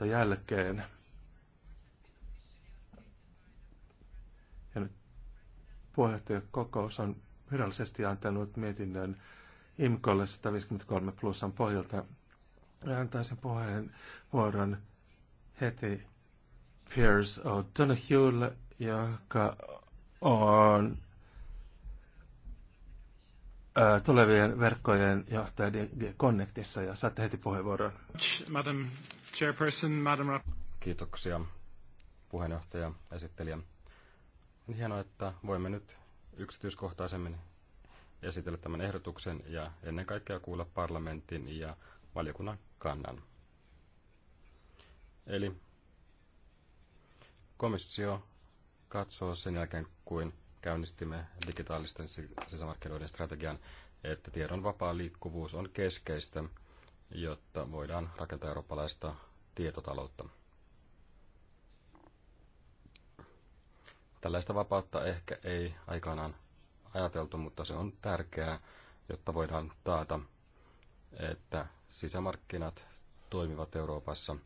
12.10. jälkeen. Ja nyt puheenjohtajakokous on virallisesti antanut mietinnön IMKolle 153 plussan pohjalta Antaisin puheenvuoron heti Piers O'Donoghuelle, joka on tulevien verkkojen johtaja DG Connectissa ja saatte heti puheenvuoron. Madam Chairperson, Madam Kiitoksia puheenjohtaja, esittelijä. On hienoa, että voimme nyt yksityiskohtaisemmin esitellä tämän ehdotuksen ja ennen kaikkea kuulla parlamentin ja valiokunnan kannan. Eli komissio katsoo sen jälkeen, kuin käynnistimme digitaalisten sisämarkkinoiden strategian, että tiedon vapaa liikkuvuus on keskeistä, jotta voidaan rakentaa eurooppalaista tietotaloutta. Tällaista vapautta ehkä ei aikanaan ajateltu, mutta se on tärkeää, jotta voidaan taata, että sisämarkkinat toimivat Euroopassa,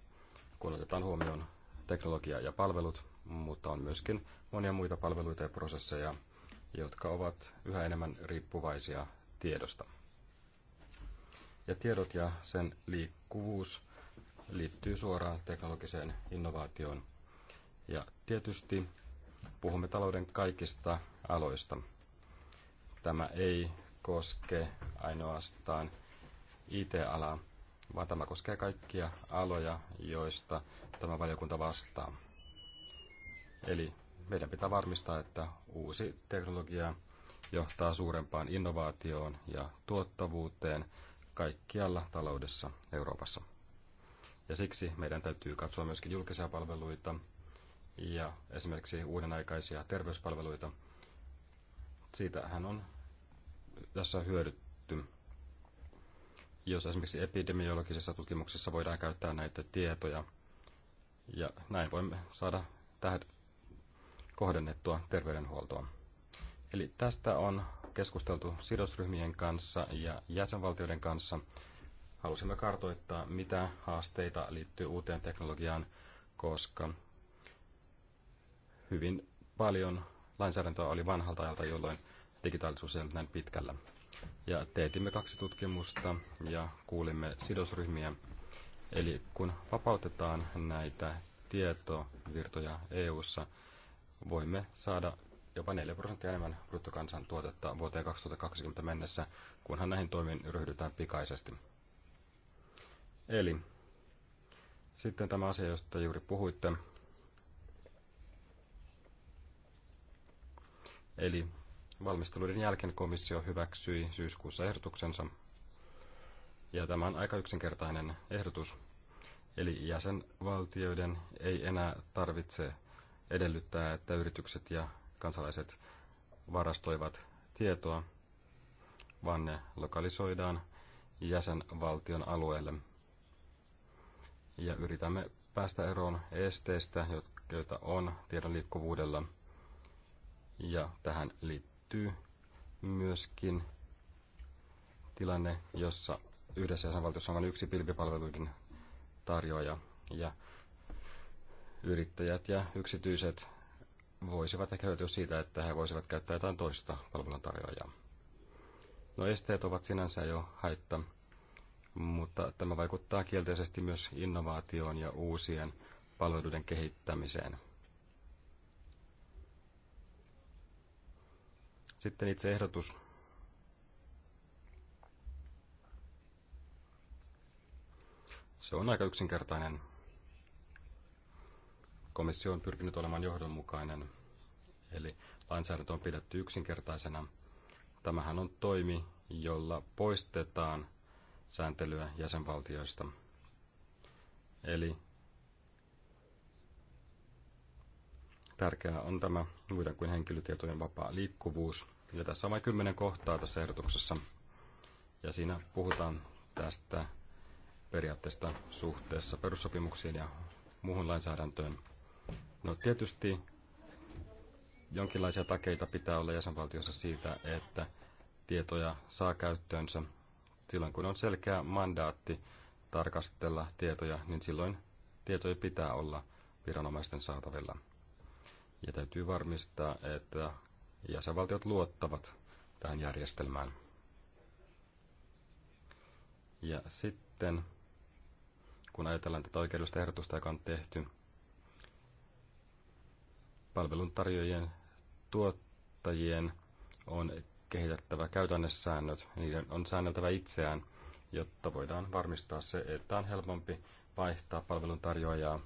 kun otetaan huomioon teknologia ja palvelut, mutta on myöskin monia muita palveluita ja prosesseja, jotka ovat yhä enemmän riippuvaisia tiedosta. Ja tiedot ja sen liikkuvuus liittyy suoraan teknologiseen innovaatioon. Ja tietysti puhumme talouden kaikista aloista. Tämä ei koske ainoastaan IT-alaa, vaan tämä koskee kaikkia aloja, joista tämä valiokunta vastaa. Eli meidän pitää varmistaa, että uusi teknologia johtaa suurempaan innovaatioon ja tuottavuuteen kaikkialla taloudessa Euroopassa. Ja siksi meidän täytyy katsoa myöskin julkisia palveluita ja esimerkiksi uudenaikaisia terveyspalveluita. Siitähän on tässä hyödytty. Jos esimerkiksi epidemiologisessa tutkimuksessa voidaan käyttää näitä tietoja, ja näin voimme saada kohdennettua terveydenhuoltoa. Eli tästä on keskusteltu sidosryhmien kanssa ja jäsenvaltioiden kanssa. Halusimme kartoittaa, mitä haasteita liittyy uuteen teknologiaan, koska hyvin paljon lainsäädäntöä oli vanhalta ajalta, jolloin digitaalisuus ei ollut näin pitkällä. Ja teetimme kaksi tutkimusta ja kuulimme sidosryhmiä. Eli kun vapautetaan näitä tietovirtoja EU:ssa, ssa voimme saada jopa 4 prosenttia enemmän bruttokansantuotetta vuoteen 2020 mennessä, kunhan näihin toimiin ryhdytään pikaisesti. Eli sitten tämä asia, josta juuri puhuitte. Eli valmisteluiden jälkeen komissio hyväksyi syyskuussa ehdotuksensa. Ja tämä on aika yksinkertainen ehdotus. Eli jäsenvaltioiden ei enää tarvitse edellyttää, että yritykset ja kansalaiset varastoivat tietoa, vaan ne lokalisoidaan jäsenvaltion alueelle. Ja yritämme päästä eroon esteistä, joita on tiedon liikkuvuudella. Ja tähän liittyy myöskin tilanne, jossa yhdessä jäsenvaltiossa on vain yksi pilvipalveluiden tarjoaja. Ja yrittäjät ja yksityiset voisivat ehkä hyötyä siitä, että he voisivat käyttää jotain toista palveluntarjoajaa. No esteet ovat sinänsä jo haitta, mutta tämä vaikuttaa kielteisesti myös innovaatioon ja uusien palveluiden kehittämiseen. Sitten itse ehdotus. Se on aika yksinkertainen komissio on pyrkinyt olemaan johdonmukainen, eli lainsäädäntö on pidetty yksinkertaisena. Tämähän on toimi, jolla poistetaan sääntelyä jäsenvaltioista. Eli tärkeää on tämä muiden kuin henkilötietojen vapaa liikkuvuus. Ja tässä on vain kymmenen kohtaa tässä ehdotuksessa. Ja siinä puhutaan tästä periaatteesta suhteessa perussopimuksiin ja muuhun lainsäädäntöön. No tietysti jonkinlaisia takeita pitää olla jäsenvaltiossa siitä, että tietoja saa käyttöönsä. Silloin kun on selkeä mandaatti tarkastella tietoja, niin silloin tietoja pitää olla viranomaisten saatavilla. Ja täytyy varmistaa, että jäsenvaltiot luottavat tähän järjestelmään. Ja sitten, kun ajatellaan tätä oikeudellista ehdotusta, joka on tehty, palveluntarjoajien tuottajien on kehitettävä käytännössäännöt. Niiden on säänneltävä itseään, jotta voidaan varmistaa se, että on helpompi vaihtaa palveluntarjoajaa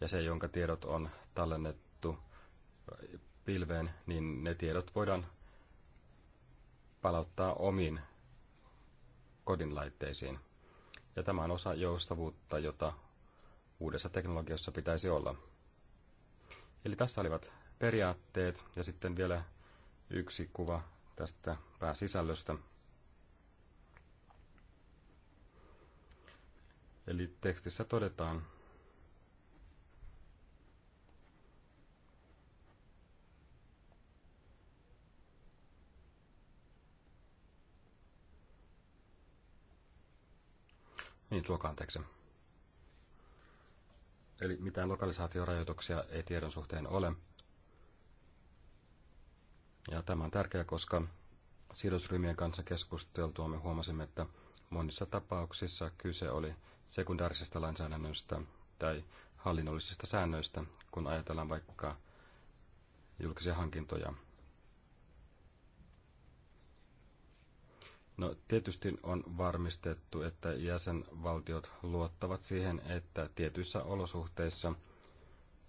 ja se, jonka tiedot on tallennettu pilveen, niin ne tiedot voidaan palauttaa omiin kodinlaitteisiin. Ja tämä on osa joustavuutta, jota uudessa teknologiassa pitäisi olla. Eli tässä olivat periaatteet ja sitten vielä yksi kuva tästä pääsisällöstä. Eli tekstissä todetaan, Niin, suokaa anteeksi. Eli mitään lokalisaatiorajoituksia ei tiedon suhteen ole. Ja tämä on tärkeää, koska sidosryhmien kanssa keskusteltua me huomasimme, että monissa tapauksissa kyse oli sekundaarisesta lainsäädännöstä tai hallinnollisista säännöistä, kun ajatellaan vaikka julkisia hankintoja. No tietysti on varmistettu, että jäsenvaltiot luottavat siihen, että tietyissä olosuhteissa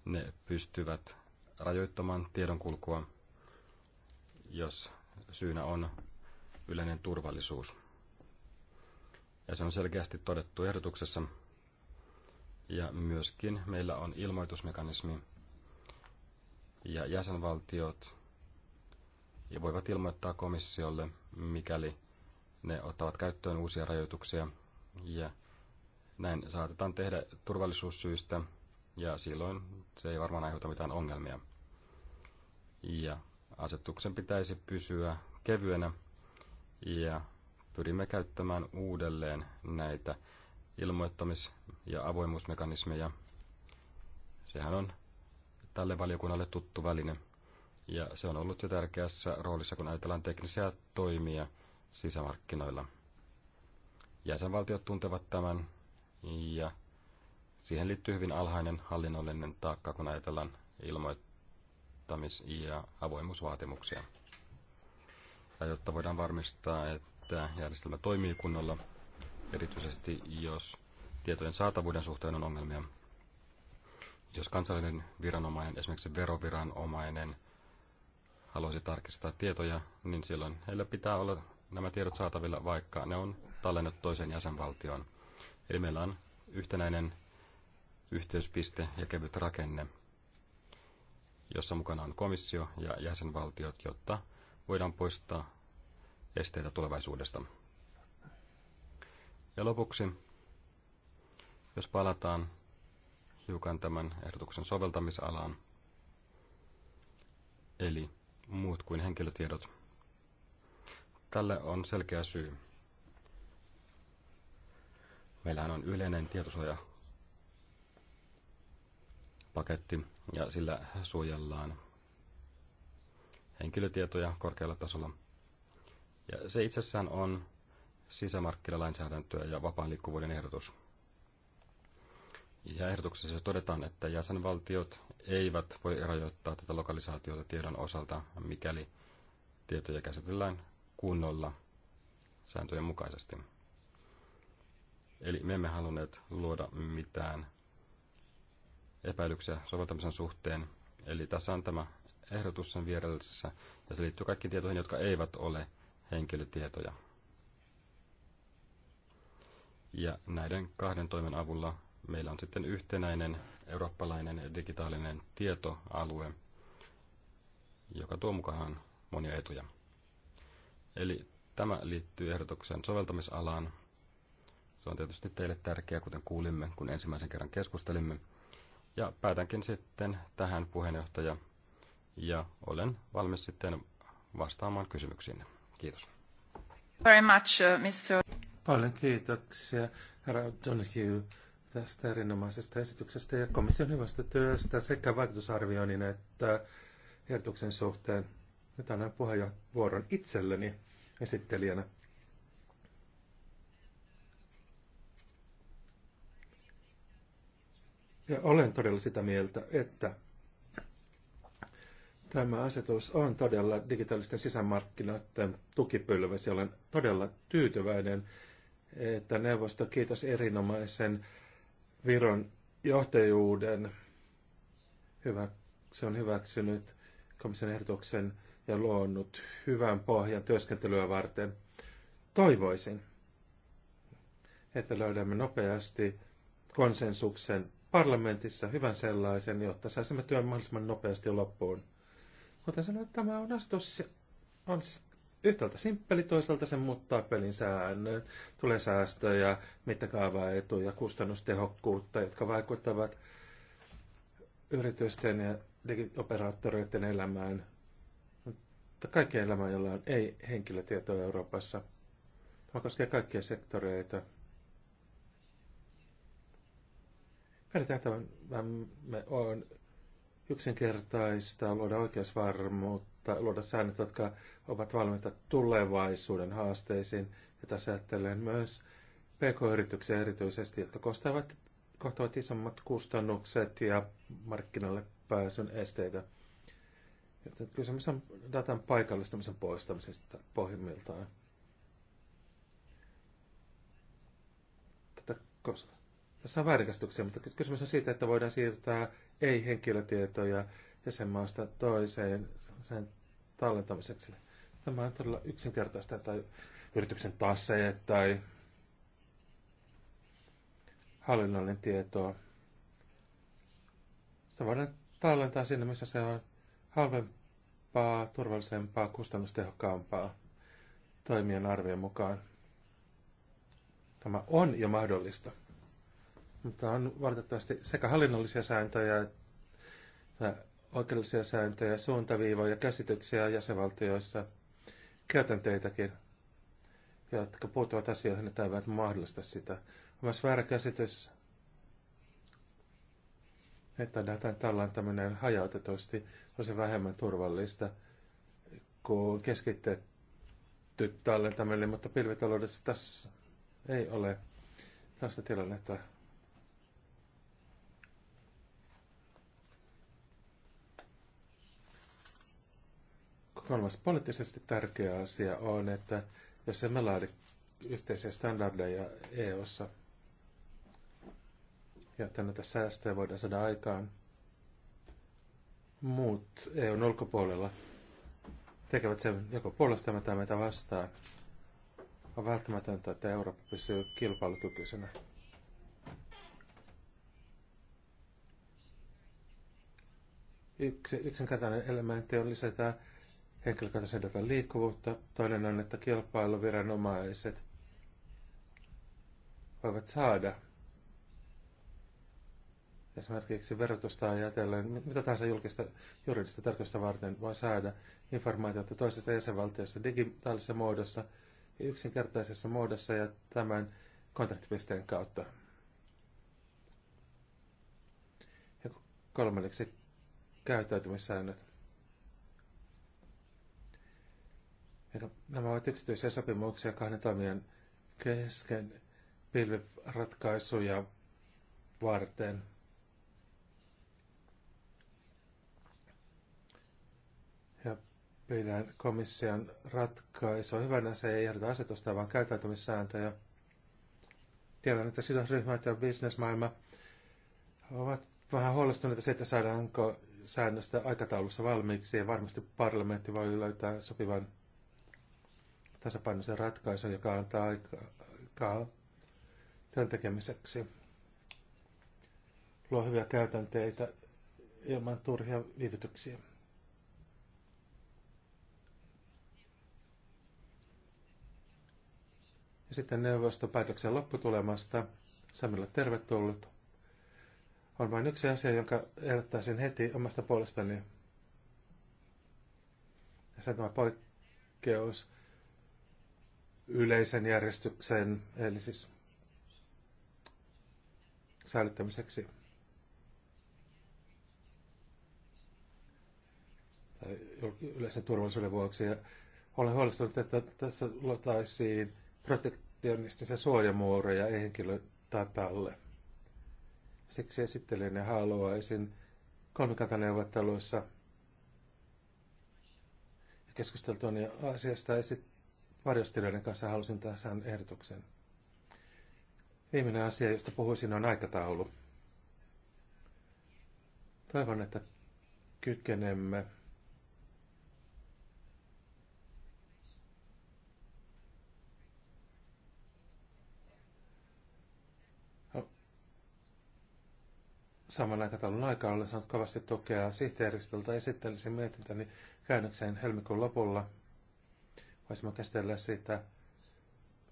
ne pystyvät rajoittamaan tiedonkulkua, jos syynä on yleinen turvallisuus. Ja se on selkeästi todettu ehdotuksessa. Ja myöskin meillä on ilmoitusmekanismi ja jäsenvaltiot ja voivat ilmoittaa komissiolle, mikäli ne ottavat käyttöön uusia rajoituksia ja näin saatetaan tehdä turvallisuussyistä ja silloin se ei varmaan aiheuta mitään ongelmia. Ja asetuksen pitäisi pysyä kevyenä ja pyrimme käyttämään uudelleen näitä ilmoittamis- ja avoimuusmekanismeja. Sehän on tälle valiokunnalle tuttu väline ja se on ollut jo tärkeässä roolissa, kun ajatellaan teknisiä toimia – sisämarkkinoilla. Jäsenvaltiot tuntevat tämän ja siihen liittyy hyvin alhainen hallinnollinen taakka, kun ajatellaan ilmoittamis- ja avoimuusvaatimuksia. Ja jotta voidaan varmistaa, että järjestelmä toimii kunnolla, erityisesti jos tietojen saatavuuden suhteen on ongelmia, jos kansallinen viranomainen, esimerkiksi veroviranomainen, haluaisi tarkistaa tietoja, niin silloin heillä pitää olla nämä tiedot saatavilla, vaikka ne on tallennettu toiseen jäsenvaltioon. Eli meillä on yhtenäinen yhteyspiste ja kevyt rakenne, jossa mukana on komissio ja jäsenvaltiot, jotta voidaan poistaa esteitä tulevaisuudesta. Ja lopuksi, jos palataan hiukan tämän ehdotuksen soveltamisalaan, eli muut kuin henkilötiedot, Tälle on selkeä syy. Meillähän on yleinen tietosuoja paketti ja sillä suojellaan henkilötietoja korkealla tasolla. Ja se itsessään on sisämarkkinalainsäädäntöä ja vapaan liikkuvuuden ehdotus. Ja ehdotuksessa todetaan, että jäsenvaltiot eivät voi rajoittaa tätä lokalisaatiota tiedon osalta, mikäli tietoja käsitellään kunnolla sääntöjen mukaisesti. Eli me emme halunneet luoda mitään epäilyksiä soveltamisen suhteen. Eli tässä on tämä ehdotus sen vieressä, ja se liittyy kaikkiin tietoihin, jotka eivät ole henkilötietoja. Ja näiden kahden toimen avulla meillä on sitten yhtenäinen eurooppalainen digitaalinen tietoalue, joka tuo mukaan monia etuja. Eli tämä liittyy ehdotuksen soveltamisalaan. Se on tietysti teille tärkeää, kuten kuulimme, kun ensimmäisen kerran keskustelimme. Ja päätänkin sitten tähän puheenjohtaja ja olen valmis sitten vastaamaan kysymyksiin. Kiitos. Very much, uh, Mr. Paljon kiitoksia, herra Donahue, tästä erinomaisesta esityksestä ja komission hyvästä työstä sekä vaikutusarvioinnin että ehdotuksen suhteen. Nyt annan puheenvuoron itselleni esittelijänä. Ja olen todella sitä mieltä, että tämä asetus on todella digitaalisten sisämarkkinoiden tukipylväs ja olen todella tyytyväinen, että neuvosto kiitos erinomaisen Viron johtajuuden. Hyvä, se on hyväksynyt komission ehdotuksen ja luonut hyvän pohjan työskentelyä varten. Toivoisin, että löydämme nopeasti konsensuksen parlamentissa hyvän sellaisen, jotta saisimme työn mahdollisimman nopeasti loppuun. Mutta sanoin, tämä on asetus on yhtäältä simppeli, toisaalta se muuttaa pelin säännön. tulee säästöjä, mittakaavaa etuja, kustannustehokkuutta, jotka vaikuttavat yritysten ja digioperaattoreiden elämään mutta kaikkea elämä, jolla on ei-henkilötietoa Euroopassa. Tämä koskee kaikkia sektoreita. Meidän tehtävämme on yksinkertaista, luoda oikeusvarmuutta, luoda säännöt, jotka ovat valmiita tulevaisuuden haasteisiin. Ja tässä ajattelen myös pk-yrityksiä erityisesti, jotka kohtaavat, kohtavat isommat kustannukset ja markkinoille pääsyn esteitä. Että kysymys on datan paikallistamisen poistamisesta pohjimmiltaan. Tätä, tässä on väärinkästyksiä, mutta kysymys on siitä, että voidaan siirtää ei-henkilötietoja jäsenmaasta toiseen sen tallentamiseksi. Tämä on todella yksinkertaista tai yrityksen tasseja tai hallinnollinen tietoa. Sitä voidaan tallentaa sinne, missä se on halvempi helpompaa, turvallisempaa, kustannustehokkaampaa toimien arvien mukaan. Tämä on jo mahdollista, mutta on valitettavasti sekä hallinnollisia sääntöjä oikeudellisia sääntöjä, suuntaviivoja, käsityksiä jäsenvaltioissa, käytänteitäkin, jotka puuttuvat asioihin, että eivät mahdollista sitä. On myös väärä käsitys että datan tallentaminen hajautetusti olisi vähemmän turvallista kuin keskitetty tallentaminen, mutta pilvitaloudessa tässä ei ole tällaista tilannetta. Kolmas poliittisesti tärkeä asia on, että jos emme laadi yhteisiä standardeja EU-ssa, jotta näitä säästöjä voidaan saada aikaan. Muut EUn ulkopuolella tekevät sen joko puolesta tai meitä vastaan. On välttämätöntä, että Eurooppa pysyy kilpailukykyisenä. Yksi yksinkertainen elementti on lisätä henkilökohtaisen datan liikkuvuutta. Toinen on, että kilpailuviranomaiset voivat saada esimerkiksi verotusta ajatellen, mitä tahansa julkista, juridista tarkoista varten voi saada informaatiota toisesta jäsenvaltiosta digitaalisessa muodossa ja yksinkertaisessa muodossa ja tämän kontaktipisteen kautta. Ja kolmanneksi käyttäytymissäännöt. nämä ovat yksityisiä sopimuksia kahden toimijan kesken pilviratkaisuja varten – pidän komission ratkaisua hyvänä. Se ei ehdota asetusta, vaan käyttäytymissääntöjä. Tiedän, että sidosryhmät ja bisnesmaailma ovat vähän huolestuneita siitä, saadaanko säännöstä aikataulussa valmiiksi. Ja varmasti parlamentti voi löytää sopivan tasapainoisen ratkaisun, joka antaa aikaa sen tekemiseksi. Luo hyviä käytänteitä ilman turhia viivytyksiä. Sitten neuvoston päätöksen lopputulemasta. Samilla tervetullut. On vain yksi asia, jonka ehdottaisin heti omasta puolestani. Ja se on tämä poikkeus yleisen järjestyksen, eli siis säilyttämiseksi. Tai yleisen turvallisuuden vuoksi. Ja olen huolestunut, että tässä luotaisiin protek- valtiollistisia suojamuoreja henkilötatalle. Siksi ne ja haluaisin kolmikantaneuvotteluissa ja keskusteltuani asiasta esit varjostelijoiden kanssa halusin tähän ehdotuksen. Viimeinen asia, josta puhuisin, on aikataulu. Toivon, että kykenemme saman aikataulun aikaa olen saanut kovasti tukea sihteeristöltä. Esittelisin mietintäni käännökseen helmikuun lopulla. Voisimme käsitellä siitä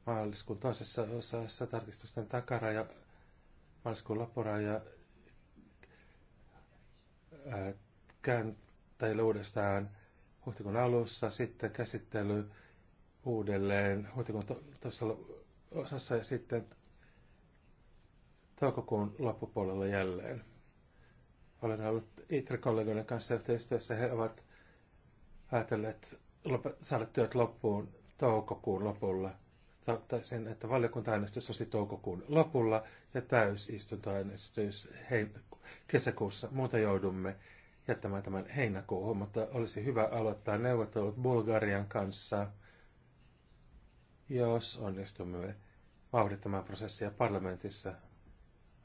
maaliskuun toisessa osassa tarkistusten ja maaliskuun loppuraja kääntäjille uudestaan huhtikuun alussa, sitten käsittely uudelleen huhtikuun to- toisessa osassa ja sitten toukokuun loppupuolella jälleen. Olen ollut ITRE-kollegoiden kanssa yhteistyössä. He ovat ajatelleet saada työt loppuun toukokuun lopulla. sen, että valiokuntaäänestys olisi toukokuun lopulla ja täysistuntoäänestys kesäkuussa. Muuta joudumme jättämään tämän heinäkuuhun, mutta olisi hyvä aloittaa neuvottelut Bulgarian kanssa, jos onnistumme vauhdittamaan prosessia parlamentissa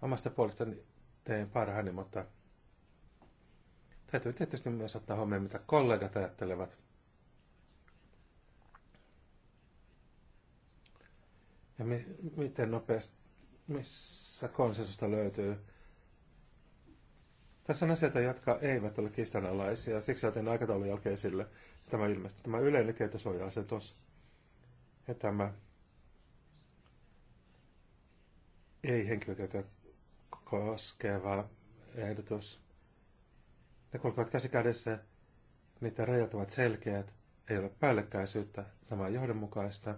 omasta puolestani teen parhaani, mutta täytyy tietysti myös ottaa huomioon, mitä kollegat ajattelevat. Ja mi- miten nopeasti, missä konsensusta löytyy. Tässä on asioita, jotka eivät ole kiistanalaisia, siksi otin aikataulun jälkeen esille tämä, ilmeisesti, tämä yleinen tietosuoja-asetus ja tämä ei-henkilötietoja koskeva ehdotus. Ne kulkevat käsi kädessä, niiden rajat ovat selkeät, ei ole päällekkäisyyttä, tämä on johdonmukaista.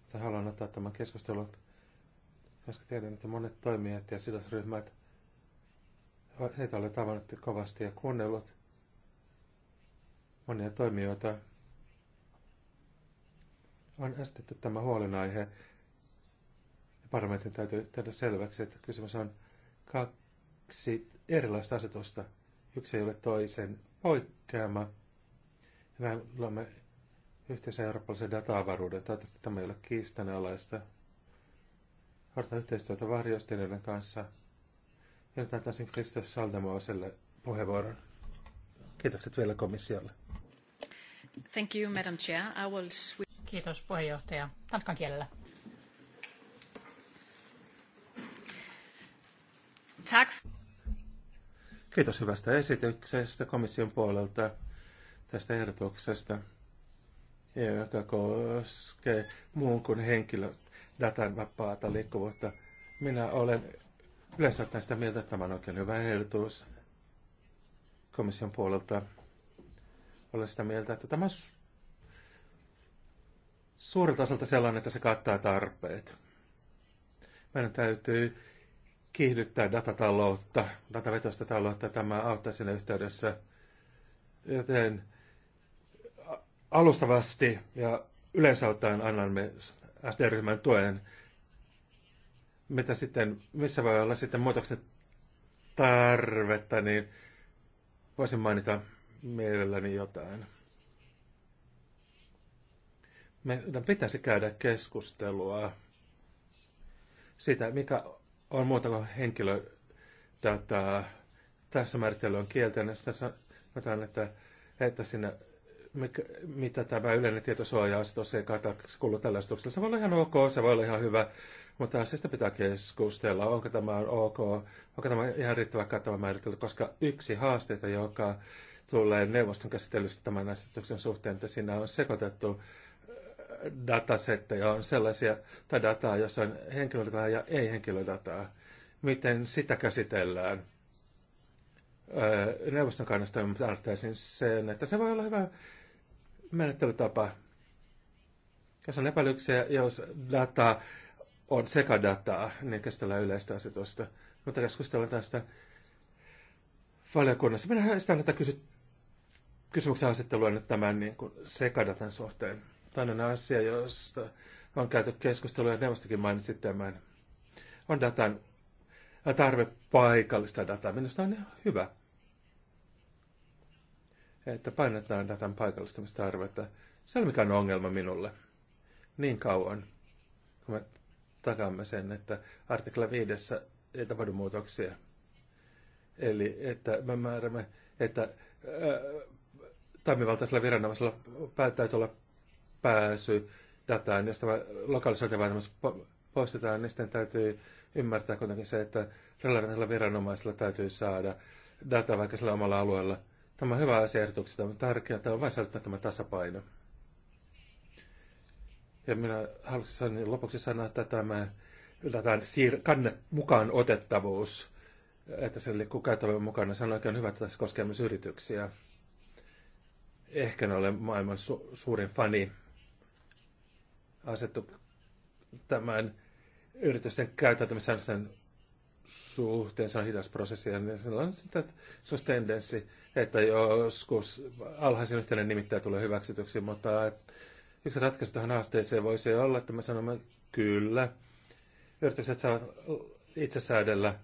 Mutta haluan ottaa tämän keskustelun, koska tiedän, että monet toimijat ja sidosryhmät, heitä olen tavannut kovasti ja kuunnellut monia toimijoita. On estetty tämä huolenaihe parlamentin täytyy tehdä selväksi, että kysymys on kaksi erilaista asetusta. Yksi ei ole toisen poikkeama. Näin luomme yhteisen eurooppalaisen data-avaruuden. Toivottavasti tämä ei ole kiistanalaista. harta yhteistyötä varjostelijoiden kanssa. Ja nyt antaisin Kristus Saldamoiselle puheenvuoron. Kiitokset vielä komissiolle. Thank you, Madam Chair. I will Kiitos puheenjohtaja. Tanskan kielellä. Tack. Kiitos hyvästä esityksestä komission puolelta tästä ehdotuksesta, joka koskee muun kuin henkilödatan vapaata liikkuvuutta. Minä olen yleensä tästä mieltä, että tämä on oikein hyvä ehdotus komission puolelta. Olen sitä mieltä, että tämä on suurelta osalta sellainen, että se kattaa tarpeet. Meidän täytyy kiihdyttää datataloutta, datavetoista taloutta. Tämä auttaa siinä yhteydessä. Joten alustavasti ja yleensä ottaen annamme SD-ryhmän tuen. Mitä sitten, missä voi olla sitten muutokset tarvetta, niin voisin mainita mielelläni jotain. Meidän pitäisi käydä keskustelua siitä, mikä on muuta kuin tätä, tota, Tässä määrittely on kielteinen. Tässä sanotaan, että, että sinä, mikä, mitä tämä yleinen tietosuoja-asetus ei kata kuluttajalastuksella. Se voi olla ihan ok, se voi olla ihan hyvä, mutta asiasta pitää keskustella. Onko tämä ok, onko tämä ihan riittävä kattava määritelty, koska yksi haasteita, joka tulee neuvoston käsittelystä tämän asetuksen suhteen, että siinä on sekoitettu datasetteja on sellaisia, tai dataa, jossa on henkilödataa ja ei-henkilödataa. Miten sitä käsitellään? Neuvoston kannasta ymmärtäisin sen, että se voi olla hyvä menettelytapa. Jos on epäilyksiä, jos data on sekadataa, niin käsitellään yleistä asetusta. Mutta keskustellaan tästä valiokunnassa. Minä sitä että kysy- kysymyksen asettelua nyt tämän niin kuin sekadatan suhteen. Toinen asia, josta on käyty keskustelua ja neuvostokin mainitsi tämän, on datan tarve paikallista dataa. Minusta on hyvä, että painetaan datan paikallistamistarvetta. Se on mikään ongelma minulle. Niin kauan, kun me takaamme sen, että artikla 5 ei tapahdu muutoksia. Eli että me määrämme, että ää, toimivaltaisella viranomaisella päättäytyy olla pääsy dataan, josta lokalisointivaatimus poistetaan, niin sitten täytyy ymmärtää kuitenkin se, että relevantilla viranomaisilla täytyy saada data vaikka sillä omalla alueella. Tämä on hyvä asia erityksestä, mutta tärkeää on vain säilyttää tämä tasapaino. Ja minä haluaisin sanoa, lopuksi sanoa, että tämä datan siir- kanne mukaan otettavuus, että se liikkuu käytävän mukana, se on oikein hyvä, että tässä koskee myös yrityksiä. Ehkä ne olen maailman su- suurin fani asettu tämän yritysten käyttäytymisen suhteen. Se on hidas prosessi ja silloin on sitä, se on tendenssi, että joskus alhaisin yhteinen nimittäjä tulee hyväksytyksi, mutta yksi ratkaisu tähän haasteeseen voisi olla, että me sanomme kyllä. Yritykset saavat itse säädellä,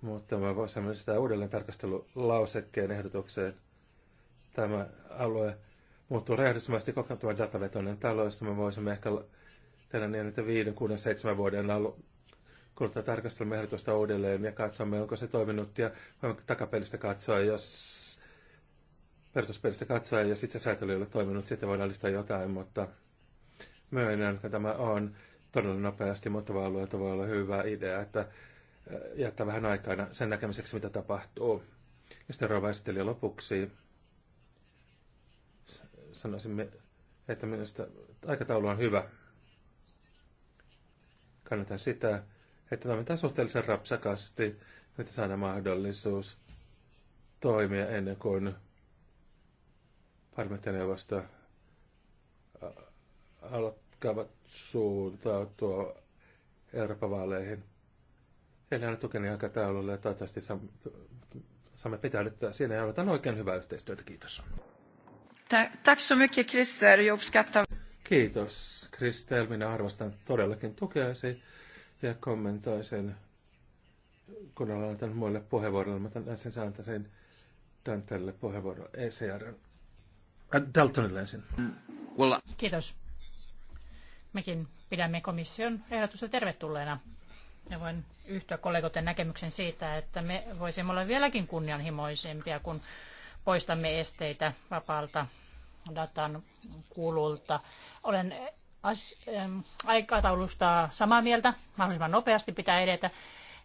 mutta me voisimme sitä uudelleen tarkastelulausekkeen ehdotukseen. Tämä alue muuttuu räjähdysmäisesti koko tämä datavetoinen talo, josta me voisimme ehkä tehdä niin, että viiden kuuden seitsemän vuoden kuluttaa tarkastelemme ehdotusta uudelleen ja katsomme, onko se toiminut ja voimme takapelistä katsoa, jos perustuspelistä katsoa ja sitten se säätely ei ole toiminut, sitten voidaan listaa jotain, mutta myönnän, että tämä on todella nopeasti muuttava alue, että voi olla hyvä idea, että äh, jättää vähän aikaa sen näkemiseksi, mitä tapahtuu. Ja sitten Rova lopuksi Sanoisin, että minusta aikataulu on hyvä. Kannatan sitä, että toimitaan suhteellisen rapsakasti, että saadaan mahdollisuus toimia ennen kuin parlamenttineuvosto alkavat suuntautua Euroopan vaaleihin. Eli aina tukeni aikataululle ja toivottavasti saamme pitäydyttää siinä ja odotan oikein hyvää yhteistyötä. Kiitos. Tack så mycket Christer, jag uppskattar. Kiitos Kristel, minä arvostan todellakin tukeasi ja kommentoin sen, kun olen antanut muille puheenvuoroille. Mä tämän ensin antaisin tämän tälle puheenvuorolle ECR. Äh, Daltonille ensin. Kiitos. Mekin pidämme komission ehdotusta tervetulleena. Ja voin yhtyä kollegoiden näkemyksen siitä, että me voisimme olla vieläkin kunnianhimoisempia, kun poistamme esteitä vapaalta datan kululta. Olen as, aikataulusta samaa mieltä, mahdollisimman nopeasti pitää edetä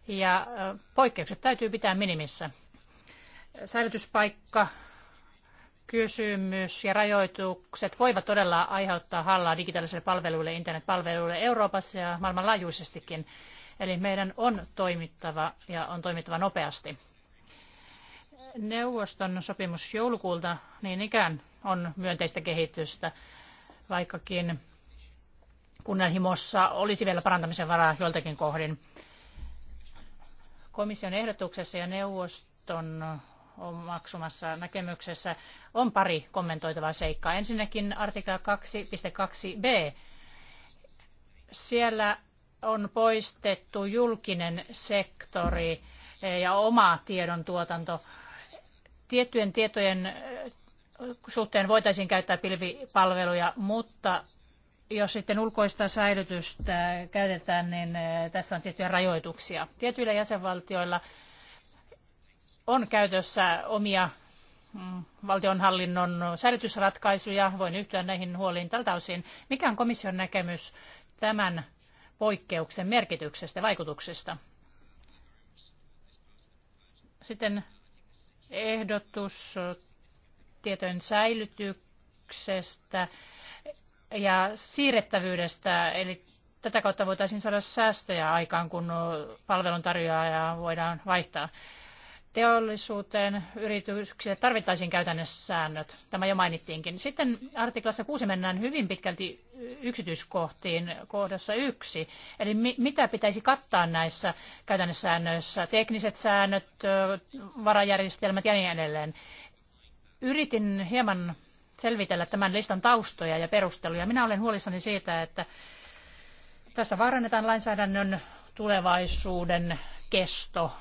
ja äh, poikkeukset täytyy pitää minimissä. Säilytyspaikka, kysymys ja rajoitukset voivat todella aiheuttaa hallaa digitaalisille palveluille, internetpalveluille Euroopassa ja maailmanlaajuisestikin. Eli meidän on toimittava ja on toimittava nopeasti neuvoston sopimus joulukuulta niin ikään on myönteistä kehitystä, vaikkakin kunnanhimossa olisi vielä parantamisen varaa joiltakin kohdin. Komission ehdotuksessa ja neuvoston omaksumassa näkemyksessä on pari kommentoitavaa seikkaa. Ensinnäkin artikla 2.2b. Siellä on poistettu julkinen sektori ja oma tiedon tuotanto tiettyjen tietojen suhteen voitaisiin käyttää pilvipalveluja, mutta jos sitten ulkoista säilytystä käytetään, niin tässä on tiettyjä rajoituksia. Tietyillä jäsenvaltioilla on käytössä omia mm, valtionhallinnon säilytysratkaisuja. Voin yhtyä näihin huoliin tältä osin. Mikä on komission näkemys tämän poikkeuksen merkityksestä ja vaikutuksesta? Sitten ehdotus tietojen säilytyksestä ja siirrettävyydestä, eli tätä kautta voitaisiin saada säästöjä aikaan, kun palveluntarjoajaa voidaan vaihtaa teollisuuteen yrityksille tarvittaisiin käytännössä säännöt. Tämä jo mainittiinkin. Sitten artiklassa 6 mennään hyvin pitkälti yksityiskohtiin kohdassa 1. Eli mi- mitä pitäisi kattaa näissä käytännössä säännöissä? Tekniset säännöt, varajärjestelmät ja niin edelleen. Yritin hieman selvitellä tämän listan taustoja ja perusteluja. Minä olen huolissani siitä, että tässä vaarannetaan lainsäädännön tulevaisuuden kesto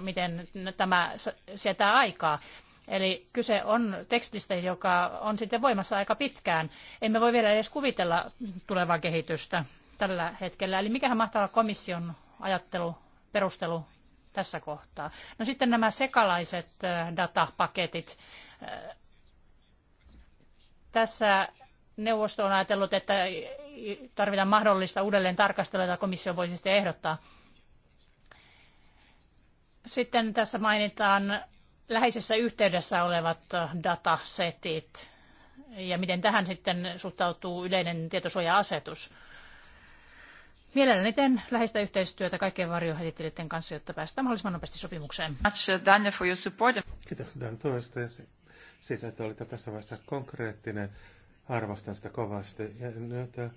miten tämä sietää aikaa. Eli kyse on tekstistä, joka on sitten voimassa aika pitkään. Emme voi vielä edes kuvitella tulevaa kehitystä tällä hetkellä. Eli mikähän mahtaa olla komission ajattelu, perustelu tässä kohtaa. No sitten nämä sekalaiset datapaketit. Tässä neuvosto on ajatellut, että tarvitaan mahdollista uudelleen tarkastelua, jota komissio voisi sitten ehdottaa. Sitten tässä mainitaan läheisessä yhteydessä olevat datasetit ja miten tähän sitten suhtautuu yleinen tietosuoja-asetus. Mielelläni teen läheistä yhteistyötä kaikkien varjohdettelijöiden kanssa, jotta päästään mahdollisimman nopeasti sopimukseen. Uh, Kiitos Dan tuosta ja siitä, että olit tässä vaiheessa konkreettinen. Arvostan sitä kovasti. Ja nyt uh,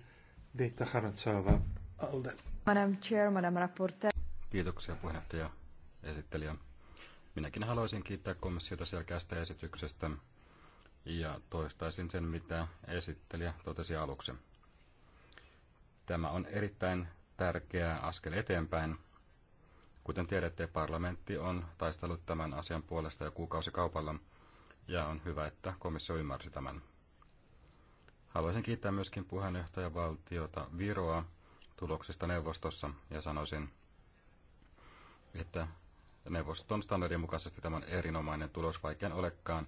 Diitta Hanatsova, Alde. Madam Chair, Madam Rapporteur. Kiitoksia puheenjohtaja esittelijä. Minäkin haluaisin kiittää komissiota selkeästä esityksestä ja toistaisin sen, mitä esittelijä totesi aluksi. Tämä on erittäin tärkeä askel eteenpäin. Kuten tiedätte, parlamentti on taistellut tämän asian puolesta jo kuukausikaupalla, ja on hyvä, että komissio ymmärsi tämän. Haluaisin kiittää myöskin puheenjohtajavaltiota Viroa tuloksista neuvostossa, ja sanoisin, että neuvoston standardin mukaisesti tämän erinomainen tulos, vaikka en olekaan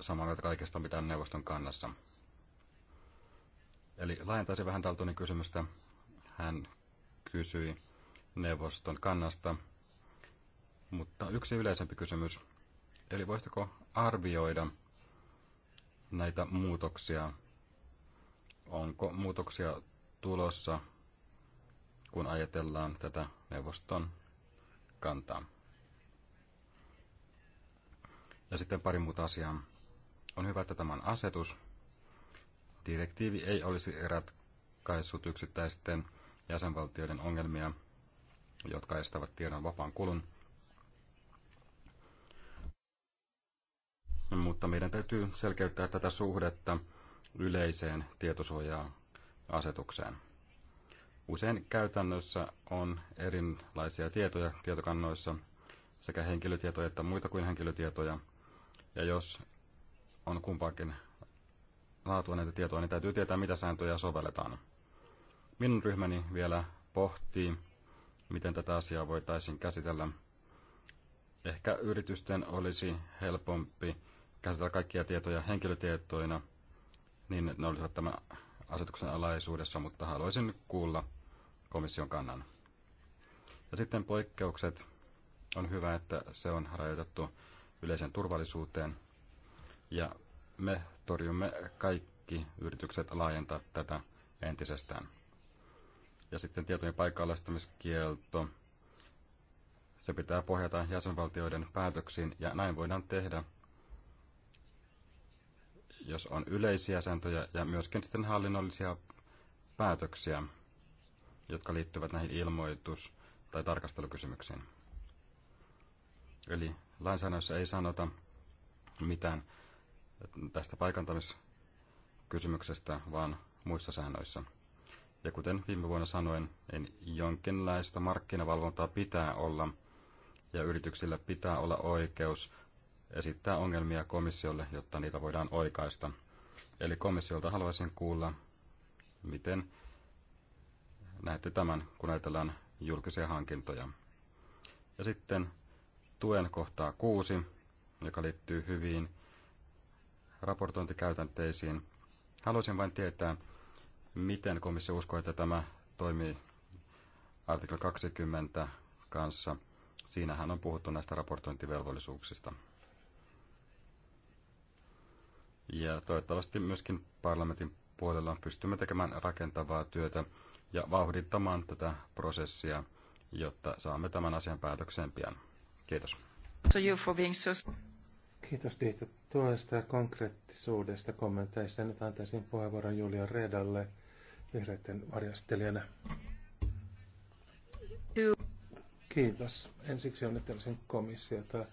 samaa mieltä kaikesta mitään neuvoston kannassa. Eli laajentaisin vähän Daltonin kysymystä. Hän kysyi neuvoston kannasta, mutta yksi yleisempi kysymys. Eli voisitko arvioida näitä muutoksia? Onko muutoksia tulossa, kun ajatellaan tätä neuvoston kantaa. Ja sitten pari muuta asiaa. On hyvä, että tämä on asetus. Direktiivi ei olisi ratkaissut yksittäisten jäsenvaltioiden ongelmia, jotka estävät tiedon vapaan kulun. Mutta meidän täytyy selkeyttää tätä suhdetta yleiseen tietosuoja asetukseen. Usein käytännössä on erilaisia tietoja tietokannoissa, sekä henkilötietoja että muita kuin henkilötietoja. Ja jos on kumpaakin laatua näitä tietoja, niin täytyy tietää, mitä sääntöjä sovelletaan. Minun ryhmäni vielä pohtii, miten tätä asiaa voitaisiin käsitellä. Ehkä yritysten olisi helpompi käsitellä kaikkia tietoja henkilötietoina, niin ne olisivat tämän asetuksen alaisuudessa, mutta haluaisin kuulla komission kannan. Ja sitten poikkeukset. On hyvä, että se on rajoitettu yleisen turvallisuuteen. Ja me torjumme kaikki yritykset laajentaa tätä entisestään. Ja sitten tietojen paikallistamiskielto. Se pitää pohjata jäsenvaltioiden päätöksiin ja näin voidaan tehdä, jos on yleisiä sääntöjä ja myöskin sitten hallinnollisia päätöksiä jotka liittyvät näihin ilmoitus- tai tarkastelukysymyksiin. Eli lainsäädännössä ei sanota mitään tästä paikantamiskysymyksestä, vaan muissa säännöissä. Ja kuten viime vuonna sanoin, niin jonkinlaista markkinavalvontaa pitää olla, ja yrityksillä pitää olla oikeus esittää ongelmia komissiolle, jotta niitä voidaan oikaista. Eli komissiolta haluaisin kuulla, miten näette tämän, kun ajatellaan julkisia hankintoja. Ja sitten tuen kohtaa kuusi, joka liittyy hyviin raportointikäytänteisiin. Haluaisin vain tietää, miten komissio uskoo, että tämä toimii artikla 20 kanssa. Siinähän on puhuttu näistä raportointivelvollisuuksista. Ja toivottavasti myöskin parlamentin puolella pystymme tekemään rakentavaa työtä ja vauhdittamaan tätä prosessia, jotta saamme tämän asian päätökseen pian. Kiitos. So you for being so... Kiitos Diitta tuosta ja konkreettisuudesta kommenteista. Nyt antaisin puheenvuoron Julia Redalle vihreiden varjastelijana. Kiitos. Ensiksi onnittelisin komissiota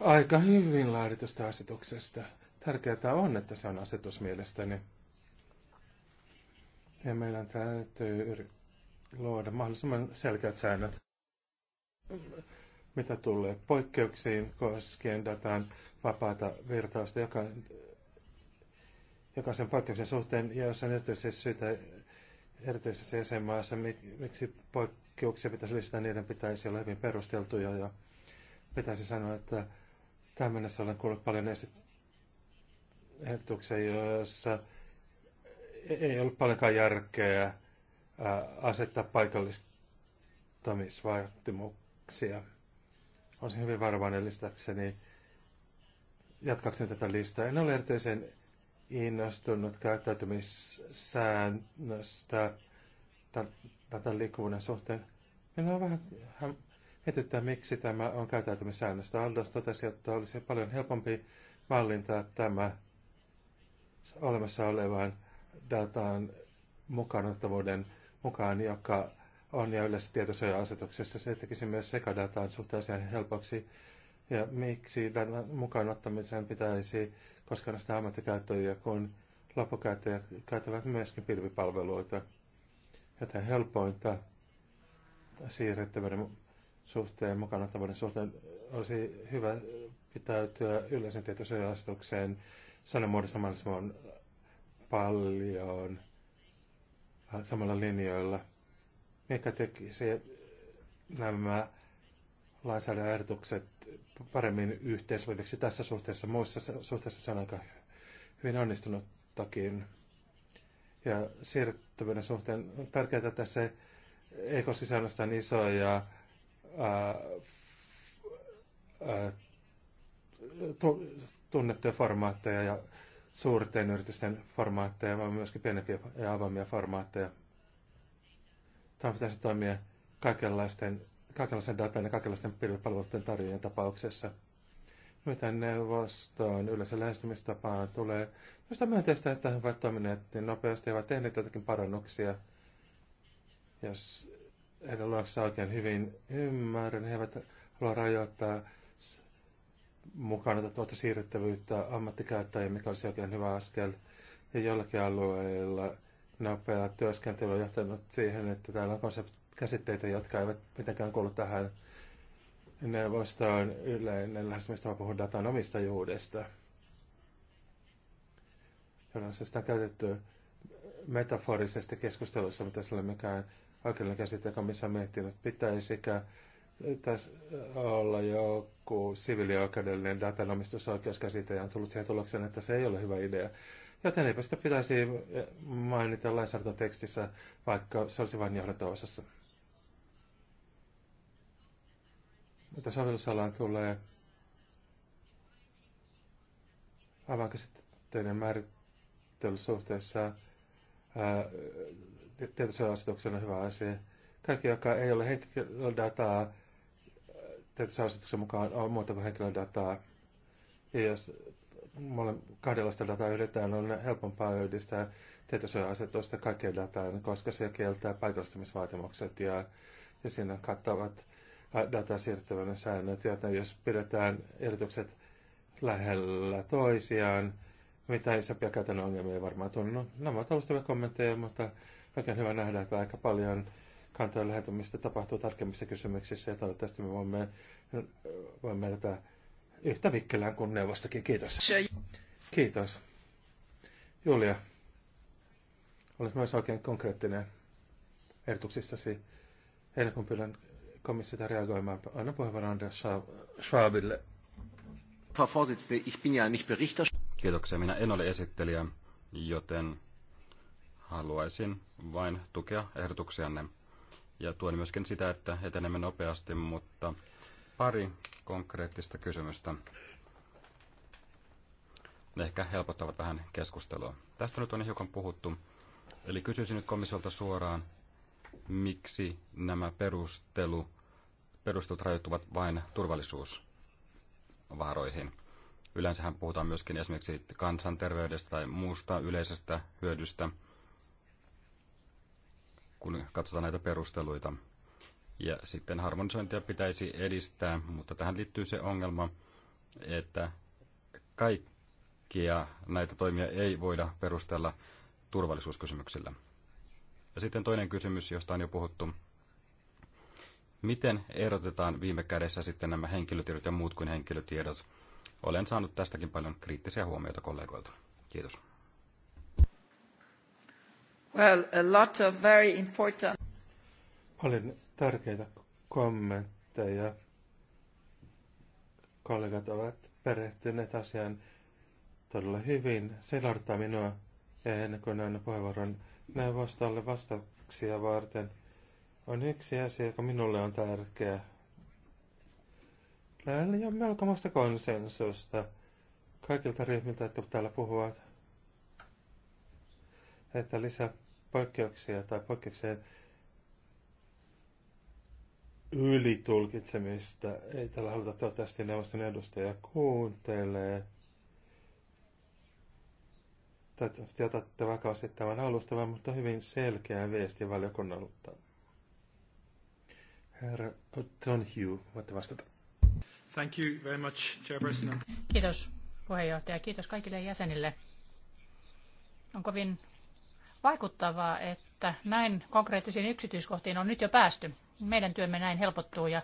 aika hyvin laaditusta asetuksesta. Tärkeää on, että se on asetus mielestäni. Ja meidän täytyy luoda mahdollisimman selkeät säännöt, mitä tulee poikkeuksiin koskien datan vapaata virtausta joka, jokaisen poikkeuksen suhteen, ja jos on erityisessä syytä erityisessä jäsenmaassa, miksi poikkeuksia pitäisi lisätä, niiden pitäisi olla hyvin perusteltuja ja pitäisi sanoa, että tämän mennessä olen kuullut paljon esityksiä, joissa ei ollut paljonkaan järkeä äh, asettaa paikallistamisvaatimuksia. Olisin hyvin varovainen listakseni jatkakseni tätä listaa. En ole erityisen innostunut käyttäytymissäännöstä datan liikkuvuuden suhteen. Minua on vähän mietittää, miksi tämä on käyttäytymissäännöstä. Aldous totesi, että olisi paljon helpompi mallintaa tämä olemassa olevaan datan mukaanottavuuden mukaan, joka on ja yleensä tietosuoja-asetuksessa. Se tekisi myös sekadataan suhteellisen helpoksi. Ja miksi datan mukaan ottamisen pitäisi koskaan sitä ammattikäyttäjiä, kun loppukäyttäjät käyttävät myöskin pilvipalveluita. Joten helpointa siirrettävyyden suhteen, mukaanottavuuden suhteen olisi hyvä pitäytyä yleisen tietosuoja-asetukseen sanamuodossa mahdollisimman paljon äh, samalla linjoilla, mikä teki se, nämä lainsäädännön ehdotukset paremmin yhteisvoimiksi tässä suhteessa. Muissa suhteessa se on aika hyvin onnistunuttakin. Ja siirrettävyyden suhteen on tärkeää, että se ei koskisi ainoastaan isoja ää, äh, ää, äh, tunnettuja formaatteja ja suurten yritysten formaatteja, vaan myöskin pienempiä ja avoimia formaatteja. Tämä pitäisi toimia kaikenlaisten, kaikenlaisen datan ja kaikenlaisten pilvipalveluiden tarjoajien tapauksessa. Miten neuvostoon yleensä lähestymistapaan tulee, josta myönteistä, että he ovat toimineet niin nopeasti ja ovat tehneet jotakin parannuksia. Jos heidän luokse oikein hyvin ymmärrän, he eivät halua rajoittaa mukaan otettavuutta siirrettävyyttä ammattikäyttäjiin, mikä olisi oikein hyvä askel. Ja jollakin alueilla nopea työskentely on johtanut siihen, että täällä on käsitteitä, jotka eivät mitenkään kuulu tähän neuvostoon yleinen lähestymistapa puhun datan omistajuudesta. Jolloin se sitä on käytetty metaforisesti keskustelussa, mutta se ei ole mikään oikeudellinen käsite, joka missä on miettinyt, pitäisikö tässä olla joku siviilioikeudellinen datan omistusoikeuskäsite ja on tullut siihen tulokseen, että se ei ole hyvä idea. Joten eipä sitä pitäisi mainita lainsäädäntötekstissä, vaikka se olisi vain johdanto-osassa. Mitä sovellusalaan tulee avainkäsitteiden määrittelysuhteessa tietosuoja-asetuksena hyvä asia. Kaikki, joka ei ole henkilödataa, asetuksen mukaan on muutava henkilödataa. Ja jos kahdenlaista dataa yhdetään, on helpompaa yhdistää tietosuoja-asetusta kaikkeen dataan, koska se kieltää paikallistamisvaatimukset ja, ja siinä kattavat data säännöt, joten jos pidetään erityiset lähellä toisiaan, mitä isompia käytännön ongelmia ei varmaan tunnu. Nämä ovat alustavia kommentteja, mutta oikein hyvä nähdä, että aika paljon kantojen lähentymistä tapahtuu tarkemmissa kysymyksissä ja toivottavasti me voimme, voimme edetä yhtä vikkelään kuin neuvostokin. Kiitos. Kiitos. Julia, olet myös oikein konkreettinen ehdotuksissasi. Ennen kuin pyydän komissiota reagoimaan, anna puheenvuoron Anders Schwabille. Kiitoksia. Minä en ole esittelijä, joten haluaisin vain tukea ehdotuksianne ja tuen myöskin sitä, että etenemme nopeasti, mutta pari konkreettista kysymystä. Ne ehkä helpottavat vähän keskustelua. Tästä nyt on hiukan puhuttu. Eli kysyisin nyt komissiolta suoraan, miksi nämä perustelu, perustelut rajoittuvat vain turvallisuusvaaroihin. Yleensähän puhutaan myöskin esimerkiksi kansanterveydestä tai muusta yleisestä hyödystä – kun katsotaan näitä perusteluita. Ja sitten harmonisointia pitäisi edistää, mutta tähän liittyy se ongelma, että kaikkia näitä toimia ei voida perustella turvallisuuskysymyksillä. Ja sitten toinen kysymys, josta on jo puhuttu. Miten erotetaan viime kädessä sitten nämä henkilötiedot ja muut kuin henkilötiedot? Olen saanut tästäkin paljon kriittisiä huomioita kollegoilta. Kiitos. Well, a lot of very important... Paljon tärkeitä kommentteja. Kollegat ovat perehtyneet asiaan todella hyvin. Selartaa minua ennen kuin annan puheenvuoron neuvostolle vastauksia varten. On yksi asia, joka minulle on tärkeä. Meillä on melkoista konsensusta kaikilta ryhmiltä, jotka täällä puhuvat että lisää poikkeuksia tai poikkeuksien ylitulkitsemista ei tällä haluta toivottavasti neuvoston edustaja kuuntelee. Toivottavasti otatte vakavasti tämän alustavan, mutta hyvin selkeän viesti valiokunnalta. Herra Hugh, voitte vastata. Thank you very much, Chairperson. Kiitos puheenjohtaja. Kiitos kaikille jäsenille. On kovin vaikuttavaa, että näin konkreettisiin yksityiskohtiin on nyt jo päästy. Meidän työmme näin helpottuu ja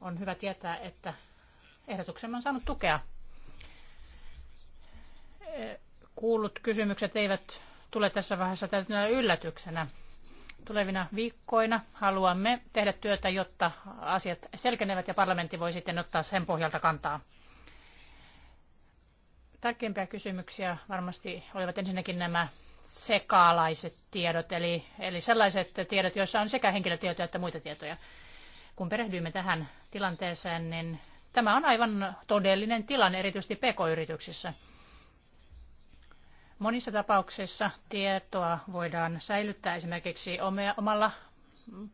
on hyvä tietää, että ehdotuksemme on saanut tukea. Kuullut kysymykset eivät tule tässä vaiheessa täytynä yllätyksenä. Tulevina viikkoina haluamme tehdä työtä, jotta asiat selkenevät ja parlamentti voi sitten ottaa sen pohjalta kantaa. Tärkeimpiä kysymyksiä varmasti olivat ensinnäkin nämä sekaalaiset tiedot, eli, eli sellaiset tiedot, joissa on sekä henkilötietoja että muita tietoja. Kun perehdyimme tähän tilanteeseen, niin tämä on aivan todellinen tilanne, erityisesti pk-yrityksissä. Monissa tapauksissa tietoa voidaan säilyttää esimerkiksi omalla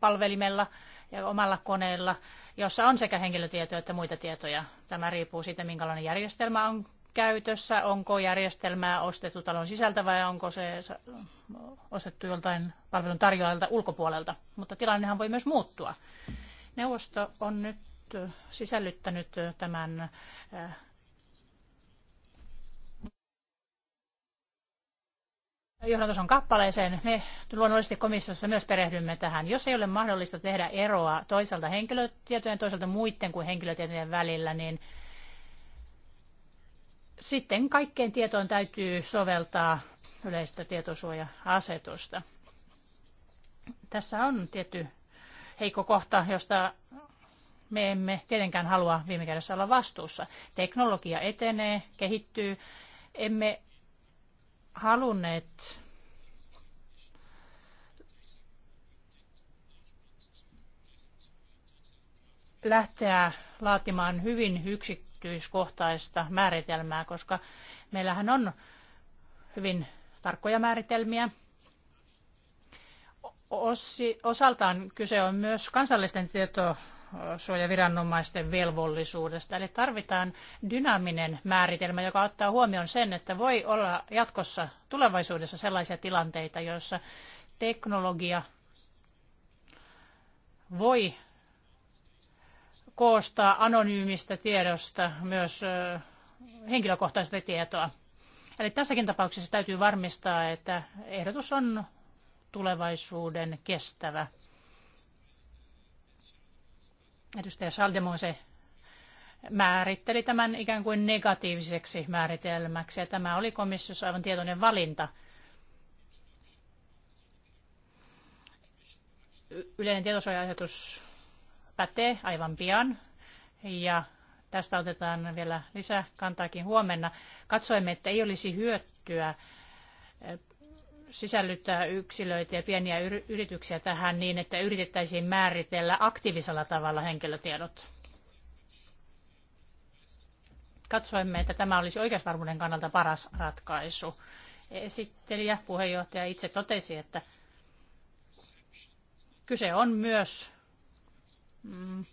palvelimella ja omalla koneella, jossa on sekä henkilötietoja että muita tietoja. Tämä riippuu siitä, minkälainen järjestelmä on käytössä? Onko järjestelmää ostettu talon sisältä vai onko se ostettu joltain palvelun tarjoajalta ulkopuolelta? Mutta tilannehan voi myös muuttua. Neuvosto on nyt äh, sisällyttänyt äh, tämän äh, johdantoson kappaleeseen. Me luonnollisesti komissiossa myös perehdymme tähän. Jos ei ole mahdollista tehdä eroa toisaalta henkilötietojen, toisaalta muiden kuin henkilötietojen välillä, niin sitten kaikkeen tietoon täytyy soveltaa yleistä tietosuoja-asetusta. Tässä on tietty heikko kohta, josta me emme tietenkään halua viime kädessä olla vastuussa. Teknologia etenee, kehittyy. Emme halunneet lähteä laatimaan hyvin yksi, yksityiskohtaista määritelmää, koska meillähän on hyvin tarkkoja määritelmiä. Osi, osaltaan kyse on myös kansallisten tietosuojaviranomaisten velvollisuudesta, eli tarvitaan dynaaminen määritelmä, joka ottaa huomioon sen, että voi olla jatkossa tulevaisuudessa sellaisia tilanteita, joissa teknologia voi koostaa anonyymistä tiedosta myös henkilökohtaista tietoa. Eli tässäkin tapauksessa täytyy varmistaa, että ehdotus on tulevaisuuden kestävä. Edustaja Saldemose määritteli tämän ikään kuin negatiiviseksi määritelmäksi, ja tämä oli komissiossa aivan tietoinen valinta. Yleinen tietosuoja pätee aivan pian ja tästä otetaan vielä lisää kantaakin huomenna. Katsoimme, että ei olisi hyötyä eh, sisällyttää yksilöitä ja pieniä yrityksiä tähän niin, että yritettäisiin määritellä aktiivisella tavalla henkilötiedot. Katsoimme, että tämä olisi oikeusvarmuuden kannalta paras ratkaisu. Esittelijä, puheenjohtaja itse totesi, että kyse on myös Mm.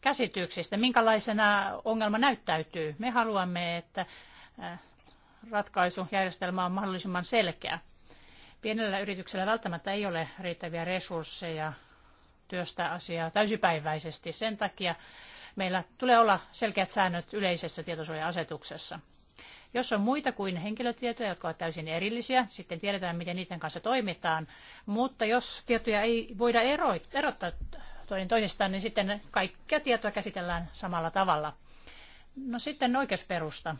käsityksistä, minkälaisena ongelma näyttäytyy. Me haluamme, että äh, ratkaisujärjestelmä on mahdollisimman selkeä. Pienellä yrityksellä välttämättä ei ole riittäviä resursseja työstää asiaa täysipäiväisesti. Sen takia meillä tulee olla selkeät säännöt yleisessä tietosuoja-asetuksessa. Jos on muita kuin henkilötietoja, jotka ovat täysin erillisiä, sitten tiedetään, miten niiden kanssa toimitaan. Mutta jos tietoja ei voida erottaa toinen toisistaan, niin sitten kaikkia tietoa käsitellään samalla tavalla. No sitten oikeusperusta.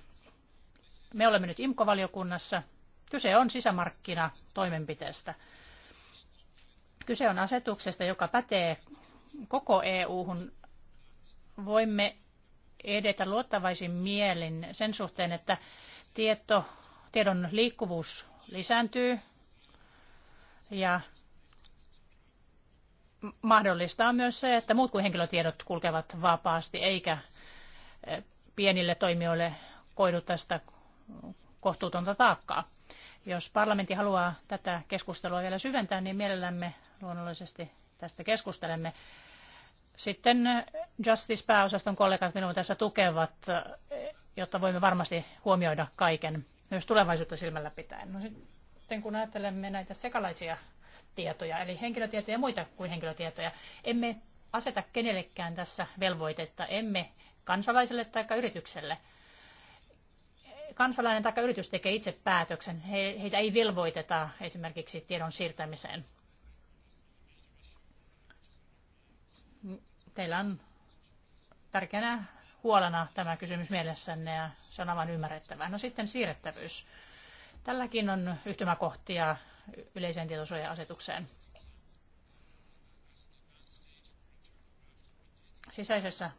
Me olemme nyt Imkovaliokunnassa. valiokunnassa Kyse on toimenpiteestä. Kyse on asetuksesta, joka pätee koko EU-hun. Voimme edetä luottavaisin mielin sen suhteen, että tieto, tiedon liikkuvuus lisääntyy ja mahdollistaa myös se, että muut kuin henkilötiedot kulkevat vapaasti, eikä eh, pienille toimijoille koidu tästä kohtuutonta taakkaa. Jos parlamentti haluaa tätä keskustelua vielä syventää, niin mielellämme luonnollisesti tästä keskustelemme. Sitten eh, Justice-pääosaston kollegat minua tässä tukevat, eh, jotta voimme varmasti huomioida kaiken myös tulevaisuutta silmällä pitäen. No sitten kun ajattelemme näitä sekalaisia tietoja, eli henkilötietoja ja muita kuin henkilötietoja. Emme aseta kenellekään tässä velvoitetta, emme kansalaiselle tai yritykselle. Kansalainen tai yritys tekee itse päätöksen. He, heitä ei velvoiteta esimerkiksi tiedon siirtämiseen. Teillä on tärkeänä huolena tämä kysymys mielessänne ja se on aivan ymmärrettävää. No sitten siirrettävyys. Tälläkin on yhtymäkohtia yleiseen tietosuoja-asetukseen. Sisäisessä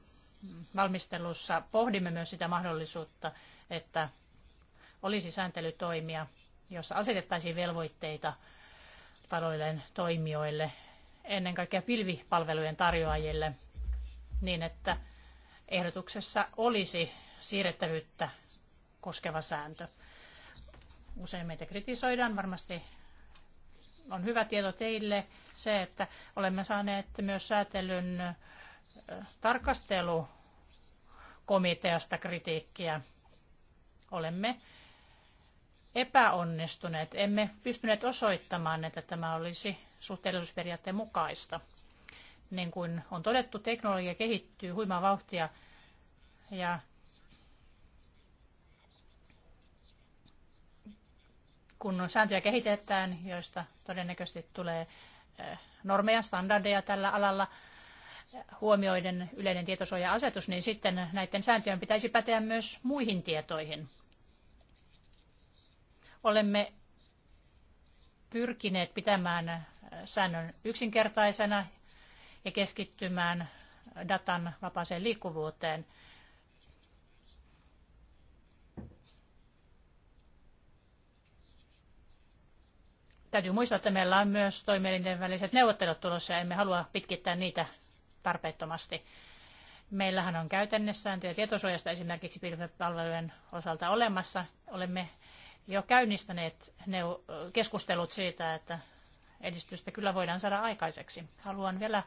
valmistelussa pohdimme myös sitä mahdollisuutta, että olisi sääntelytoimia, jossa asetettaisiin velvoitteita talouden toimijoille, ennen kaikkea pilvipalvelujen tarjoajille, niin että ehdotuksessa olisi siirrettävyyttä koskeva sääntö. Usein meitä kritisoidaan varmasti on hyvä tieto teille se, että olemme saaneet myös säätelyn tarkastelukomiteasta kritiikkiä. Olemme epäonnistuneet. Emme pystyneet osoittamaan, että tämä olisi suhteellisuusperiaatteen mukaista. Niin kuin on todettu, teknologia kehittyy huimaa vauhtia ja kun sääntöjä kehitetään, joista todennäköisesti tulee eh, normeja, standardeja tällä alalla, eh, huomioiden yleinen tietosuoja-asetus, niin sitten näiden sääntöjen pitäisi päteä myös muihin tietoihin. Olemme pyrkineet pitämään eh, säännön yksinkertaisena ja keskittymään datan vapaaseen liikkuvuuteen – Täytyy muistaa, että meillä on myös toimielinten väliset neuvottelut tulossa ja emme halua pitkittää niitä tarpeettomasti. Meillähän on käytännessääntöjä tietosuojasta esimerkiksi pilvipalvelujen osalta olemassa. Olemme jo käynnistäneet keskustelut siitä, että edistystä kyllä voidaan saada aikaiseksi. Haluan vielä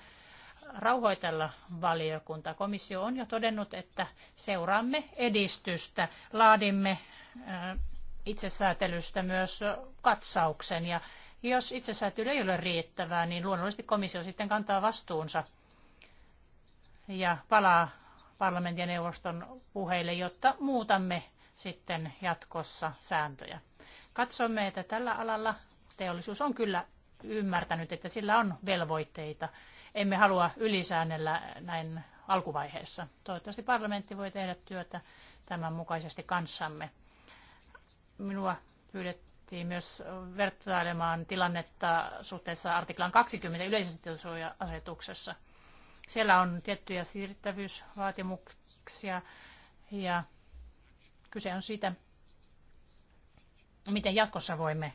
rauhoitella valiokunta. Komissio on jo todennut, että seuraamme edistystä, laadimme itsesäätelystä myös katsauksen. Ja jos itsesäätely ei ole riittävää, niin luonnollisesti komissio sitten kantaa vastuunsa ja palaa parlamentin ja neuvoston puheille, jotta muutamme sitten jatkossa sääntöjä. Katsomme, että tällä alalla teollisuus on kyllä ymmärtänyt, että sillä on velvoitteita. Emme halua ylisäännellä näin alkuvaiheessa. Toivottavasti parlamentti voi tehdä työtä tämän mukaisesti kanssamme minua pyydettiin myös vertailemaan tilannetta suhteessa artiklan 20 yleisessä tietosuoja-asetuksessa. Siellä on tiettyjä siirrettävyysvaatimuksia ja kyse on siitä, miten jatkossa voimme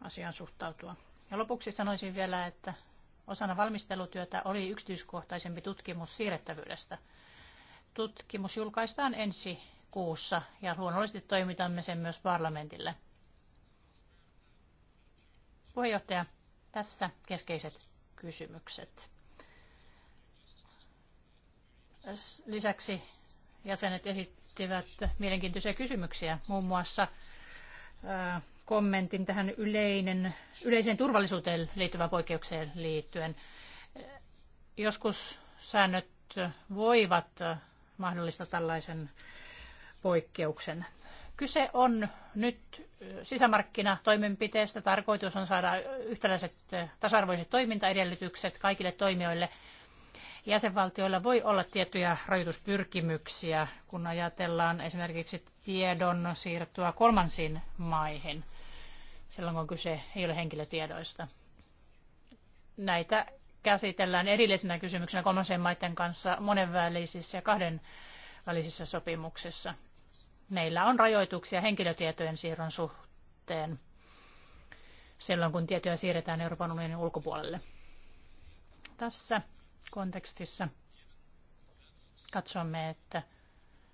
asiaan suhtautua. Ja lopuksi sanoisin vielä, että osana valmistelutyötä oli yksityiskohtaisempi tutkimus siirrettävyydestä. Tutkimus julkaistaan ensi kuussa ja luonnollisesti toimitamme sen myös parlamentille. Puheenjohtaja, tässä keskeiset kysymykset. Lisäksi jäsenet esittivät mielenkiintoisia kysymyksiä, muun muassa kommentin tähän yleinen, yleiseen turvallisuuteen liittyvään poikkeukseen liittyen. Joskus säännöt voivat mahdollistaa tällaisen poikkeuksen. Kyse on nyt sisämarkkinatoimenpiteestä. Tarkoitus on saada yhtäläiset tasa-arvoiset toimintaedellytykset kaikille toimijoille. Jäsenvaltioilla voi olla tiettyjä rajoituspyrkimyksiä, kun ajatellaan esimerkiksi tiedon siirtoa kolmansiin maihin, silloin kun kyse ei ole henkilötiedoista. Näitä käsitellään erillisenä kysymyksenä kolmansien maiden kanssa monenvälisissä ja kahdenvälisissä sopimuksissa meillä on rajoituksia henkilötietojen siirron suhteen silloin, kun tietoja siirretään Euroopan unionin ulkopuolelle. Tässä kontekstissa katsomme, että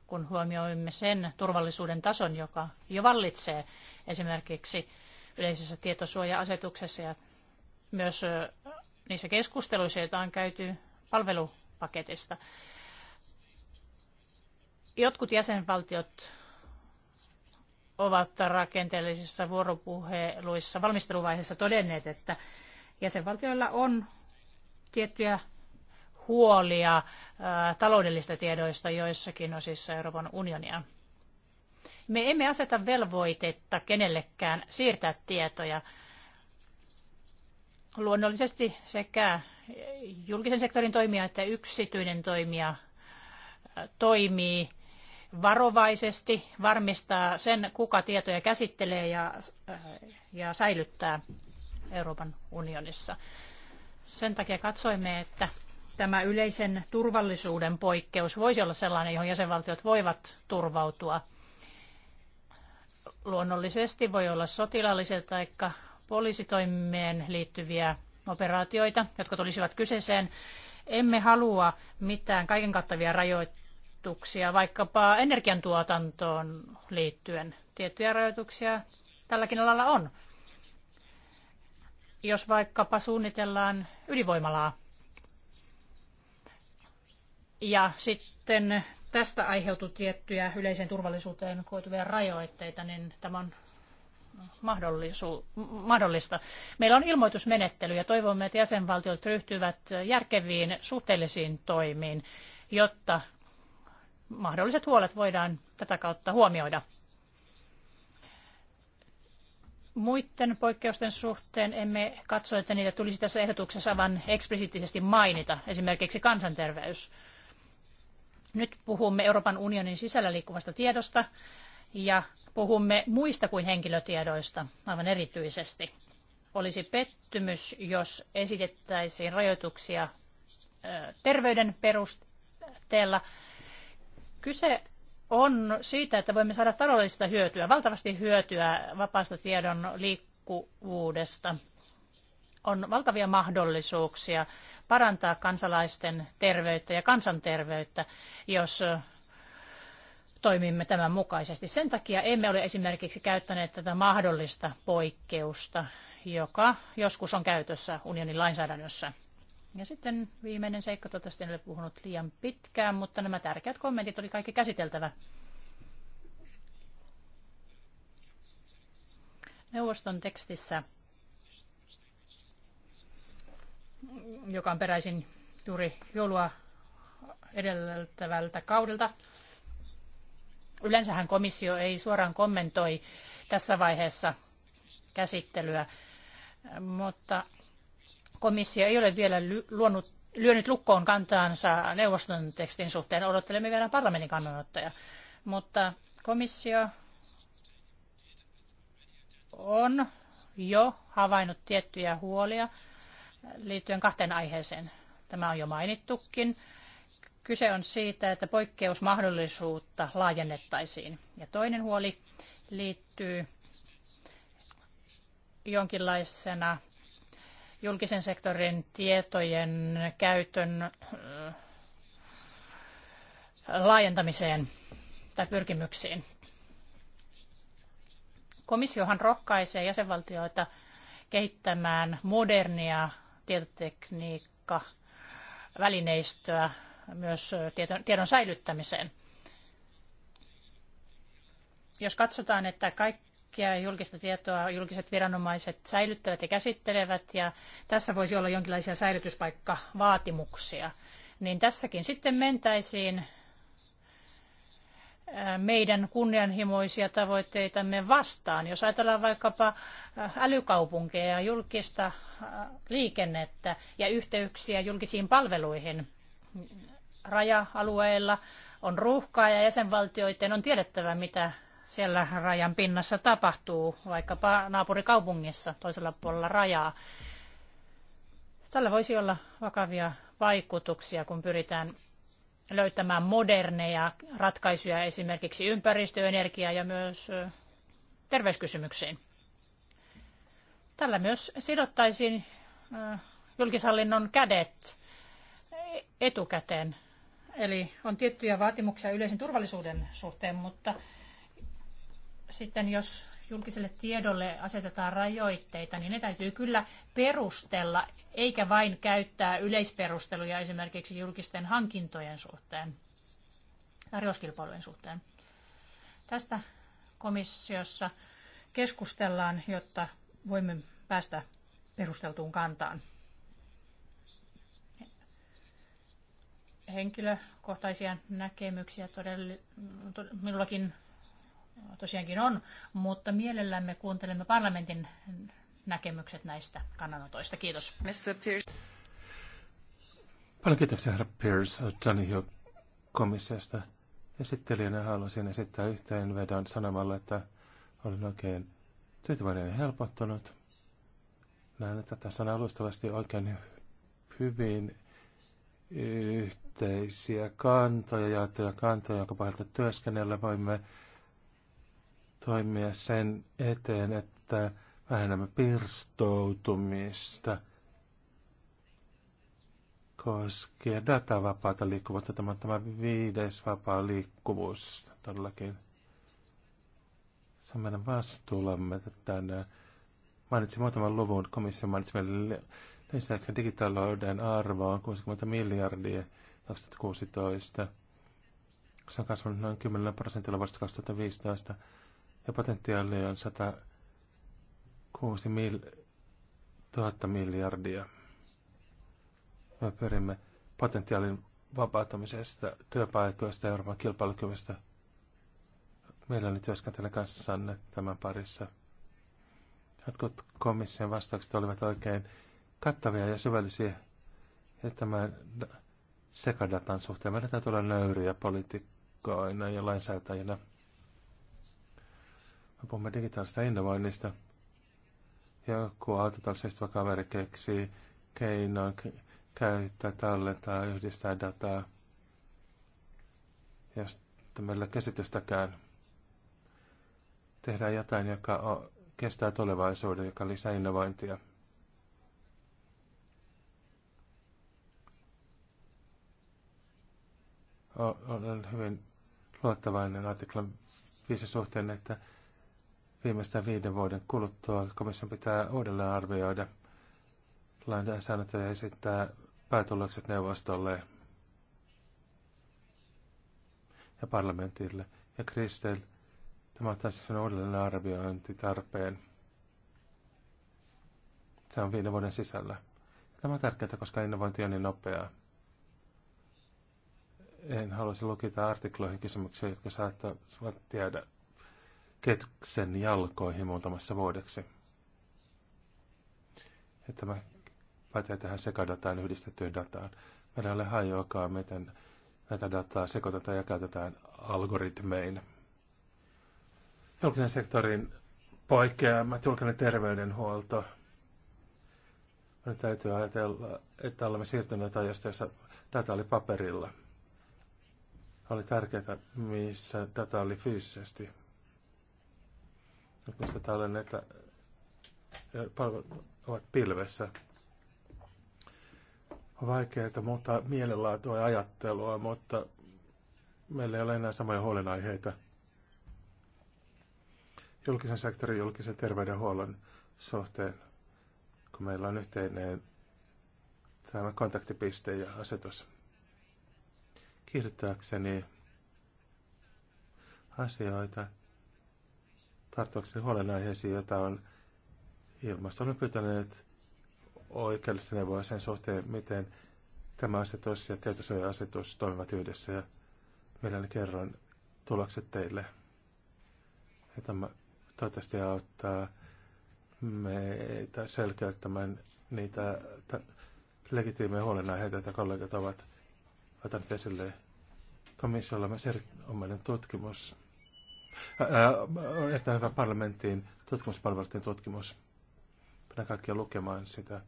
kun huomioimme sen turvallisuuden tason, joka jo vallitsee esimerkiksi yleisessä tietosuoja-asetuksessa ja myös niissä keskusteluissa, joita on käyty palvelupaketista. Jotkut jäsenvaltiot ovat rakenteellisissa vuoropuheluissa valmisteluvaiheessa todenneet, että jäsenvaltioilla on tiettyjä huolia taloudellisista taloudellista tiedoista joissakin osissa Euroopan unionia. Me emme aseta velvoitetta kenellekään siirtää tietoja. Luonnollisesti sekä julkisen sektorin toimija että yksityinen toimija toimii varovaisesti varmistaa sen, kuka tietoja käsittelee ja, äh, ja säilyttää Euroopan unionissa. Sen takia katsoimme, että tämä yleisen turvallisuuden poikkeus voisi olla sellainen, johon jäsenvaltiot voivat turvautua. Luonnollisesti voi olla sotilaallisia tai poliisitoimeen liittyviä operaatioita, jotka tulisivat kyseeseen. Emme halua mitään kaiken kattavia rajoittaa rajoituksia vaikkapa energiantuotantoon liittyen. Tiettyjä rajoituksia tälläkin alalla on. Jos vaikkapa suunnitellaan ydinvoimalaa ja sitten tästä aiheutuu tiettyjä yleiseen turvallisuuteen koituvia rajoitteita, niin tämä on mahdollista. Meillä on ilmoitusmenettely ja toivomme, että jäsenvaltiot ryhtyvät järkeviin suhteellisiin toimiin, jotta mahdolliset huolet voidaan tätä kautta huomioida. Muiden poikkeusten suhteen emme katso, että niitä tulisi tässä ehdotuksessa vain eksplisiittisesti mainita, esimerkiksi kansanterveys. Nyt puhumme Euroopan unionin sisällä liikkuvasta tiedosta ja puhumme muista kuin henkilötiedoista aivan erityisesti. Olisi pettymys, jos esitettäisiin rajoituksia terveyden perusteella Kyse on siitä, että voimme saada taloudellista hyötyä, valtavasti hyötyä vapaasta tiedon liikkuvuudesta. On valtavia mahdollisuuksia parantaa kansalaisten terveyttä ja kansanterveyttä, jos toimimme tämän mukaisesti. Sen takia emme ole esimerkiksi käyttäneet tätä mahdollista poikkeusta, joka joskus on käytössä unionin lainsäädännössä. Ja sitten viimeinen seikka, toivottavasti en ole puhunut liian pitkään, mutta nämä tärkeät kommentit oli kaikki käsiteltävä. Neuvoston tekstissä, joka on peräisin juuri joulua edeltävältä kaudelta, yleensähän komissio ei suoraan kommentoi tässä vaiheessa käsittelyä, mutta komissio ei ole vielä luonut, lyönyt lukkoon kantaansa neuvoston tekstin suhteen. Odottelemme vielä parlamentin kannanottoja. Mutta komissio on jo havainnut tiettyjä huolia liittyen kahteen aiheeseen. Tämä on jo mainittukin. Kyse on siitä, että poikkeusmahdollisuutta laajennettaisiin. Ja toinen huoli liittyy jonkinlaisena julkisen sektorin tietojen käytön laajentamiseen tai pyrkimyksiin. Komissiohan rohkaisee jäsenvaltioita kehittämään modernia tietotekniikka-välineistöä myös tiedon säilyttämiseen. Jos katsotaan, että kaikki kaikkea julkista tietoa julkiset viranomaiset säilyttävät ja käsittelevät ja tässä voisi olla jonkinlaisia säilytyspaikkavaatimuksia. Niin tässäkin sitten mentäisiin äh, meidän kunnianhimoisia tavoitteitamme vastaan. Jos ajatellaan vaikkapa äh, älykaupunkeja ja julkista äh, liikennettä ja yhteyksiä julkisiin palveluihin raja-alueilla, on ruuhkaa ja jäsenvaltioiden on tiedettävä, mitä siellä rajan pinnassa tapahtuu, vaikkapa naapurikaupungissa toisella puolella rajaa. Tällä voisi olla vakavia vaikutuksia, kun pyritään löytämään moderneja ratkaisuja esimerkiksi ympäristöenergiaa ja myös terveyskysymyksiin. Tällä myös sidottaisiin julkishallinnon kädet e-, etukäteen. Eli on tiettyjä vaatimuksia yleisen turvallisuuden suhteen, mutta sitten jos julkiselle tiedolle asetetaan rajoitteita, niin ne täytyy kyllä perustella, eikä vain käyttää yleisperusteluja esimerkiksi julkisten hankintojen suhteen, tarjouskilpailujen suhteen. Tästä komissiossa keskustellaan, jotta voimme päästä perusteltuun kantaan. Henkilökohtaisia näkemyksiä todella, minullakin tosiaankin on, mutta mielellämme kuuntelemme parlamentin näkemykset näistä kannanotoista. Kiitos. Paljon kiitoksia herra Pierce Donahue komissiosta. Esittelijänä haluaisin esittää yhteenvedon sanomalla, että olen oikein tyytyväinen ja helpottunut. Näen, että tässä on alustavasti oikein hyvin yhteisiä kantoja, jaettuja kantoja, jonka pohjalta työskennellä voimme toimia sen eteen, että vähennämme pirstoutumista koskien datavapaata liikkuvuutta. Tämä, on tämä viides vapaa liikkuvuus siis todellakin. Se on meidän vastuullamme tänne. Mainitsin muutaman luvun komission mainitsemille lisäksi digitalouden arvo on 60 miljardia 2016. Se on kasvanut noin 10 prosentilla vuodesta 2015 ja potentiaali on 106 mil, 000 miljardia. Me pyrimme potentiaalin vapauttamisesta, työpaikoista ja Euroopan kilpailukyvystä. Meillä oli kanssanne tämän parissa. Jotkut komission vastaukset olivat oikein kattavia ja syvällisiä. Ja tämän sekadatan suhteen meidän täytyy olla nöyriä poliitikkoina ja lainsäätäjinä. Me puhumme digitaalista innovoinnista. Joku autotalsistava kaveri keksii keinoin käyttää, tallentaa, yhdistää dataa. Ja sitten meillä käsitystäkään tehdään jotain, joka on, kestää tulevaisuuden, joka lisää innovointia. Olen hyvin luottavainen artiklan viisi suhteen, että viimeistään viiden vuoden kuluttua komission pitää uudelleen arvioida lainsäädäntöä ja esittää päätulokset neuvostolle ja parlamentille. Ja Kristel, tämä on taas sen uudelleen arviointitarpeen. Se on viiden vuoden sisällä. Tämä on tärkeää, koska innovointi on niin nopeaa. En haluaisi lukita artikloihin kysymyksiä, jotka saattaa tiedä Ketsen jalkoihin muutamassa vuodeksi. Ja tämä pätee tähän sekadataan yhdistettyyn dataan. Meillä ei ole hajoakaan, miten näitä dataa sekoitetaan ja käytetään algoritmein. Julkisen sektorin poikkeamat, julkinen terveydenhuolto. Meidän täytyy ajatella, että olemme siirtyneet ajasta, jossa data oli paperilla. Oli tärkeää, missä data oli fyysisesti. Nyt mistä täällä näitä palvelut ovat pilvessä. On vaikeaa muuttaa mielenlaatua ja ajattelua, mutta meillä ei ole enää samoja huolenaiheita. Julkisen sektorin, julkisen terveydenhuollon suhteen, kun meillä on yhteinen tämä kontaktipiste ja asetus. Kiihdyttääkseni asioita, tarttuakseni huolenaiheisiin, joita on ilmaston pyytäneet oikeudellista neuvoa sen suhteen, miten tämä asetus ja tietosuoja-asetus toimivat yhdessä. Ja mielelläni kerron tulokset teille. Ja tämä toivottavasti auttaa meitä selkeyttämään niitä legitiimejä huolenaiheita, joita kollegat ovat ottaneet esille. Komissiolla on myös erinomainen tutkimus erittäin hyvä parlamenttiin tutkimuspalveluiden tutkimus. Pidän kaikkia lukemaan sitä.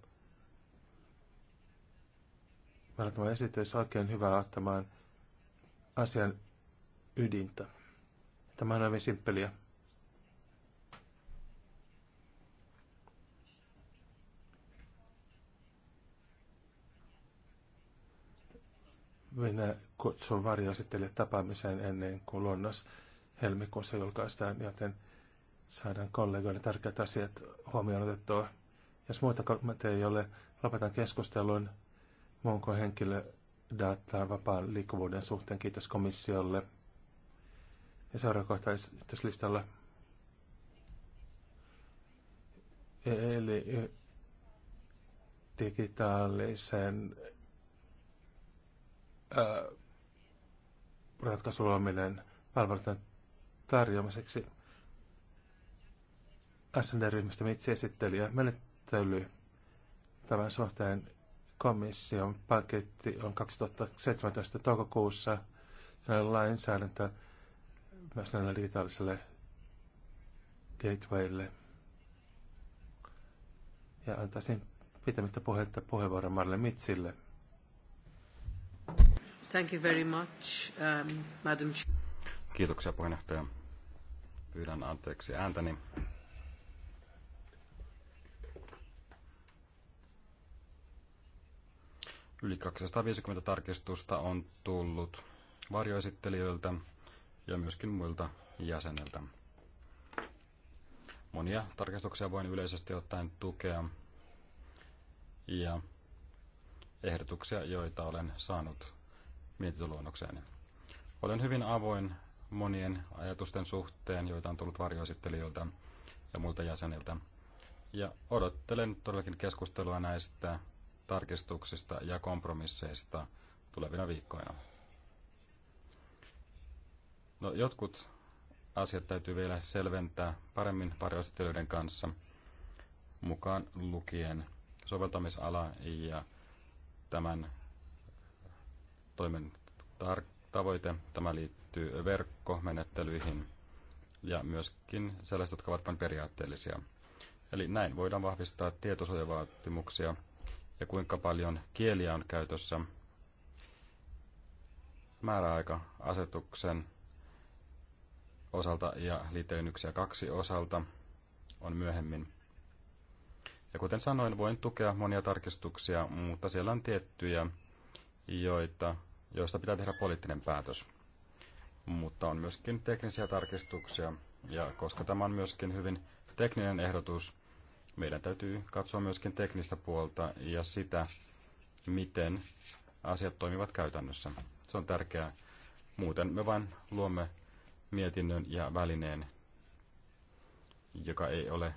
Meillä tämä esitys oikein hyvä ottamaan asian ydintä. Tämä on hyvin simppeliä. Minä kutsun sitten tapaamiseen ennen kuin luonnos helmikuussa julkaistaan, joten saadaan kollegoille tärkeät asiat huomioon otettua. Jos muita kommentteja ei ole, lopetan keskustelun muunko henkilö dataa vapaan liikkuvuuden suhteen. Kiitos komissiolle. Ja seuraava kohta esityslistalla. Eli digitaalisen ää, ratkaisun luominen tarjoamiseksi. SND-ryhmästä itse ja menettely tämän suhteen komission paketti on 2017 toukokuussa sellainen lainsäädäntö myös näille digitaaliselle gatewaylle. Ja antaisin pitämättä puhetta puheenvuoron Marle Mitsille. Thank you very much, um, Madam Kiitoksia puheenjohtaja. Pyydän anteeksi ääntäni. Yli 250 tarkistusta on tullut varjoesittelijöiltä ja myöskin muilta jäseniltä. Monia tarkistuksia voin yleisesti ottaen tukea ja ehdotuksia, joita olen saanut mietintöluonnokseeni. Olen hyvin avoin monien ajatusten suhteen, joita on tullut varjoesittelijöiltä ja muilta jäseniltä. Ja odottelen todellakin keskustelua näistä tarkistuksista ja kompromisseista tulevina viikkoina. No, jotkut asiat täytyy vielä selventää paremmin varjoesittelijöiden kanssa, mukaan lukien soveltamisala ja tämän toimen tar- tavoite. Tämä liittyy liittyy verkkomenettelyihin ja myöskin sellaiset, jotka ovat vain periaatteellisia. Eli näin voidaan vahvistaa tietosuojavaatimuksia ja kuinka paljon kieliä on käytössä. Määräaika-asetuksen osalta ja liitteiden yksi ja kaksi osalta on myöhemmin. Ja kuten sanoin, voin tukea monia tarkistuksia, mutta siellä on tiettyjä, joita, joista pitää tehdä poliittinen päätös mutta on myöskin teknisiä tarkistuksia. Ja koska tämä on myöskin hyvin tekninen ehdotus, meidän täytyy katsoa myöskin teknistä puolta ja sitä, miten asiat toimivat käytännössä. Se on tärkeää. Muuten me vain luomme mietinnön ja välineen, joka ei ole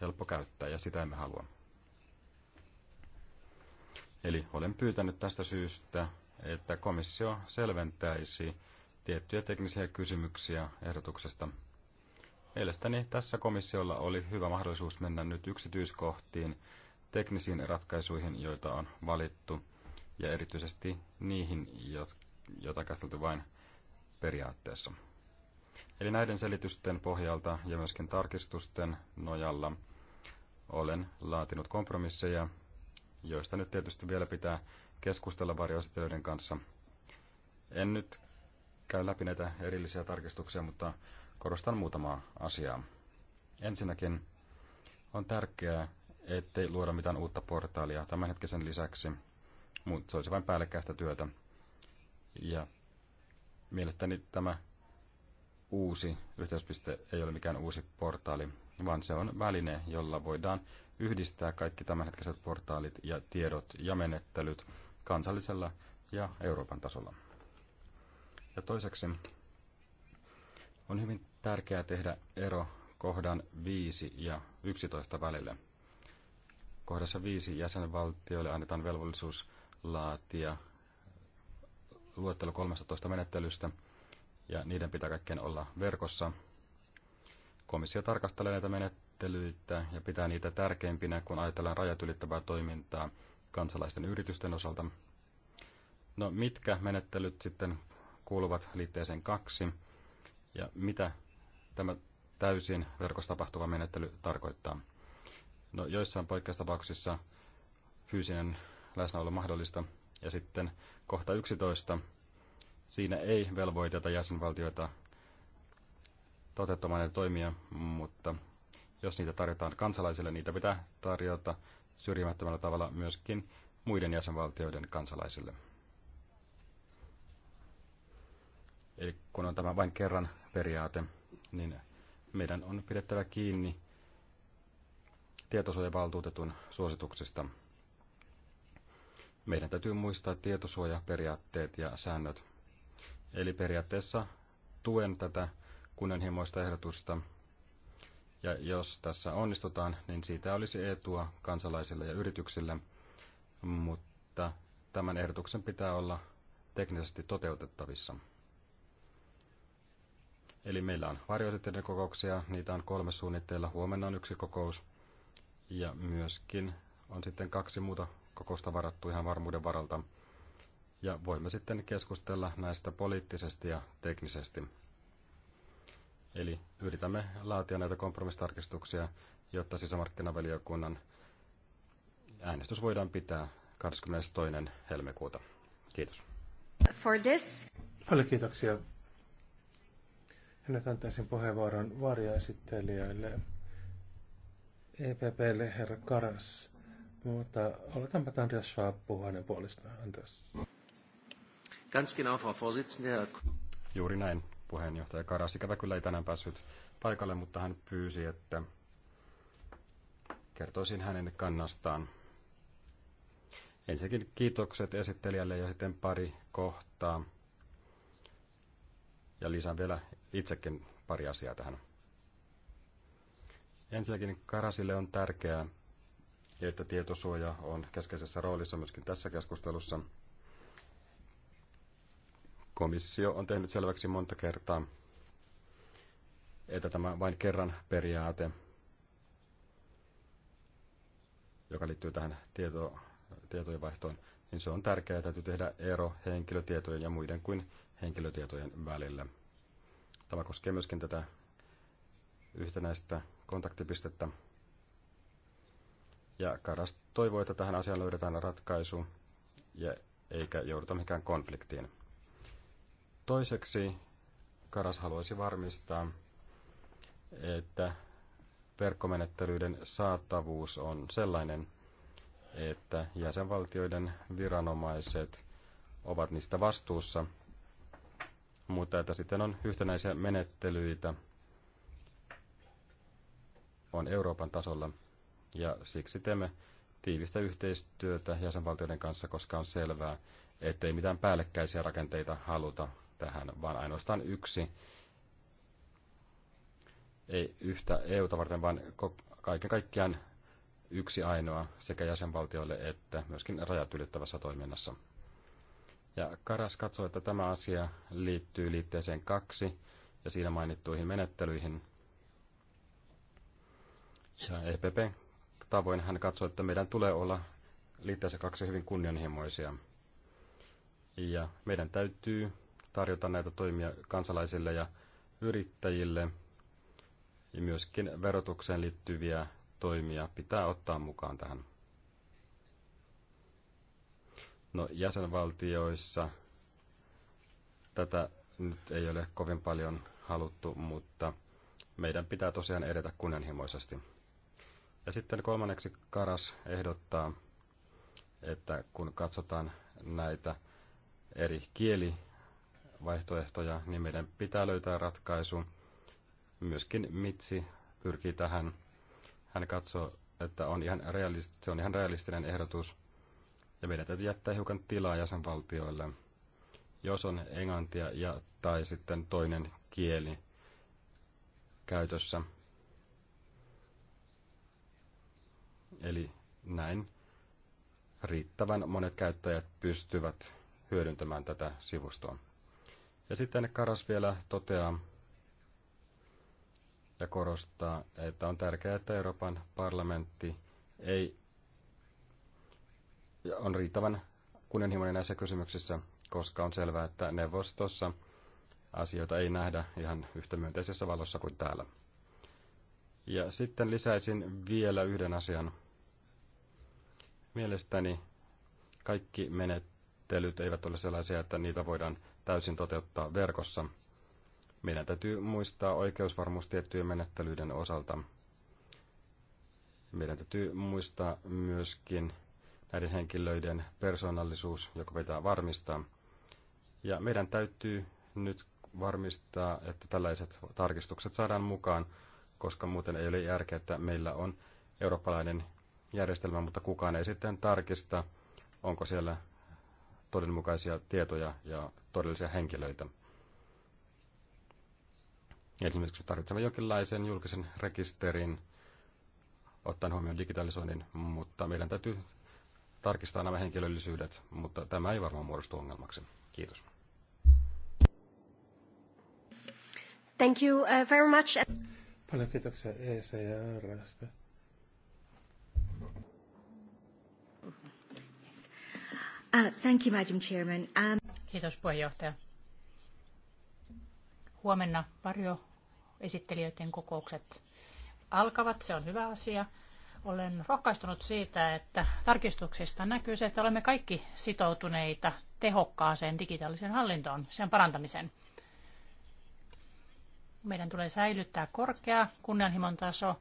helppo käyttää ja sitä emme halua. Eli olen pyytänyt tästä syystä että komissio selventäisi tiettyjä teknisiä kysymyksiä ehdotuksesta. Mielestäni tässä komissiolla oli hyvä mahdollisuus mennä nyt yksityiskohtiin, teknisiin ratkaisuihin, joita on valittu, ja erityisesti niihin, joita on käsitelty vain periaatteessa. Eli näiden selitysten pohjalta ja myöskin tarkistusten nojalla olen laatinut kompromisseja, joista nyt tietysti vielä pitää keskustella varjoistelijoiden kanssa. En nyt käy läpi näitä erillisiä tarkistuksia, mutta korostan muutamaa asiaa. Ensinnäkin on tärkeää, ettei luoda mitään uutta portaalia tämänhetkisen lisäksi. mutta se olisi vain päällekkäistä työtä. Ja mielestäni tämä uusi yhteyspiste ei ole mikään uusi portaali, vaan se on väline, jolla voidaan yhdistää kaikki tämänhetkiset portaalit ja tiedot ja menettelyt, kansallisella ja Euroopan tasolla. Ja toiseksi on hyvin tärkeää tehdä ero kohdan 5 ja 11 välillä. Kohdassa 5 jäsenvaltioille annetaan velvollisuus laatia luettelo 13 menettelystä, ja niiden pitää kaikkien olla verkossa. Komissio tarkastelee näitä menettelyitä ja pitää niitä tärkeimpinä, kun ajatellaan rajat ylittävää toimintaa kansalaisten yritysten osalta. No mitkä menettelyt sitten kuuluvat liitteeseen kaksi ja mitä tämä täysin verkossa tapahtuva menettely tarkoittaa? No joissain poikkeustapauksissa fyysinen läsnäolo mahdollista ja sitten kohta 11 siinä ei velvoiteta jäsenvaltioita toteuttamaan näitä toimia, mutta jos niitä tarjotaan kansalaisille, niitä pitää tarjota syrjimättömällä tavalla myöskin muiden jäsenvaltioiden kansalaisille. Eli kun on tämä vain kerran periaate, niin meidän on pidettävä kiinni tietosuojavaltuutetun suosituksista. Meidän täytyy muistaa tietosuojaperiaatteet ja säännöt. Eli periaatteessa tuen tätä kunnianhimoista ehdotusta – ja jos tässä onnistutaan, niin siitä olisi etua kansalaisille ja yrityksille, mutta tämän ehdotuksen pitää olla teknisesti toteutettavissa. Eli meillä on varjoitettuja kokouksia, niitä on kolme suunnitteilla, huomenna on yksi kokous ja myöskin on sitten kaksi muuta kokousta varattu ihan varmuuden varalta. Ja voimme sitten keskustella näistä poliittisesti ja teknisesti. Eli yritämme laatia näitä kompromistarkistuksia, jotta sisämarkkinavaliokunnan äänestys voidaan pitää 22. helmikuuta. Kiitos. For this. Paljon kiitoksia. Nyt antaisin puheenvuoron varjaesittelijöille. EPPlle herra Karas, mutta oletanpa Andreas Schwab puhua hänen puolestaan. Andreas. Ganz genau, Frau Vorsitzende. Juuri näin, puheenjohtaja Karas. Ikävä kyllä ei tänään päässyt paikalle, mutta hän pyysi, että kertoisin hänen kannastaan. Ensinnäkin kiitokset esittelijälle ja sitten pari kohtaa. Ja lisään vielä itsekin pari asiaa tähän. Ensinnäkin Karasille on tärkeää, että tietosuoja on keskeisessä roolissa myöskin tässä keskustelussa – Komissio on tehnyt selväksi monta kertaa, että tämä vain kerran periaate, joka liittyy tähän tieto, vaihtoon, niin se on tärkeää. Täytyy tehdä ero henkilötietojen ja muiden kuin henkilötietojen välillä. Tämä koskee myöskin tätä yhtenäistä kontaktipistettä. Ja Karas toivoo, että tähän asiaan löydetään ratkaisu ja eikä jouduta mikään konfliktiin. Toiseksi Karas haluaisi varmistaa, että verkkomenettelyiden saatavuus on sellainen, että jäsenvaltioiden viranomaiset ovat niistä vastuussa, mutta että sitten on yhtenäisiä menettelyitä on Euroopan tasolla ja siksi teemme tiivistä yhteistyötä jäsenvaltioiden kanssa, koska on selvää, ettei mitään päällekkäisiä rakenteita haluta tähän, vaan ainoastaan yksi. Ei yhtä EUta varten, vaan kaiken kaikkiaan yksi ainoa sekä jäsenvaltioille että myöskin rajat ylittävässä toiminnassa. Ja Karas katsoi, että tämä asia liittyy liitteeseen kaksi ja siinä mainittuihin menettelyihin. Ja EPP tavoin hän katsoi, että meidän tulee olla liitteessä kaksi hyvin kunnianhimoisia. Ja meidän täytyy tarjota näitä toimia kansalaisille ja yrittäjille. Ja myöskin verotukseen liittyviä toimia pitää ottaa mukaan tähän. No, jäsenvaltioissa tätä nyt ei ole kovin paljon haluttu, mutta meidän pitää tosiaan edetä kunnianhimoisesti. Ja sitten kolmanneksi Karas ehdottaa, että kun katsotaan näitä eri kieli vaihtoehtoja, niin meidän pitää löytää ratkaisu. Myöskin Mitsi pyrkii tähän. Hän katsoo, että on ihan realist, se on ihan realistinen ehdotus, ja meidän täytyy jättää hiukan tilaa jäsenvaltioille, jos on englantia ja, tai sitten toinen kieli käytössä. Eli näin riittävän monet käyttäjät pystyvät hyödyntämään tätä sivustoa. Ja sitten Karas vielä toteaa ja korostaa, että on tärkeää, että Euroopan parlamentti ei on riittävän kunnianhimoinen näissä kysymyksissä, koska on selvää, että neuvostossa asioita ei nähdä ihan yhtä myönteisessä valossa kuin täällä. Ja sitten lisäisin vielä yhden asian. Mielestäni kaikki menettelyt eivät ole sellaisia, että niitä voidaan täysin toteuttaa verkossa. Meidän täytyy muistaa oikeusvarmuus tiettyjen menettelyiden osalta. Meidän täytyy muistaa myöskin näiden henkilöiden persoonallisuus, joka pitää varmistaa. Ja meidän täytyy nyt varmistaa, että tällaiset tarkistukset saadaan mukaan, koska muuten ei ole järkeä, että meillä on eurooppalainen järjestelmä, mutta kukaan ei sitten tarkista, onko siellä todenmukaisia tietoja ja todellisia henkilöitä. Esimerkiksi tarvitsemme jonkinlaisen julkisen rekisterin, ottaen huomioon digitalisoinnin, mutta meidän täytyy tarkistaa nämä henkilöllisyydet, mutta tämä ei varmaan muodostu ongelmaksi. Kiitos. Thank you uh, very much. Paljon kiitoksia ECRstä. Ah, thank you, Madam Chairman. Um, Kiitos puheenjohtaja. Huomenna varjoesittelijöiden kokoukset alkavat, se on hyvä asia. Olen rohkaistunut siitä, että tarkistuksista näkyy se, että olemme kaikki sitoutuneita tehokkaaseen digitaaliseen hallintoon, sen parantamiseen. Meidän tulee säilyttää korkea kunnianhimon taso.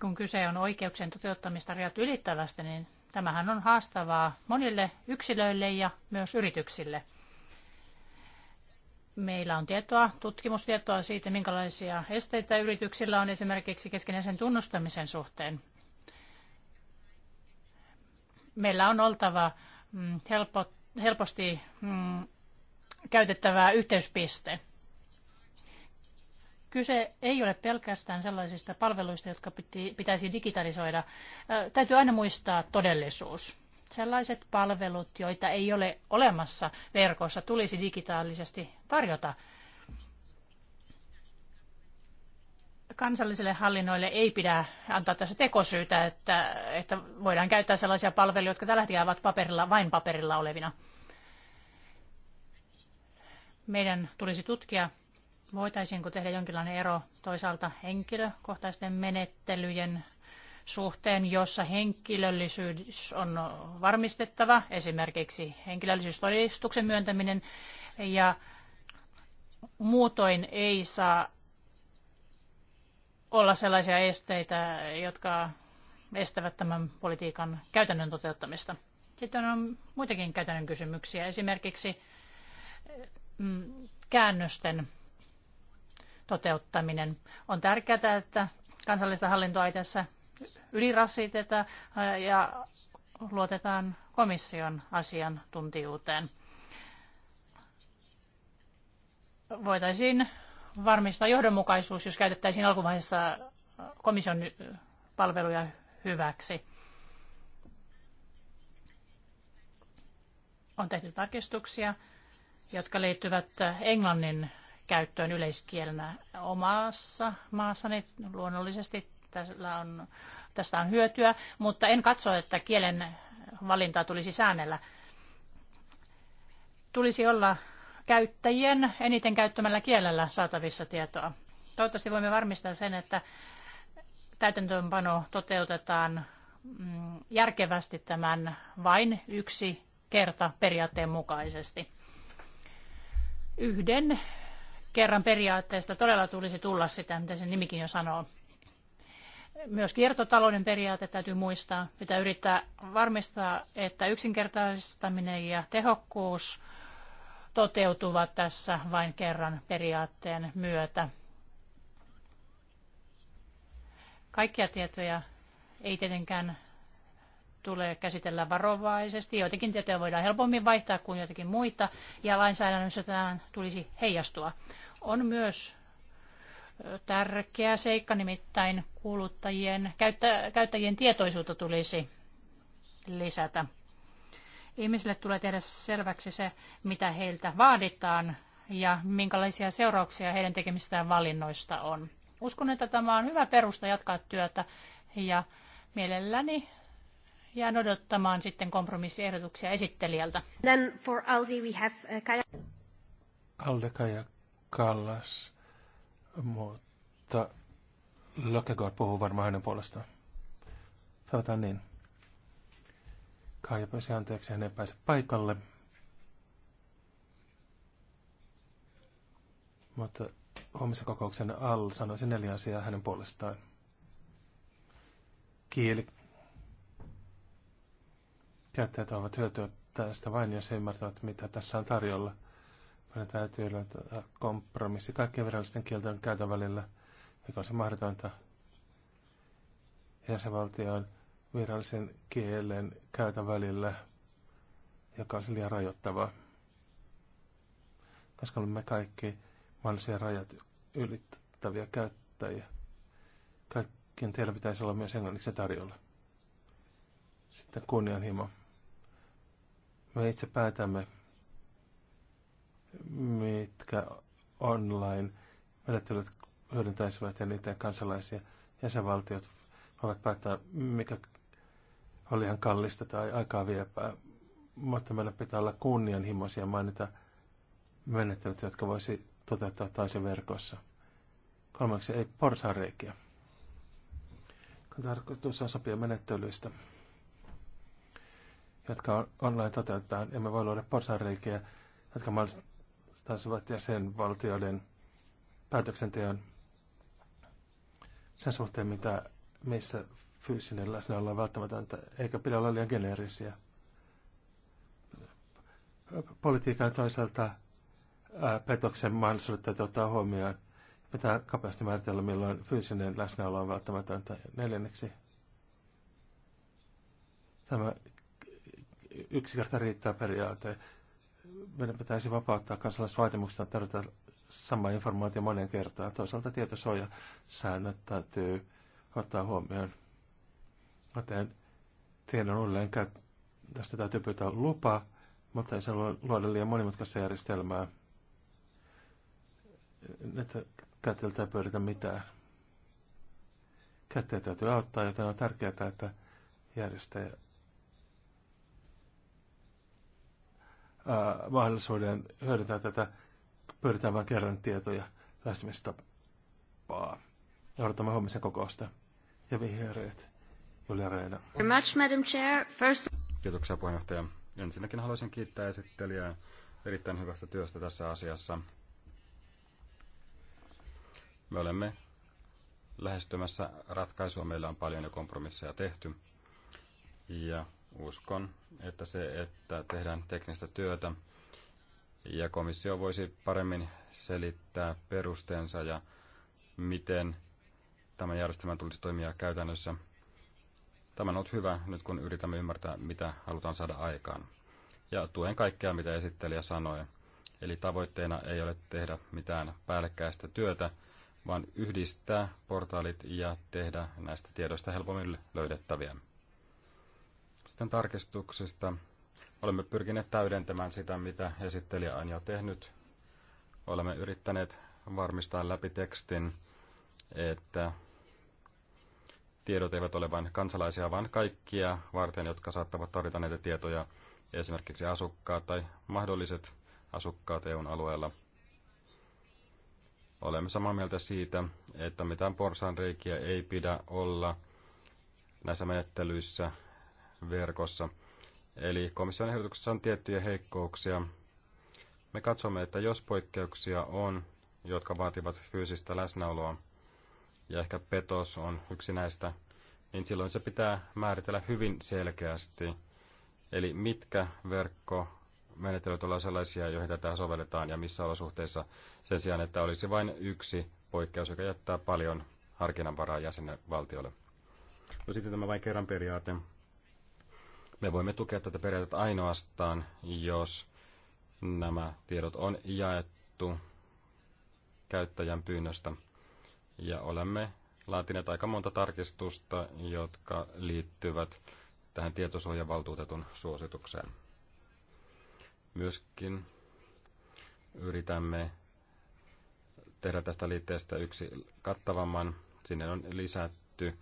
Kun kyse on oikeuksien toteuttamista rajat ylittävästä, niin Tämähän on haastavaa monille yksilöille ja myös yrityksille. Meillä on tietoa, tutkimustietoa siitä, minkälaisia esteitä yrityksillä on esimerkiksi keskinäisen tunnustamisen suhteen. Meillä on oltava mm, helposti mm, käytettävää yhteyspiste. Kyse ei ole pelkästään sellaisista palveluista, jotka pitäisi digitalisoida. Täytyy aina muistaa todellisuus. Sellaiset palvelut, joita ei ole olemassa verkossa, tulisi digitaalisesti tarjota. Kansallisille hallinnoille ei pidä antaa tässä tekosyytä, että, että voidaan käyttää sellaisia palveluja, jotka tällä hetkellä ovat paperilla, vain paperilla olevina. Meidän tulisi tutkia Voitaisiinko tehdä jonkinlainen ero toisaalta henkilökohtaisten menettelyjen suhteen, jossa henkilöllisyys on varmistettava, esimerkiksi henkilöllisyystodistuksen myöntäminen, ja muutoin ei saa olla sellaisia esteitä, jotka estävät tämän politiikan käytännön toteuttamista. Sitten on muitakin käytännön kysymyksiä, esimerkiksi mm, käännösten toteuttaminen. On tärkeää, että kansallista hallintoa ei tässä ylirasiteta ja luotetaan komission asiantuntijuuteen. Voitaisiin varmistaa johdonmukaisuus, jos käytettäisiin alkuvaiheessa komission palveluja hyväksi. On tehty tarkistuksia, jotka liittyvät englannin käyttöön yleiskielenä omassa maassani. Luonnollisesti on, tästä on hyötyä, mutta en katso, että kielen valintaa tulisi säännellä. Tulisi olla käyttäjien eniten käyttämällä kielellä saatavissa tietoa. Toivottavasti voimme varmistaa sen, että täytäntöönpano toteutetaan mm, järkevästi tämän vain yksi kerta periaatteen mukaisesti. Yhden kerran periaatteesta todella tulisi tulla sitä, mitä sen nimikin jo sanoo. Myös kiertotalouden periaate täytyy muistaa. Pitää yrittää varmistaa, että yksinkertaistaminen ja tehokkuus toteutuvat tässä vain kerran periaatteen myötä. Kaikkia tietoja ei tietenkään tulee käsitellä varovaisesti. Joitakin tietoja voidaan helpommin vaihtaa kuin joitakin muita, ja lainsäädännössä tämä tulisi heijastua. On myös tärkeä seikka, nimittäin kuluttajien, käyttä, käyttäjien tietoisuutta tulisi lisätä. Ihmisille tulee tehdä selväksi se, mitä heiltä vaaditaan ja minkälaisia seurauksia heidän tekemistään valinnoista on. Uskon, että tämä on hyvä perusta jatkaa työtä ja mielelläni Jään odottamaan sitten kompromissiehdotuksia esittelijältä. Then for Aldi we have uh, Kaja... Alde Kaja Kallas, mutta Lökegaard puhuu varmaan hänen puolestaan. Sanotaan niin. Kaija pyysi anteeksi, hän ei pääse paikalle. Mutta huomisen kokouksen Al sanoisi neljä asiaa hänen puolestaan. Kieli käyttäjät ovat hyötyä tästä vain, jos he ymmärtävät, mitä tässä on tarjolla. Meidän täytyy löytää kompromissi kaikkien virallisten kielten käytön välillä, joka on se mahdotonta jäsenvaltion virallisen kielen käytön välillä, joka on liian rajoittavaa. Koska olemme kaikki mahdollisia rajat ylittäviä käyttäjiä. Kaikkien teillä pitäisi olla myös englanniksi tarjolla. Sitten kunnianhimo. Me itse päätämme, mitkä online-menettelyt hyödyntäisivät ja niiden kansalaisia. Jäsenvaltiot voivat päättää, mikä oli ihan kallista tai aikaa viepää. Mutta meillä pitää olla kunnianhimoisia mainita menettelyt, jotka voisi toteuttaa taisen verkossa. Kolmanneksi ei porsareikiä. Kun tarkoitus on sopia menettelyistä jotka online toteuttaa. Emme voi luoda porsanreikiä, jotka mahdollistaisivat jäsenvaltioiden päätöksenteon sen suhteen, mitä missä fyysinen läsnäolo on välttämätöntä, eikä pidä olla liian geneerisiä. Politiikan toisaalta ää, petoksen mahdollisuudet täytyy ottaa huomioon. Pitää kapeasti määritellä, milloin fyysinen läsnäolo on välttämätöntä. Neljänneksi tämä yksi kerta riittää periaate. Meidän pitäisi vapauttaa kansalaisvaatimuksena tarjota sama informaatio monen kertaan. Toisaalta tietosuojasäännöt täytyy ottaa huomioon. Joten tiedon uudelleen tästä täytyy pyytää lupa, mutta ei se luoda liian monimutkaista järjestelmää. Nyt käyttäjiltä ei pyöritä mitään. Kätteen täytyy auttaa, joten on tärkeää, että järjestäjä Äh, mahdollisuuden hyödyntää tätä pyöritämään kerran tietoja lähestymistapaa. Ja odotamme huomisen kokousta. Ja vihreät, Julia Reina. Much, Madam Chair. First... Kiitoksia puheenjohtaja. Ensinnäkin haluaisin kiittää esittelijää erittäin hyvästä työstä tässä asiassa. Me olemme lähestymässä ratkaisua. Meillä on paljon jo kompromisseja tehty. Ja Uskon, että se, että tehdään teknistä työtä ja komissio voisi paremmin selittää perusteensa ja miten tämän järjestelmän tulisi toimia käytännössä. Tämä on ollut hyvä nyt, kun yritämme ymmärtää, mitä halutaan saada aikaan. Ja tuen kaikkea, mitä esittelijä sanoi. Eli tavoitteena ei ole tehdä mitään päällekkäistä työtä, vaan yhdistää portaalit ja tehdä näistä tiedoista helpommin löydettäviä. Sitten tarkistuksista. Olemme pyrkineet täydentämään sitä, mitä esittelijä on jo tehnyt. Olemme yrittäneet varmistaa läpi tekstin, että tiedot eivät ole vain kansalaisia, vaan kaikkia varten, jotka saattavat tarvita näitä tietoja, esimerkiksi asukkaat tai mahdolliset asukkaat EUn alueella. Olemme samaa mieltä siitä, että mitään porsaanreikiä ei pidä olla näissä menettelyissä, verkossa. Eli komission ehdotuksessa on tiettyjä heikkouksia. Me katsomme, että jos poikkeuksia on, jotka vaativat fyysistä läsnäoloa, ja ehkä petos on yksi näistä, niin silloin se pitää määritellä hyvin selkeästi, eli mitkä verkkomenettelyt ovat sellaisia, joihin tätä sovelletaan ja missä olosuhteissa sen sijaan, että olisi vain yksi poikkeus, joka jättää paljon harkinnanvaraa jäsenvaltiolle. No sitten tämä vain kerran periaate. Me voimme tukea tätä periaatetta ainoastaan, jos nämä tiedot on jaettu käyttäjän pyynnöstä. Ja olemme laatineet aika monta tarkistusta, jotka liittyvät tähän tietosuojavaltuutetun suositukseen. Myöskin yritämme tehdä tästä liitteestä yksi kattavamman. Sinne on lisätty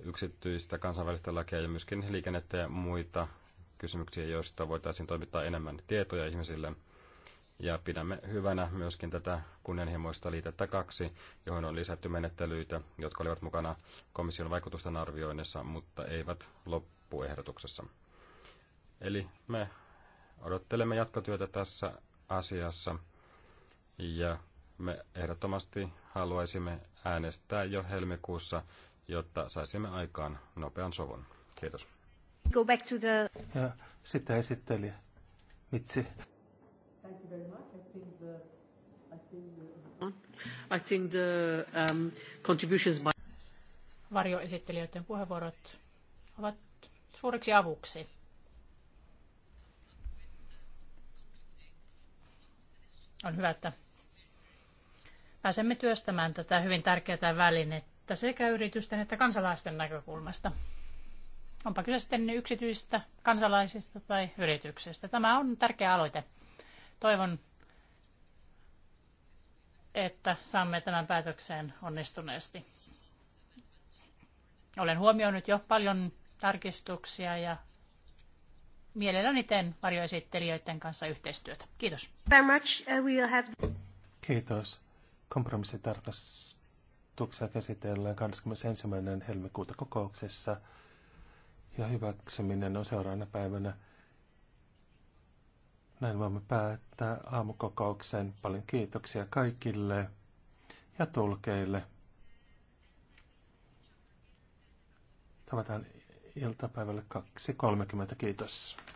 yksityistä kansainvälistä lakia ja myöskin liikennettä ja muita kysymyksiä, joista voitaisiin toimittaa enemmän tietoja ihmisille. Ja pidämme hyvänä myöskin tätä kunnianhimoista liitettä kaksi, johon on lisätty menettelyitä, jotka olivat mukana komission vaikutusten arvioinnissa, mutta eivät loppuehdotuksessa. Eli me odottelemme jatkotyötä tässä asiassa ja me ehdottomasti haluaisimme äänestää jo helmikuussa jotta saisimme aikaan nopean sovun. Kiitos. Go back to the... Ja sitten esitteli Mitsi. Thank you very much. I think the, I think the... I think the um, contributions by... Varjoesittelijöiden puheenvuorot ovat suureksi avuksi. On hyvä, että pääsemme työstämään tätä hyvin tärkeää välinettä että sekä yritysten että kansalaisten näkökulmasta. Onpa kyse sitten yksityistä, kansalaisista tai yrityksestä. Tämä on tärkeä aloite. Toivon, että saamme tämän päätökseen onnistuneesti. Olen huomioinut jo paljon tarkistuksia ja mielelläni teen varjoesittelijöiden kanssa yhteistyötä. Kiitos. Uh, Kiitos. Kompromissitarkastus ehdotuksia käsitellään 21. helmikuuta kokouksessa ja hyväksyminen on seuraavana päivänä. Näin voimme päättää aamukokouksen. Paljon kiitoksia kaikille ja tulkeille. Tavataan iltapäivällä 2.30. Kiitos.